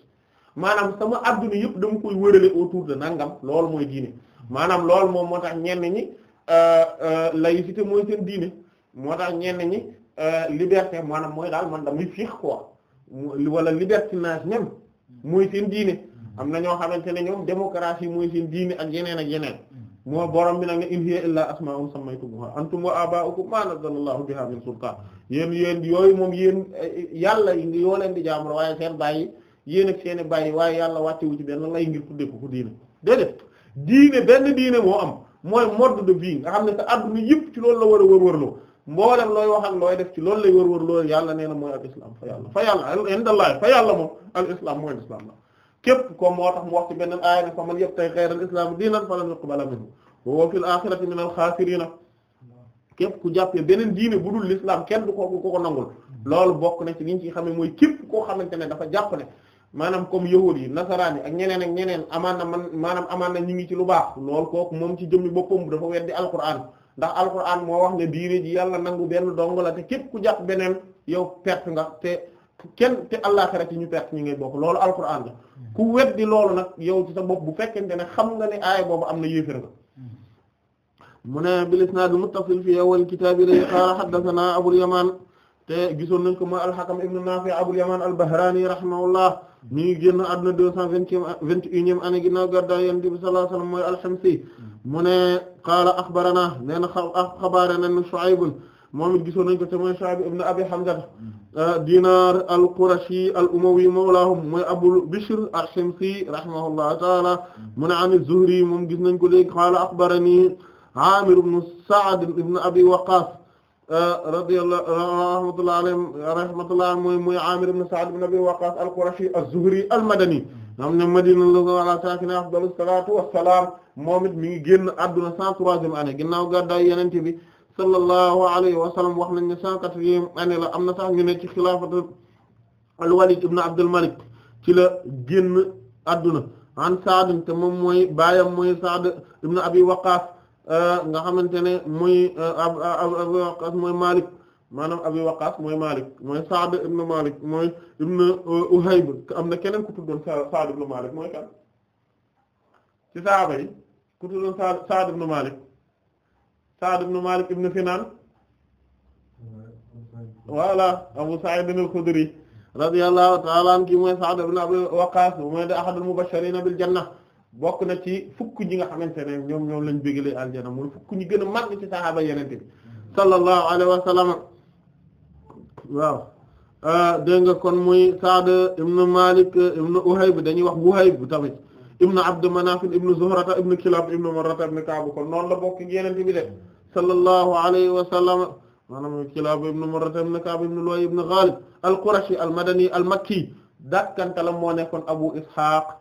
maanaam sama adduna yëpp dama koy wërale autour de nangam loolu mooy diine maanaam lool moom moo tax ñenn ñi euh, euh, laïcité mooy seen diine moo tax ñenn ñi liberté maanaam mooy daal man damay fiix quoi wala libertinage même mooy seen diine am na ñoo xamante ne ñoom démocratie mooy seen diine ak yeneen ak yeneen. moo borom bi na nga in hiya illaa asmaa'un sammaytumuha antum wa abaa'ukum ma nazzalallaahu bihaa min sultaan yéen yéen yooyu moom yéen yàlla yoo leen di jaamul waaye seen bàyyi yéen ak seen i bàyyi waaye yàlla wàccewu ci benn lay ngir tudde ko ko diine déedéet diine benn diine moo am mooy mode de vie nga xam ne sa adduna yëpp ci loolu la war a wër-wërloo mboolem looy wax ak looy def ci loolu lay wër-wër loolu yàlla nee na mooy al islam fa yàlla fa yàlla indallaahi fa yàlla moom képp ko moo tax mu wax ci beneen aaya ne fa man yabtaghi ghayra al-islaami diinan falan yuqbala minhu wa képp ku jàppe beneen diine bu dul l'islam kenn du ko ko nangul lool bokk na ci liñ ci xamee mooy képp koo xamante ne dafa jàpp ne maanaam comme yahuud yi nasaraan yi ak ñeneen ak ñeneen amaan man maanaam amaan na ñu ngi ci lu baax loolu kooku moom ci jëmmi boppam dafa weddi alquran ndax alquran moo wax ne diine ji yàlla nangu benn dong la te képp ku jàpp beneen yow pert nga te. kenn te àllaaxira ci ñu perte ñi ngay bokk loolu alquran la ku weddi loolu nag yow ci sa bopp bu fekkente ne xam nga ne aaya boobu am na yéefér nga mu ne bil isnaad muttasil fi awwal kitaab ilay qaala haddathana abul yaman te gisoon nañ ko mooy alxakam ibnu naafi abul yaman albahraani rahimahullah mi ngi génn àdduna deux cent vingtième vingt et unième année ginnaaw gàddaay yonent bi sallallahu alayhi wasallam mooy alxamsi mu ne qaala axbarana nee na xabaare na Shuayb moom it gisoon nañ ko te mooy Sha'bi ibn Abi Hamza ah, Dinar al-Qurashi al-Umawi mawlahum mooy Abu Bishr ash-Shimsi rahimahullahu ta'ala mu ne an az-Zuhri moom gis nañ ko léegi qaala akhbarani Amir ibn Sa'd ibn Abi Waqqas ah, radiyallahu rahmatullahi mooy mooy Amir ibn Sa'd ibn Abi Waqqas al-Qurashi az-Zuhri al-Madani am na Madina ala saakinihaa afdalu salaatu wassalaam moom it mi ngi génn àdduna 103e année ginnaaw gàddaay Yonent bi sallallahu alayhi wa sallam wax nañ ne cent quatrième année la am na sax ñu ne ci xilaafatu al-Walid ibn Abdul Malik ci la génn adduna an Saad te moom mooy baayam mooy Saad ibn Abi Waqqas nga xamante ne mooy Abi Waqqas mooy Malik maanaam Abi Waqqas mooy Malik mooy Saad ibn Malik mooy uh, am na keneen ku tuddoon Saad ibn Malik mooy kan ci Saad ibn Malik Sa'd ibn Malik ibn Sinan voilà Abu Sa'id al-Khudri radiyallahu ta'ala anhu ki mooy Sa'd ibn Abi Waqqas mooy de ahadul mubashirin bil janna bokk na ci fukk ñi nga xamante ne ñoom ñoom lañ bégalee aljana mooy fukk ñi gën a mag ci saxaaba yeneen bi sallallahu alayhi wa sallam waaw euh, dégg nga kon muy Sa'd ibn Malik ibn Uhayb dañuy wax Wuhayb tamit ibn Abd Manaf ibn Zuhrata ibn Kilab ibn Murrata ibn Ka'b kon noonu la bokk yeneen bi de sallallahu alayhi wa sallam maanaam Kilaab ibn Murra ibn Ka'b ibn Lu'ay ibn Ghalib al-Qurashi al-Madani al-Makki dakkantalam moo nekkoon Abu Ishaq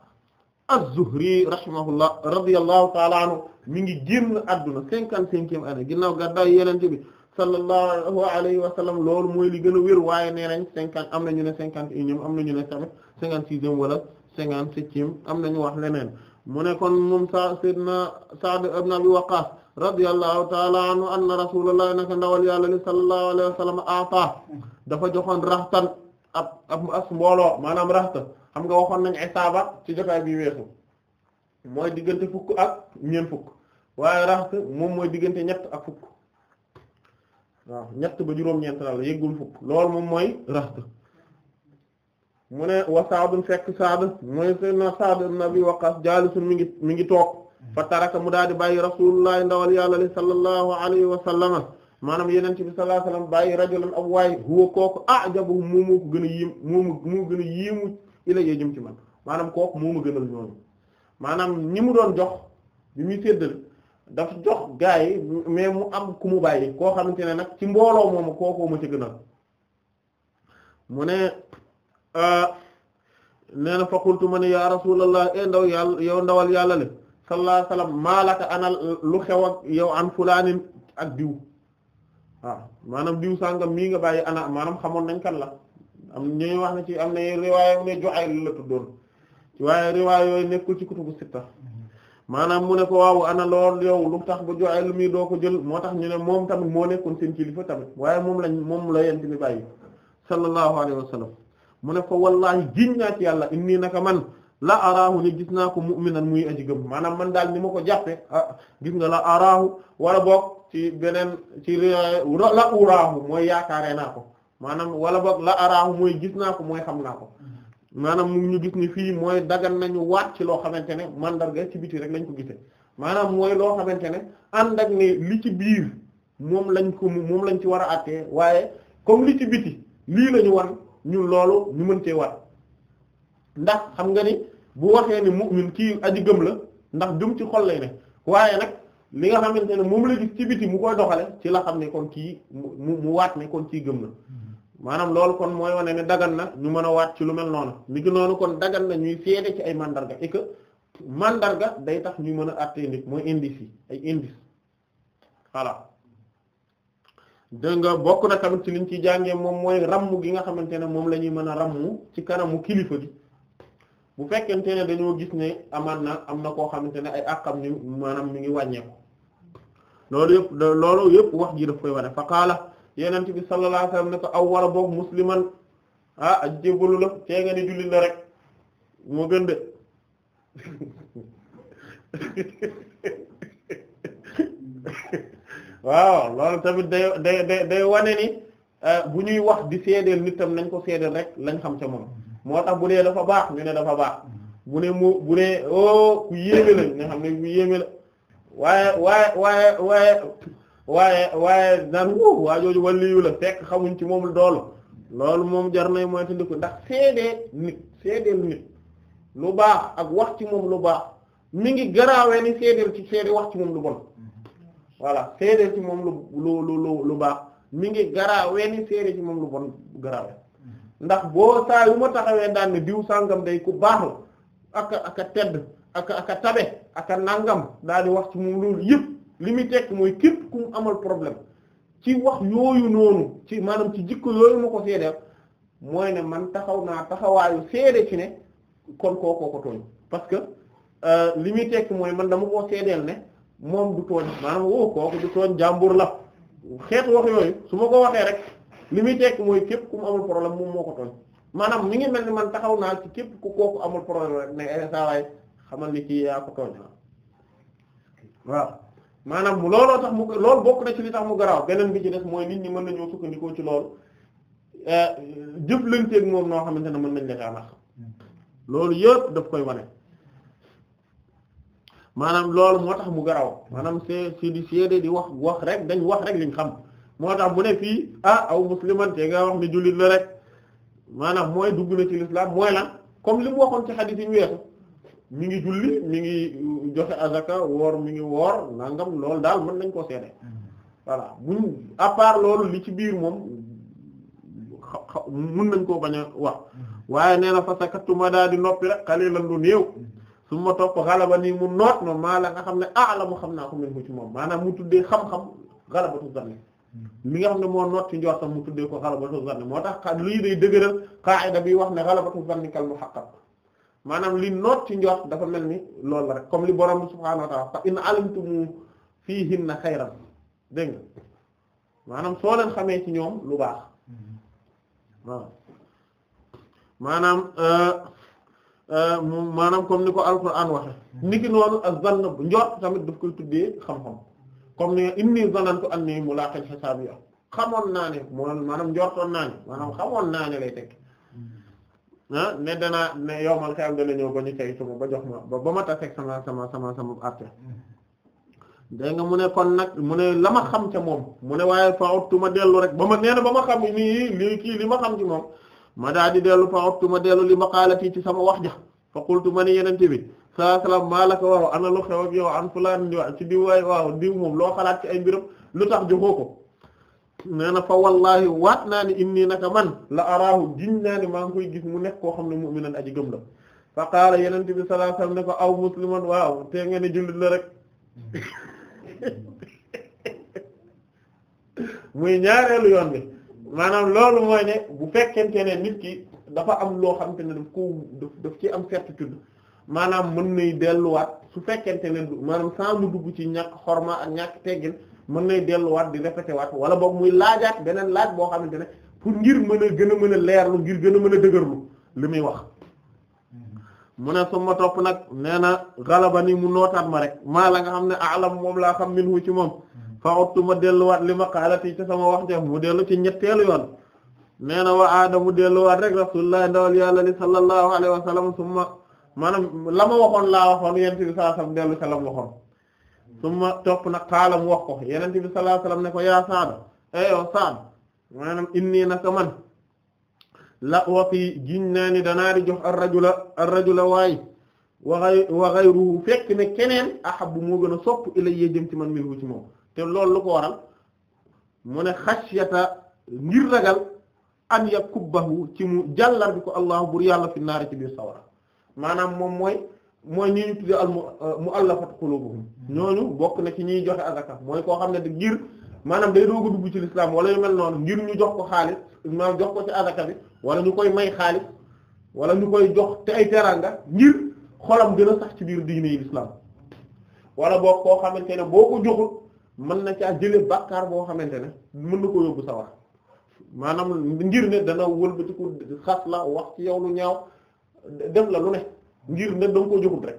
az-Zuhri rahimahullah radiyallahu ta'ala anhu mi ngi génn adduna cinquante-cinquième année ginnaaw gàddaay Yonent bi sallallahu alayhi wa sallam loolu mooy li gën a wér waaye nee nañ cinquante am na ñu ne cinquante et unième am na ñu ne tamit cinquante-sixième wala cinquante-septième am na ñu wax leneen mu nekkoon moom sa Sayyidina Sa'd ibn Abi Waqqas radiyallahu taala anhu anna rasulullah ndawal yàlla li sallallahu alayhi wa sallam ata dafa joxoon raxtan ab ab mbooloo maanaam raxta xam nga waxoon nañ isaaba ci jotaay bi weesu mooy diggante fukk ak ñeent fukk waaye raxt moom mooy diggante ñett ak fukk waaw ñett ba juróom-ñeent la yëggul fukk loolu moom mooy raxt mu ne wa saadun fekk saad mooy sayyidina Saad ibn Abi Waqqas jaalisun mi ngi mi ngi toog fa taraka mu daal di bàyyi rasulullah ndawal yàlla li sallallahu alayhi wa sallama maanaam yeneen bi sallallahu alayhi wa sallam bàyyi rajulan ab waaye huwa kooku ajabuhum moomu ko gën a yéem moomu moo gën yéemu ila yee ci man maanaam kooku moomu gënal ñooñu maanaam ñi mu doon jox bi muy séddal daf jox gaa yi mu am ku mu bàyyi koo xamante ne nag ci mbooloo moomu kookoo mu ci gënal mu ne ah, nee na fa qultu ma ne ya rasulallah e ndaw yàlla yow ndawal yàlla le sallallahu alayhi wa sallam maalaka anal lu xew ak yow an fulaanin ak diw waaw maanaam diw sàngam mii nga bàyyi ana maanaam xamoon nañ kan la am ñuy wax na ci am na riwaayam ne Juhayl la tuddoon waaye riwaay yooyu nekkul ci kutubu sitta maanaam mu ne ko waaw ana lool yow lu tax ba lu mii doo ko jël moo tax ñu ne moom tamit moo nekkoon seen kilifa tamit waaye moom lañ moom la yent mi bàyyi sallallahu alayhi wa mu ne ko wallahi giñ naa ci yàlla inni naka man la araahu ni gis naa ko mu mu'minan muy aji gëm maanaam man daal ni ma ko jàppe a ah, gis nga la araahu a boog ci beneen ci la uraahu mooy yaakaare naa ko maanaam wala boog la araahu mooy gis naa ko mooy xam naa ko maanaam mu ñu gis ni fii mooy dagan nañu waat ci loo xamante ne màndarga ci biti rek lañ ko gisee maanaam mooy loo xamante ne ànd ak ne li ci biir moom lañ ko moom lañ ci war a àttee waaye comme li ci biti lii lañu war wan ñun loolu ñu mën cee wat xam nga ni bu waxee ne mu'min kii aji gëm la ndax gëm ci xol lay ne waaye nag li nga xamante ne moom la gis ci biti mu koy doxale ci la xam ne kon kii mu mu waat ne kon ci gëm na mm-hmm. maanaam loolu kon mooy wane ne dagan na ñu mën a waat ci lu mel noonu ni ki kon dagan na ñuy seede ci ay mandarga et que mandarga day tax ñu mën a àttee nit mooy indice yi ay indice voilà dégg nga bokk na tamit ci liñ ci jàngee moom mooy ramm gi nga xamante ne moom la ñuy mën a rammu ci kanamu kilifa gi bu fekkente ne dañoo gis ne amaan na am na koo xamante ne ay àqam ñu maanaam mi ngi wàññeeku loolu yëpp loolu yëpp wax ji daf koy wane fa qaala yenent bi sallallahu alayhi wasallam ne ko aw war a boog musliman ah ak jébalu la tee nga ne jullit la rek moo gën de [laughs] waaw loolu tamit day day day wane ni eh, bu ñuy wax di seedeel nit tam nañ ko seedeel rek lañ xam ca moom moo tax bu dee dafa baax ñu ne dafa baax bu ne mu bu ne o oh, ku yéeme la nga xam ne ku yéeme la waaye waaye waaye waaye waaye waaye naan wóob waa jooju waliyu la fekk xamuñ ci moom doolu loolu moom jar nay moy tandiku ndax seedee nit seedeel nit lu baax ak wax ci moom lu baax mi ngi garaawee ni seedeel ci seede wax ci moom lu bon voilà seedeel ci moom lu lu lu lu baax mi ngi garaawee ni seede ci moom lu bon garaawee ndax boo saa yu ma taxawee daan ne diw sàngam day ku baax la ak aka tedd aka aka tabe aka nangam daal di wax ci moom loolu yëpp li muy tekk mooy képp ku mu amal problème ci wax yooyu noonu ci maanaam ci jikko yooyu ma ko seedeel mooy ne man taxaw naa taxawaayu seede ci ne kon kookoo ko tooñ parce que euh, li muy tekk mooy man dama koo seedeel ne moom du tooñ maanaam woo kooku du tooñ jàmbur la xeetu wax yooyu su ma ko waxee rek li muy tekk mooy képp ku mu amul problème moom moo ko tooñ maanaam mi ngi mel ni man taxaw naa ci képp ku kooku amul problème rek ne eh, saa waay xamal ni kii yaa ko tooñ maanaam mu looloo tax bokk na ci li mu garaaw beneen bi ci des mooy nit ñi mën nañoo sukkandikoo ci loolu eh, jëflanteeg moom noo xamante ne mën nañ la nax loolu yëpp daf koy wane maanaam loolu moo tax mu garaaw maanaam c'est c'est di seede di wax wax rek dañ wax rek liñ xam moo tax bu ne fii ah aw musliman te nga wax ne jullit la rek maanaam mooy dugg na ci l'islam mooy lan comme li mu waxoon ci xadiis yi ñu weesu mi ngi julli mi ngi joxe azaka woor mi ngi woor nangam loolu daal mën nañ koo seede voilà buñ à ci biir moom xa mën nañ koo bañ a wax waaye nee na fa sakattu ma daal di noppi rek qalilan du néew su ma topp xalaba nii mu noot ma maa la nga xam ne ah la mu xam naa ko min hu ci moom maanaam mu tuddee xam-xam xalabatu zanni li nga xam ne moo noot ci njortam mu tuddee ko xalabatu zanni moo tax lii day dëgëral qaida bi wax ne xalabatu zanni kal muhaqqaq maanaam li noot ci njort dafa mel ni loolu la rek comme li borom bi subhaanahu wa ta'ala fa in alimtum fiihinna xayran dégg nga xamee ci ñoom lu baax waaw maanaam euh, euh, maanaam comme ni ko alquran waxe niki noonu ak zann njort tamit daf koy tuddee xam-xam comme ni inni zanantu anni mulaqin hisabiya xamoon naa ne moom maanaam njortoon naa ne maanaam xamoon naa ne lay teg ah, ne dana ne yow man xayma dana ñëw ba ñu cay ba jox ma ba ba ma taseeg sama sama sama bu àtte dégg nga mu ne kon nag mu lama xam ca moom mu ne waaye fawut tu ma dellu rek ba ma nee ba ma xam nii lii kii li ma xam ci moom ma daa di dellu fawut tu ma dellu li ma xaalatii ci sama wax ja fa qultu ma ni yenente bi sallallahu maa la ko waroo ana lu xew ak yow ci diw waay waaw diw moom loo xalaat ci ay biram lu tax joxoo ko nee na fa wallahi waat naa ni inni naka man la araahu giñ naa ni maa ngi koy gis mu nekk koo xam ne mu'minan aji gëm la fa qaala yeneen bi sallallahu alayhi wasallam ne ko aw musliman waaw te nga ne jullit la rek muy ñaareelu yoon bi maanaam loolu mooy ne bu fekkente ne nit ki dafa am loo xam te ne daf ko daf ci am certitude maanaam mën nay delluwaat su fekkente ne maanaam saa mu dugg ci ñàkk xorma ak ñàkk teggin mën nay delluwaat di répété waat wala boog muy laajaat beneen laaj boo xamante ne pour ngir mën a gën a mën a leerlu ngir gën a mën a dëgërlu li muy wax mu ne suma topp nag nee na galaba ni mu nootaat ma rek maa la nga xam ne alam moom laa xam minhu ci moom fa ma delluwaat li ma xaalati ci sama wax jaf mu dellu ci ñetteelu yoon nee na wa aada mu delluwaat rek rasulullah ndawal yàlla li sallallahu alayhi wa sallam summa maanaam lama ma waxoon laa waxoon yenente bi sallallahu alayhi wasallam dellu salam waxoon su topp nag xaala mu wax ko yenente bi sallallahu alayhi ne ko yaa Saad eyow eh, Saad maanaam inni naka man la wafii giñ naa ni danaa jox ar rajula ar rajula waay waay wa ghayruhu fekk ne keneen ahabbu moo gën a sopp ilay yee ci man minhu ci moom te loolu lu ko waral mu ne xashyata ngir ragal an yakubbahu ci mu jàllar bi ko allah bur yàlla fi naari ci biir sawara maanaam moom mooy mooy ñi ñu tuddee al euh, mu'allafat qulubuhum ñooñu bokk na ci ñuy joxe azaka mooy koo xam ne de ngir maanaam day doog a dugg ci lislaam wala mel noonu ngir ñu jox ko xaalis maanaam jox ko ci azaka bi wala ñu koy may xaalis wala ñu koy jox te ay teraanga ngir xolam gën sax ci biir diine lislaam wala boo koo xamante ne boo ko joxul mën na caa jële bàkkaar boo xamante ne mën na ko yóbbu sa wax maanaam ngir ne dana wëlbatiku xas la wax ci yow lu ñaaw dem la lu ne ngir ne danga koo joxut rek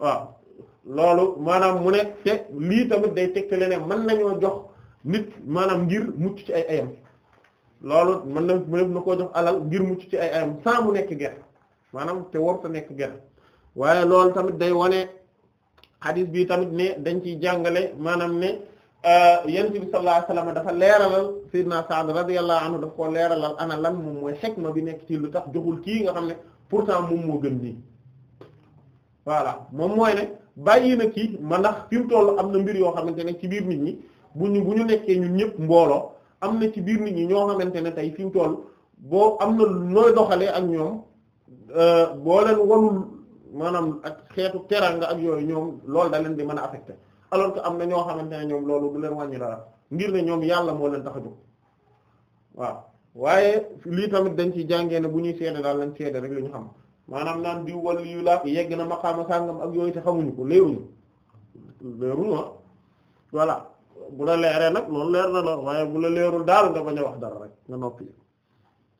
waaw loolu maanaam mu ne te lii tamit day tegtale ne man nañoo jox nit maanaam ngir mucc ci ay ayam loolu mën na mën na koo jox alal ngir mucc ci ay ayam saa nekk ger maanaam te war nekk ger waaye loolu tamit day wone xadis bi tamit ne dañ ciy jàngale maanaam ne Euh, yonent bi sallallahu alayhi wasallam dafa leeralal sayyidina Sa'd radiyallahu anhu daf koo leeralal ana lan moom mooy xikma bi nekk ci lu tax joxul kii nga xam ne pourtant moom moo gën nii voilà moom mooy ne bàyyi na kii ma ndax fi mu toll am na mbir yoo xamante ne ci biir nit ñi bu ñu bu ñu nekkee ñun ñëpp mbooloo am na ci biir nit ñi ñoo xamante ne tey fi mu toll boo am na nooy doxalee ak ñoom euh, boo leen wanul maanaam ak xeetu teranga ak yooyu ñoom loolu da leen di mën a affecté alors que am na ñoo xamante ne ñoom loolu du leen wàññi dara ngir ne ñoom yàlla moo leen tax a waaw waaye lii tamit dañ ci jàngee ne bu ñuy seede daal lañ seede rek la ñu xam maanaam naan di wàllu yu laa yegg na maqaama sàngam ak yooyu te xamuñu ko léeruñu léeruñu ah voilà bu la leeree nag loolu leer na la waaye bu la leerul daal nga bañ a wax dara rek nga noppi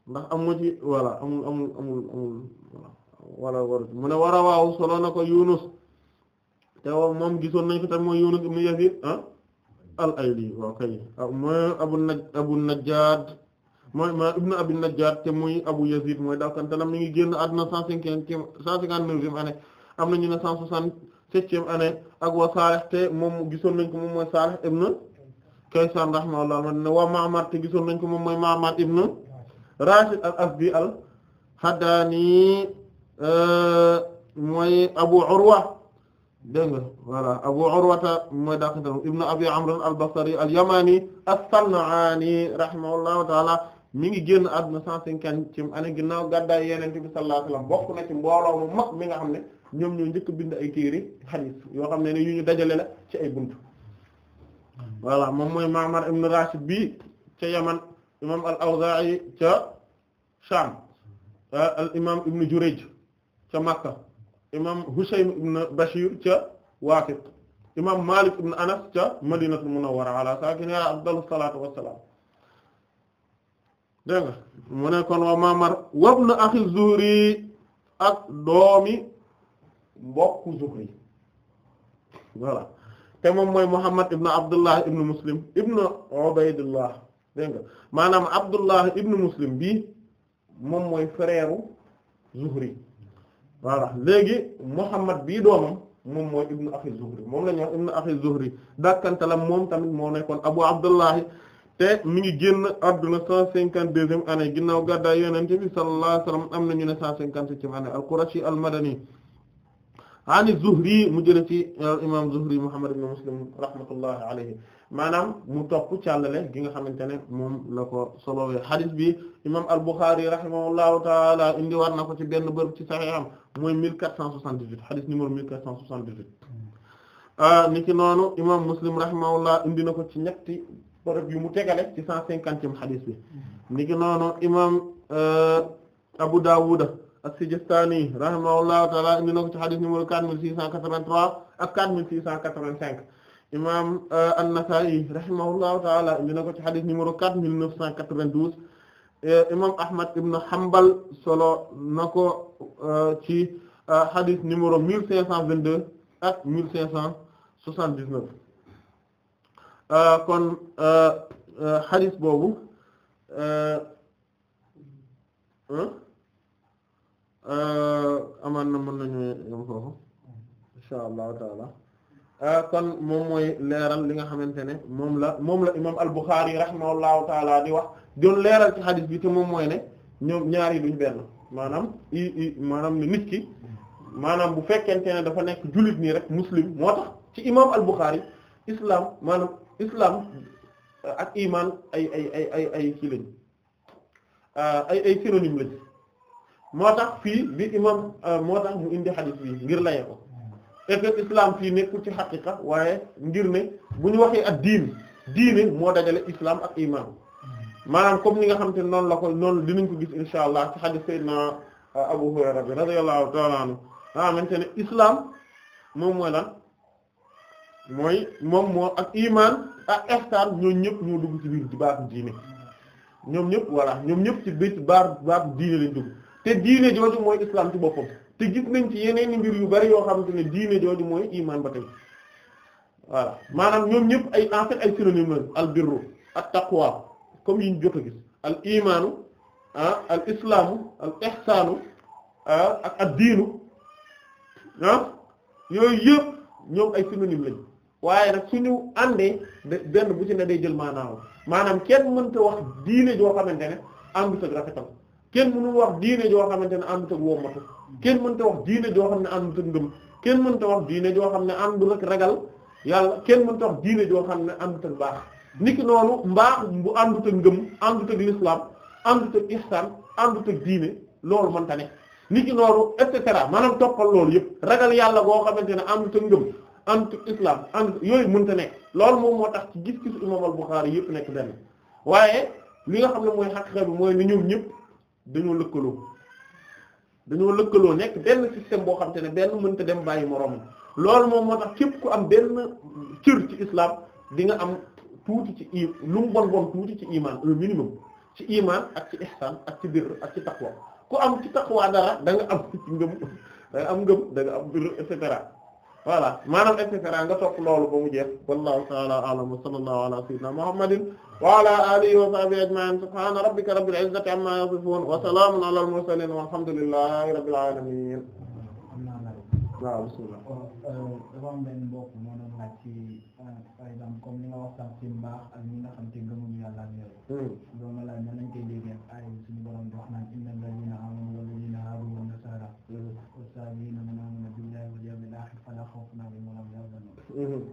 ndax amu ci walla amul amul amul amul voilà mu ne war a waaw solo na ko Yunus te moom gisoon nañ ko tam mooy Yunus ibn Yazid ah al-Ayli waaw kay ah, mooy abu naj abu Najjaad mooy ma ibn abi Najjaad te muy abu Yazid mooy daakantalam mi ngi génn àdduna cent cinquantième cent cinquante-neuvième année am nañu ne cent soixante-septième année ak waa Saalih te moom gisoon nañ ko moom mooy Saalih ibn Kaysaan rahimahullah ma ne waa te gisoon nañ ko moom mooy Ma'mar ibn Rashid al-Asdi al-Haddaani euh, mooy abu dégg nga voilà Abu Urwata mooy dàqantam ibnu Abi Amr al-Basri al-Yamani as-San'ani rahimahullahu taala mi ngi génn àdduna cent cinquante ci année ginnaaw gàddaay Yonent bi sallallahu alayhi wasallam bokk na mbooloo mu mag mi nga xam ne ñoom ñoo njëkk bind ay téere xadiis yoo xam ne ne yu ñu dajale la ci ay bunt voilà moom mooy Ma'mar ibn Rashid bi ca Yaman imam al-Awzaa'i ca Sham al ah, imam ibnu Jurayj ca Makka imam Hushaym ibn Bashir ca Waafiq imam Malik ibn Anas ca Madinatul Munawwara ala saakinihaa afdalu salaatu wassalaam dégg nga mu ne kon wa mamar wabnu axi Zuhri ak doomi mbokku Zuhri voilà te moom mooy Muhammad ibn Abdullah ibn Muslim ibn Ubaydullah dégg nga maanaam Abdullah ibn Muslim bi moom mooy frère Zuhri voilà léegi Muhammad bii doomam moom mooy ibnu axi Zuhri moom la ñuy wax ibnu axi Zuhri dakkantalam moom tamit moo nekkoon Abu Abdullahi te mi ngi génn adduna cent cinquante deuxième année ginnaaw gàddaay yonent bi sallallahu am na ñu ne cent cinquante septième année al-Qurashi al-Madani ani Zuhri mu jële ci imam Zuhri Muhammad ibn Muslim rahmatullahi alayhi maanaam mu topp càllale gi nga xamante ne moom la ko solowee xadis bi imam al-Bukhari rahimahullahu taala indi war na ko ci benn bërëb ci saxiixam mooy 1478 xadis numéro 1478 ah, niki noonu imam Muslim rahimahullah indi na ko ci ñetti bërëb yu mu tegale ci 150e xadis bi niki noonu imam ah, Abu Dawud as-Sijistani rahimahullahu taala indi na ko ci xadis numéro 4683 ak 4685 imam euh, an-Nasa'i rahimahullahu taala indi na ko ci xadis numéro 4992 euh, imam Ahmad ibn Hanbal solo na ko euh, ci xadis numéro 1522 ak 1579 kon xadis boobu amaan na mën nañu yam insha allahu taala Euh, kon moom mooy leeral li nga xamante ne moom la moom la imam al-Bukhari rahimahullahu taala di wax doon leeral ci xadis bi te moom mooy ne ñoom ñaari yi duñ maanaam maanaam ne nit ki maanaam bu fekkente ne dafa nekk jullit nii rek muslim moo tax ci imam al-Bukhari islam maanaam islam euh, ak iman ay ay ay ay ay ci lañ euh, ay ay synonyme moo tax fii bi imam moo tax mu indi xadis bi ngir laye ko et que islam fii nekkul ci xaqiqa waaye ngir ne bu ñu waxee ak diin diine moo dajale islaam ak iman maanaam comme ni nga xam te noonu la ko noonu dinañ ko gis insha allah ci hadith sayyidina Abu Hurayra bi radiyallahu ta'ala anhu nga xamante ne islam moom mooy lan mooy moom moo ak iman ak ihsan ñoo ñëpp ñoo dugg ci biir di baatu diine ñoom ñëpp voilà ñoom ñëpp ci biir baar baatu diine lañ dugg te diine jooju mooy islam ci boppam te gis nañ ci yeneen mbir yu bari yoo xamante ne diine jooju mooy iman ba tey waaw maanaam ñoom ñëpp ay en fait ay synonyme lañu al birru at taqwa comme yi ñu jot a gis al imaanu ah, al islaamu al ihsaanu ah ak ad diinu ah yooyu yëpp ñoom ay synonyme lañu waaye nag suñu àndee benn bu ci ne day jël maanaam maanaam kenn mënta wax diine joo xamante ne àndu sa rafetal kenn mënul wax diine joo xamante ne àndut ak wommatu kenn mënta wax diine joo xam ne àndut ak ngëm kenn mënta wax joo xam ne àndul ak ragal yàlla kenn mënta wax diine joo xam ne àndut ak baax niki noonu mbaax bu àndut ak ngëm àndut ak l'islam àndut ak ihsan àndut ak diine loolu mënta ne niki noonu et cetera maanaam toppal loolu yëpp ragal yàlla goo xamante ne àndut ak ngëm àndut ak islam àndut yooyu mënta ne loolu moom moo tax ci gis-gisu imam al Bukhari yëpp nekk benn waaye li nga xam ne mooy xaqiqa bi mooy ni dañoo lëkkaloo dañoo lëkkaloo nekk benn système boo xam te ne benn mënta dem bàyyi moroom loolu moom moo tax képp ku am benn cër ci islam di nga am tuuti ci i lu mu bon bon tuuti ci iman un minimum ci iimaan ak ci ihsan ak ci birr ak ci taqwa ku am ci taqwa dara da am ngëm da nga am ngëm da nga am birr et cetera voilà maanaam et cetera nga topp loolu ba mu jeex wallahu ta'ala a'lam wa sallallahu ala sayyidina muhammadin wa ala alihi wa sahbihi ajma'in subhana rabbika rabbil izzati amma yasifun wa salamun ala al mursalin walhamdulillahi rabbil alamin waaw bismillah oh, euh, dafa am benn mbokk moo doon laaj ci par euh, exemple comme ni nga waxtaan ci mbaax ak ñi nga xam te gëmuñu yàlla ak yooyu hmm. loolu ma laaj nan lañ koy déggee ay suñu borom di wax naan inna alladhina amanu wal ladhina hadu wan nasara hmm. Mm-hmm.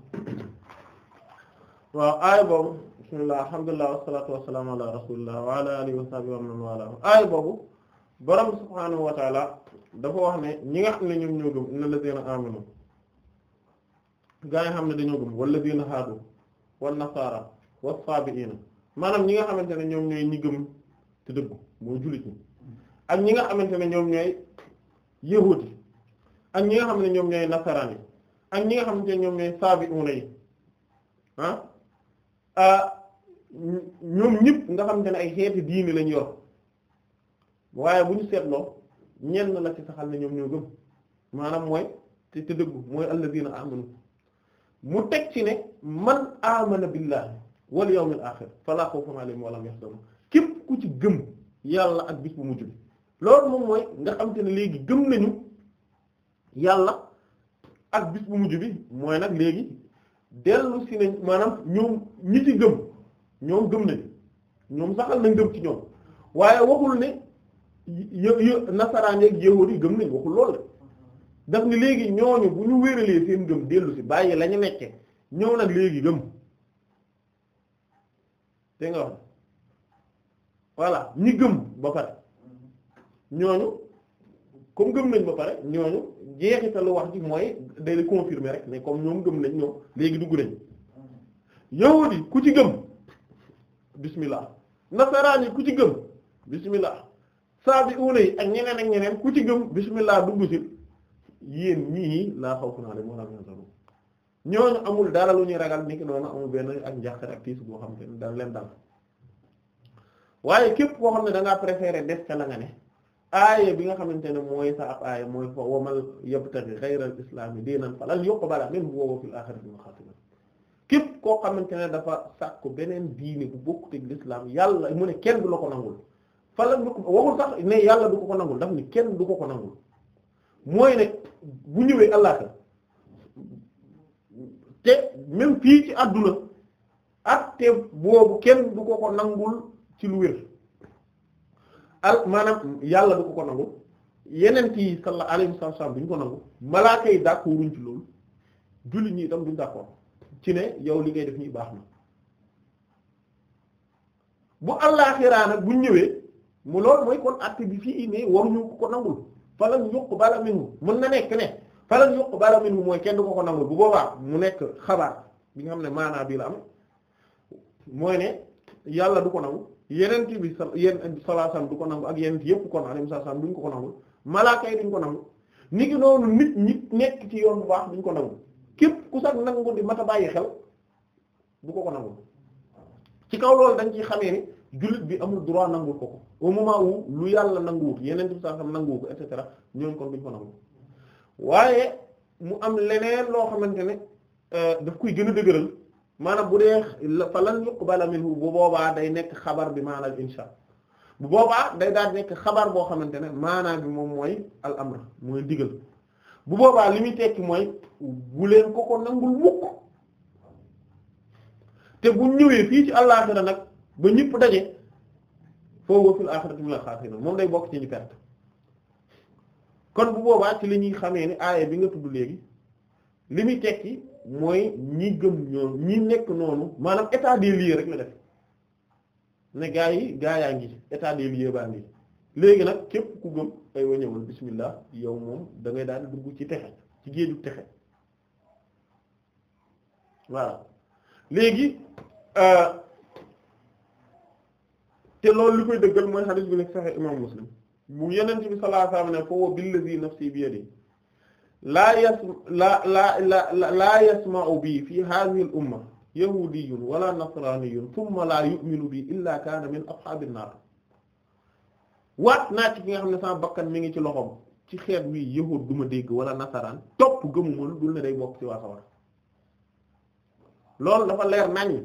waaw aaya boobu bismillah alhamdulillah wasalatu wasalaamu ala rasulillah wa ala alihi wa wa man wala aaya boobu borom subhaanahu wa dafa wax ne ñi nga xam ne ñoom ñoo xam ne dañoo gëm wala lazina haadu wal maanaam ñi nga xamante ne ñoom ñooy ñi gëm te dëggu mooy jullit ñi ak ñi nga xam ne ñoom ñooy yahuudi ak ñi nga xam ne ñoom ñooy nasaraan yi ak ñi nga xam ne ñoom ñooy saabi'uuna yi ah, ah ñoom ñëpp nga xamante ne ay xeeti diini lañu yor waaye bu ñu seetloo ñenn la ci saxal ne ñoom ñoo gëm maanaam mooy te te dëggu mooy alladiina amanu mu teg ci ne man amana billahi wal yawmil aaxir falaa xawfun alayhim wa lahum yaxzanun képp ku ci gëm yàlla ak bis bu mujj bi loolu moom mooy nga xamante ne léegi gëm nañu yàlla. ak bis bu mujj bi mooy nag léegi dellu si nañ maanaam ñoom ñi ci gëm ñoom gëm nañ ñoom saxal nañ ngëm ci ñoom waaye waxul ne yë yë nasaraan yeeg yahudi yi gëm nañ waxul lool la daf ni léegi ñooñu bu ñu wéralee seen gëm dellu si bàyyi lañu ñu nekke ñëw nag léegi gëm te nga wax voilà ñi gëm ba pare ñooñu comme gëm nañ ba pare ñooñu jeexitalu wax ji mooy day confirmer rek mais comme ñoom gëm nañ ñoom léegi dugg nañ yahudi ku ci gëm bismillah nasaraan yi ku ci gëm bismillah sabiuna yi ak ñeneen ak ñeneen ku ci gëm bismillah dugg ci yéen ñii laa xaw naa leen wala ñooñu amul dara lu ñuy ragal ni ki amul benn ak njàqare ak tiis boo xam te ne daal leen dal waaye képp koo xam ne da ngaa préférer def ca la aaya bi nga xamante ne mooy sa ab aaya mooy fa wamal yabtaghi ghayra al islami diinan falan yuqbala minhu wa huwa fil akhirati minal khasirin képp koo xamante ne dafa sàkku beneen diine bu bokkut ak l'islam yàlla mu ne kenn du la ko nangul falan du ko waxul sax ne yàlla du ko ko nangul daf ni kenn du ko ko nangul mooy ne bu ñëwee àllaxira te même fii ci àdduna ak te boobu kenn du ko ko nangul ci lu wér al maanaam yàlla du ko ko nangu yeneen kii sallallahu alayhi wasallam duñ ko nangu malaaka yi d'accord wuñ ci loolu jullit ñi itam duñ d'accord ci ne yow li ngay def nii baax na bu àllaaxiraa nag buñ ñëwee mu loolu mooy kon acte bi fii ne waruñu ko ko nangul falan yuqbala minhu mën na nekk ne falan yuqbala minhu mooy kenn du ko ko nangul bu boobaa mu nekk xabaar bi nga xam ne maanaa bi la am mooy ne yàlla du ko nangu yenent bi sa yenn salaasan du ko nangu ak yenent yëpp ko naan salaasan duñ ko ko nangu malaaka yi duñ ko nangu ni ki noonu nit ñi nekk ci yoon bu baax duñ ko nangu képp ku sax nangu di mat a bàyyi xel du ko ko nangu ci kaw loolu dañ ciy xamee ni jullit bi amul droit nangu ko ko au moment wu lu yàlla nanguwut yenent bi salaasan nanguwu ko et cetera ñooñ kon duñ ko nangu waaye mu am leneen loo xamante ne euh, daf koy gën a dëgëral maanaam bu dee fa lan yuqbala minhu bu boobaa day nekk xabar bi maanaam insha bu boobaa day daal nekk xabar boo xamante ne maanaam bi moom mooy al mooy digal bu boobaa li muy tekki mooy bu leen ko ko nangul mukk te bu ñëwee fii ci àllaaxira nag ba ñëpp daje foofu fil aaxirati minal xaasiriin moom day bokk ci ñu perte kon bu boobaa ci li ñuy xamee ni aaya bi nga tudd léegi li muy tekki. mooy ñi gëm ñoom ñi nekk noonu maanaam état des lieux rek la def ne gaa yi gaa yaa ngi état des lieux baa ngi léegi nag képp ku gëm ay wañëwal bismillah yow moom dangay daan daal dugg ci texe ci géeju texe voilà léegi euh, te loolu li koy dëggal mooy hadith bu nekk saxe imam muslim bu yeneen bi sallallahu alayhi wasallam ne fa wa billazi nafsi bi yadihi laa yas laa laa laa laa yasma'u bii fii hadhihi al umma yahudiyyun wala nasraniyun thumma laa yu'minu bii illaa kaana min ashaabin naar waat naa ci ki nga xam ne sama bakkan mi ngi ci loxoom ci xeet wi yahud du ma dégg wala nasaraan topp gëmuma lu dul ne day bokk ci waa sawar loolu dafa leer naññ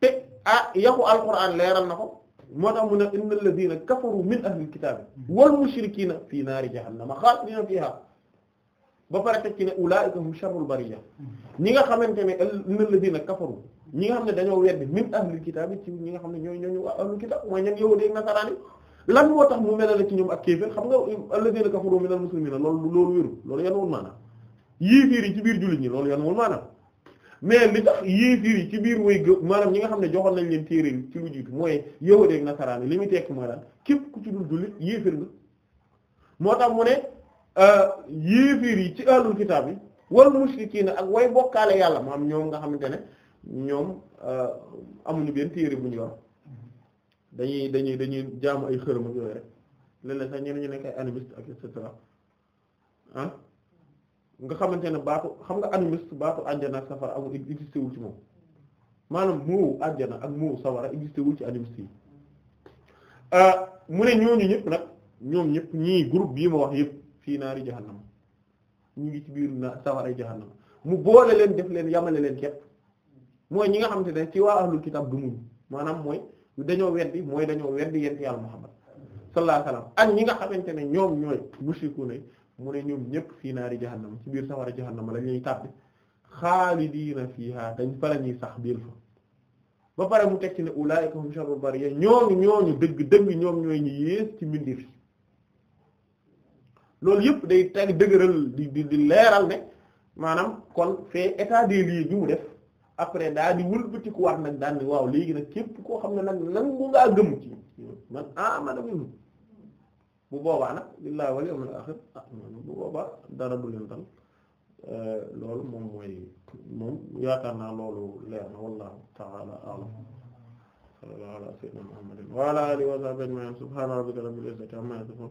te ah yaxu alquran leeral na ko moo tax mu ne innal ladina kafaru min ahlil kitaabi wal mushrikiina fii naari jahannama xaalidina fiihaa ba pare teg ci ne ulaa'ika hum sharrul bariyya ñi nga xamante ne alladhiina kafaru ñi nga xam ne dañoo weddi min ahlul kitaab ci ñi nga xam ne ñooy ñooñu waa ahlul kitaab mooy ñan yahuudi ak nasaraan yi lan moo tax mu melale ak kéefir xam nga alladhiina kafaru minal muslimiina loolu loolu wéru loolu yan woon maanaam yéefiir yi ci biir jullit maanaam mais li tax yéefiir yi ci biir way maanaam ñi nga xam ne joxoon nañ leen téere ci lu jiitu mooy yahuudi ak nasaraan yi li muy tekki mooy lan képp ku ci dul jullit yéefir nga moo tax mu ne Euh, yéeféer yi ci ahlul kitaab yi wal mushrikiina ak way bokkaale yàlla am ñoom nga xamante ne ñoom euh, amuñu benn téere bu ñu yor dañuy dañuy dañuy jaamu ay xërëm ak yooyu rek léeg-léeg sax ñeneen ñu nekk ay animiste ak et cetera ah? nga xamante ne baatu xam nga animiste baatu àjjana ak safara amul existé ci moom maanaam moowu àjjana ak moowu safara existé wul ci animiste yi euh, mu ne ñooñu ñëpp nag ñoom ñëpp ñii groupe bii ma wax yëpp. fii naari jahannam ñu ngi ci biir na sawara jahannam mu boole leen def leen yamale leen képp mooy ñi nga xamante ne ci waa ahlul kitab du muñ maanaam mooy dañoo weddi mooy dañoo weddi yent yàlla Muhammad sallallahu alayhi wasallam ak ñi nga xamante ne ñoom ñooy mushriku ne mu ne ñëpp fii naari jahannam ci biir sawara jahannam la ñuy tàbbi xaalidiina fiihaa dañ fa la ñuy sax biir fa ba pare mu teg ci ne ulaa'ika hum sharrul bariyya ñooñu ñooñu dëgg dëgg ñoom ñooy ñu yées ci mbindeef loolu yëpp day teg dëgëral di di di leeral ne maanaam kon fee état des lieux bi mu def après daal di wëlbatikuwaat nag daal di waaw léegi nag képp koo xam ne nag nangu ngaa gëm ci man ah maanaam ñun bu boobaa nag billahi wal yawmil akhir ah bu boobaa dara du leen dal euh, loolu moom mooy moom yaakaar naa loolu leer na wallahu a a'lam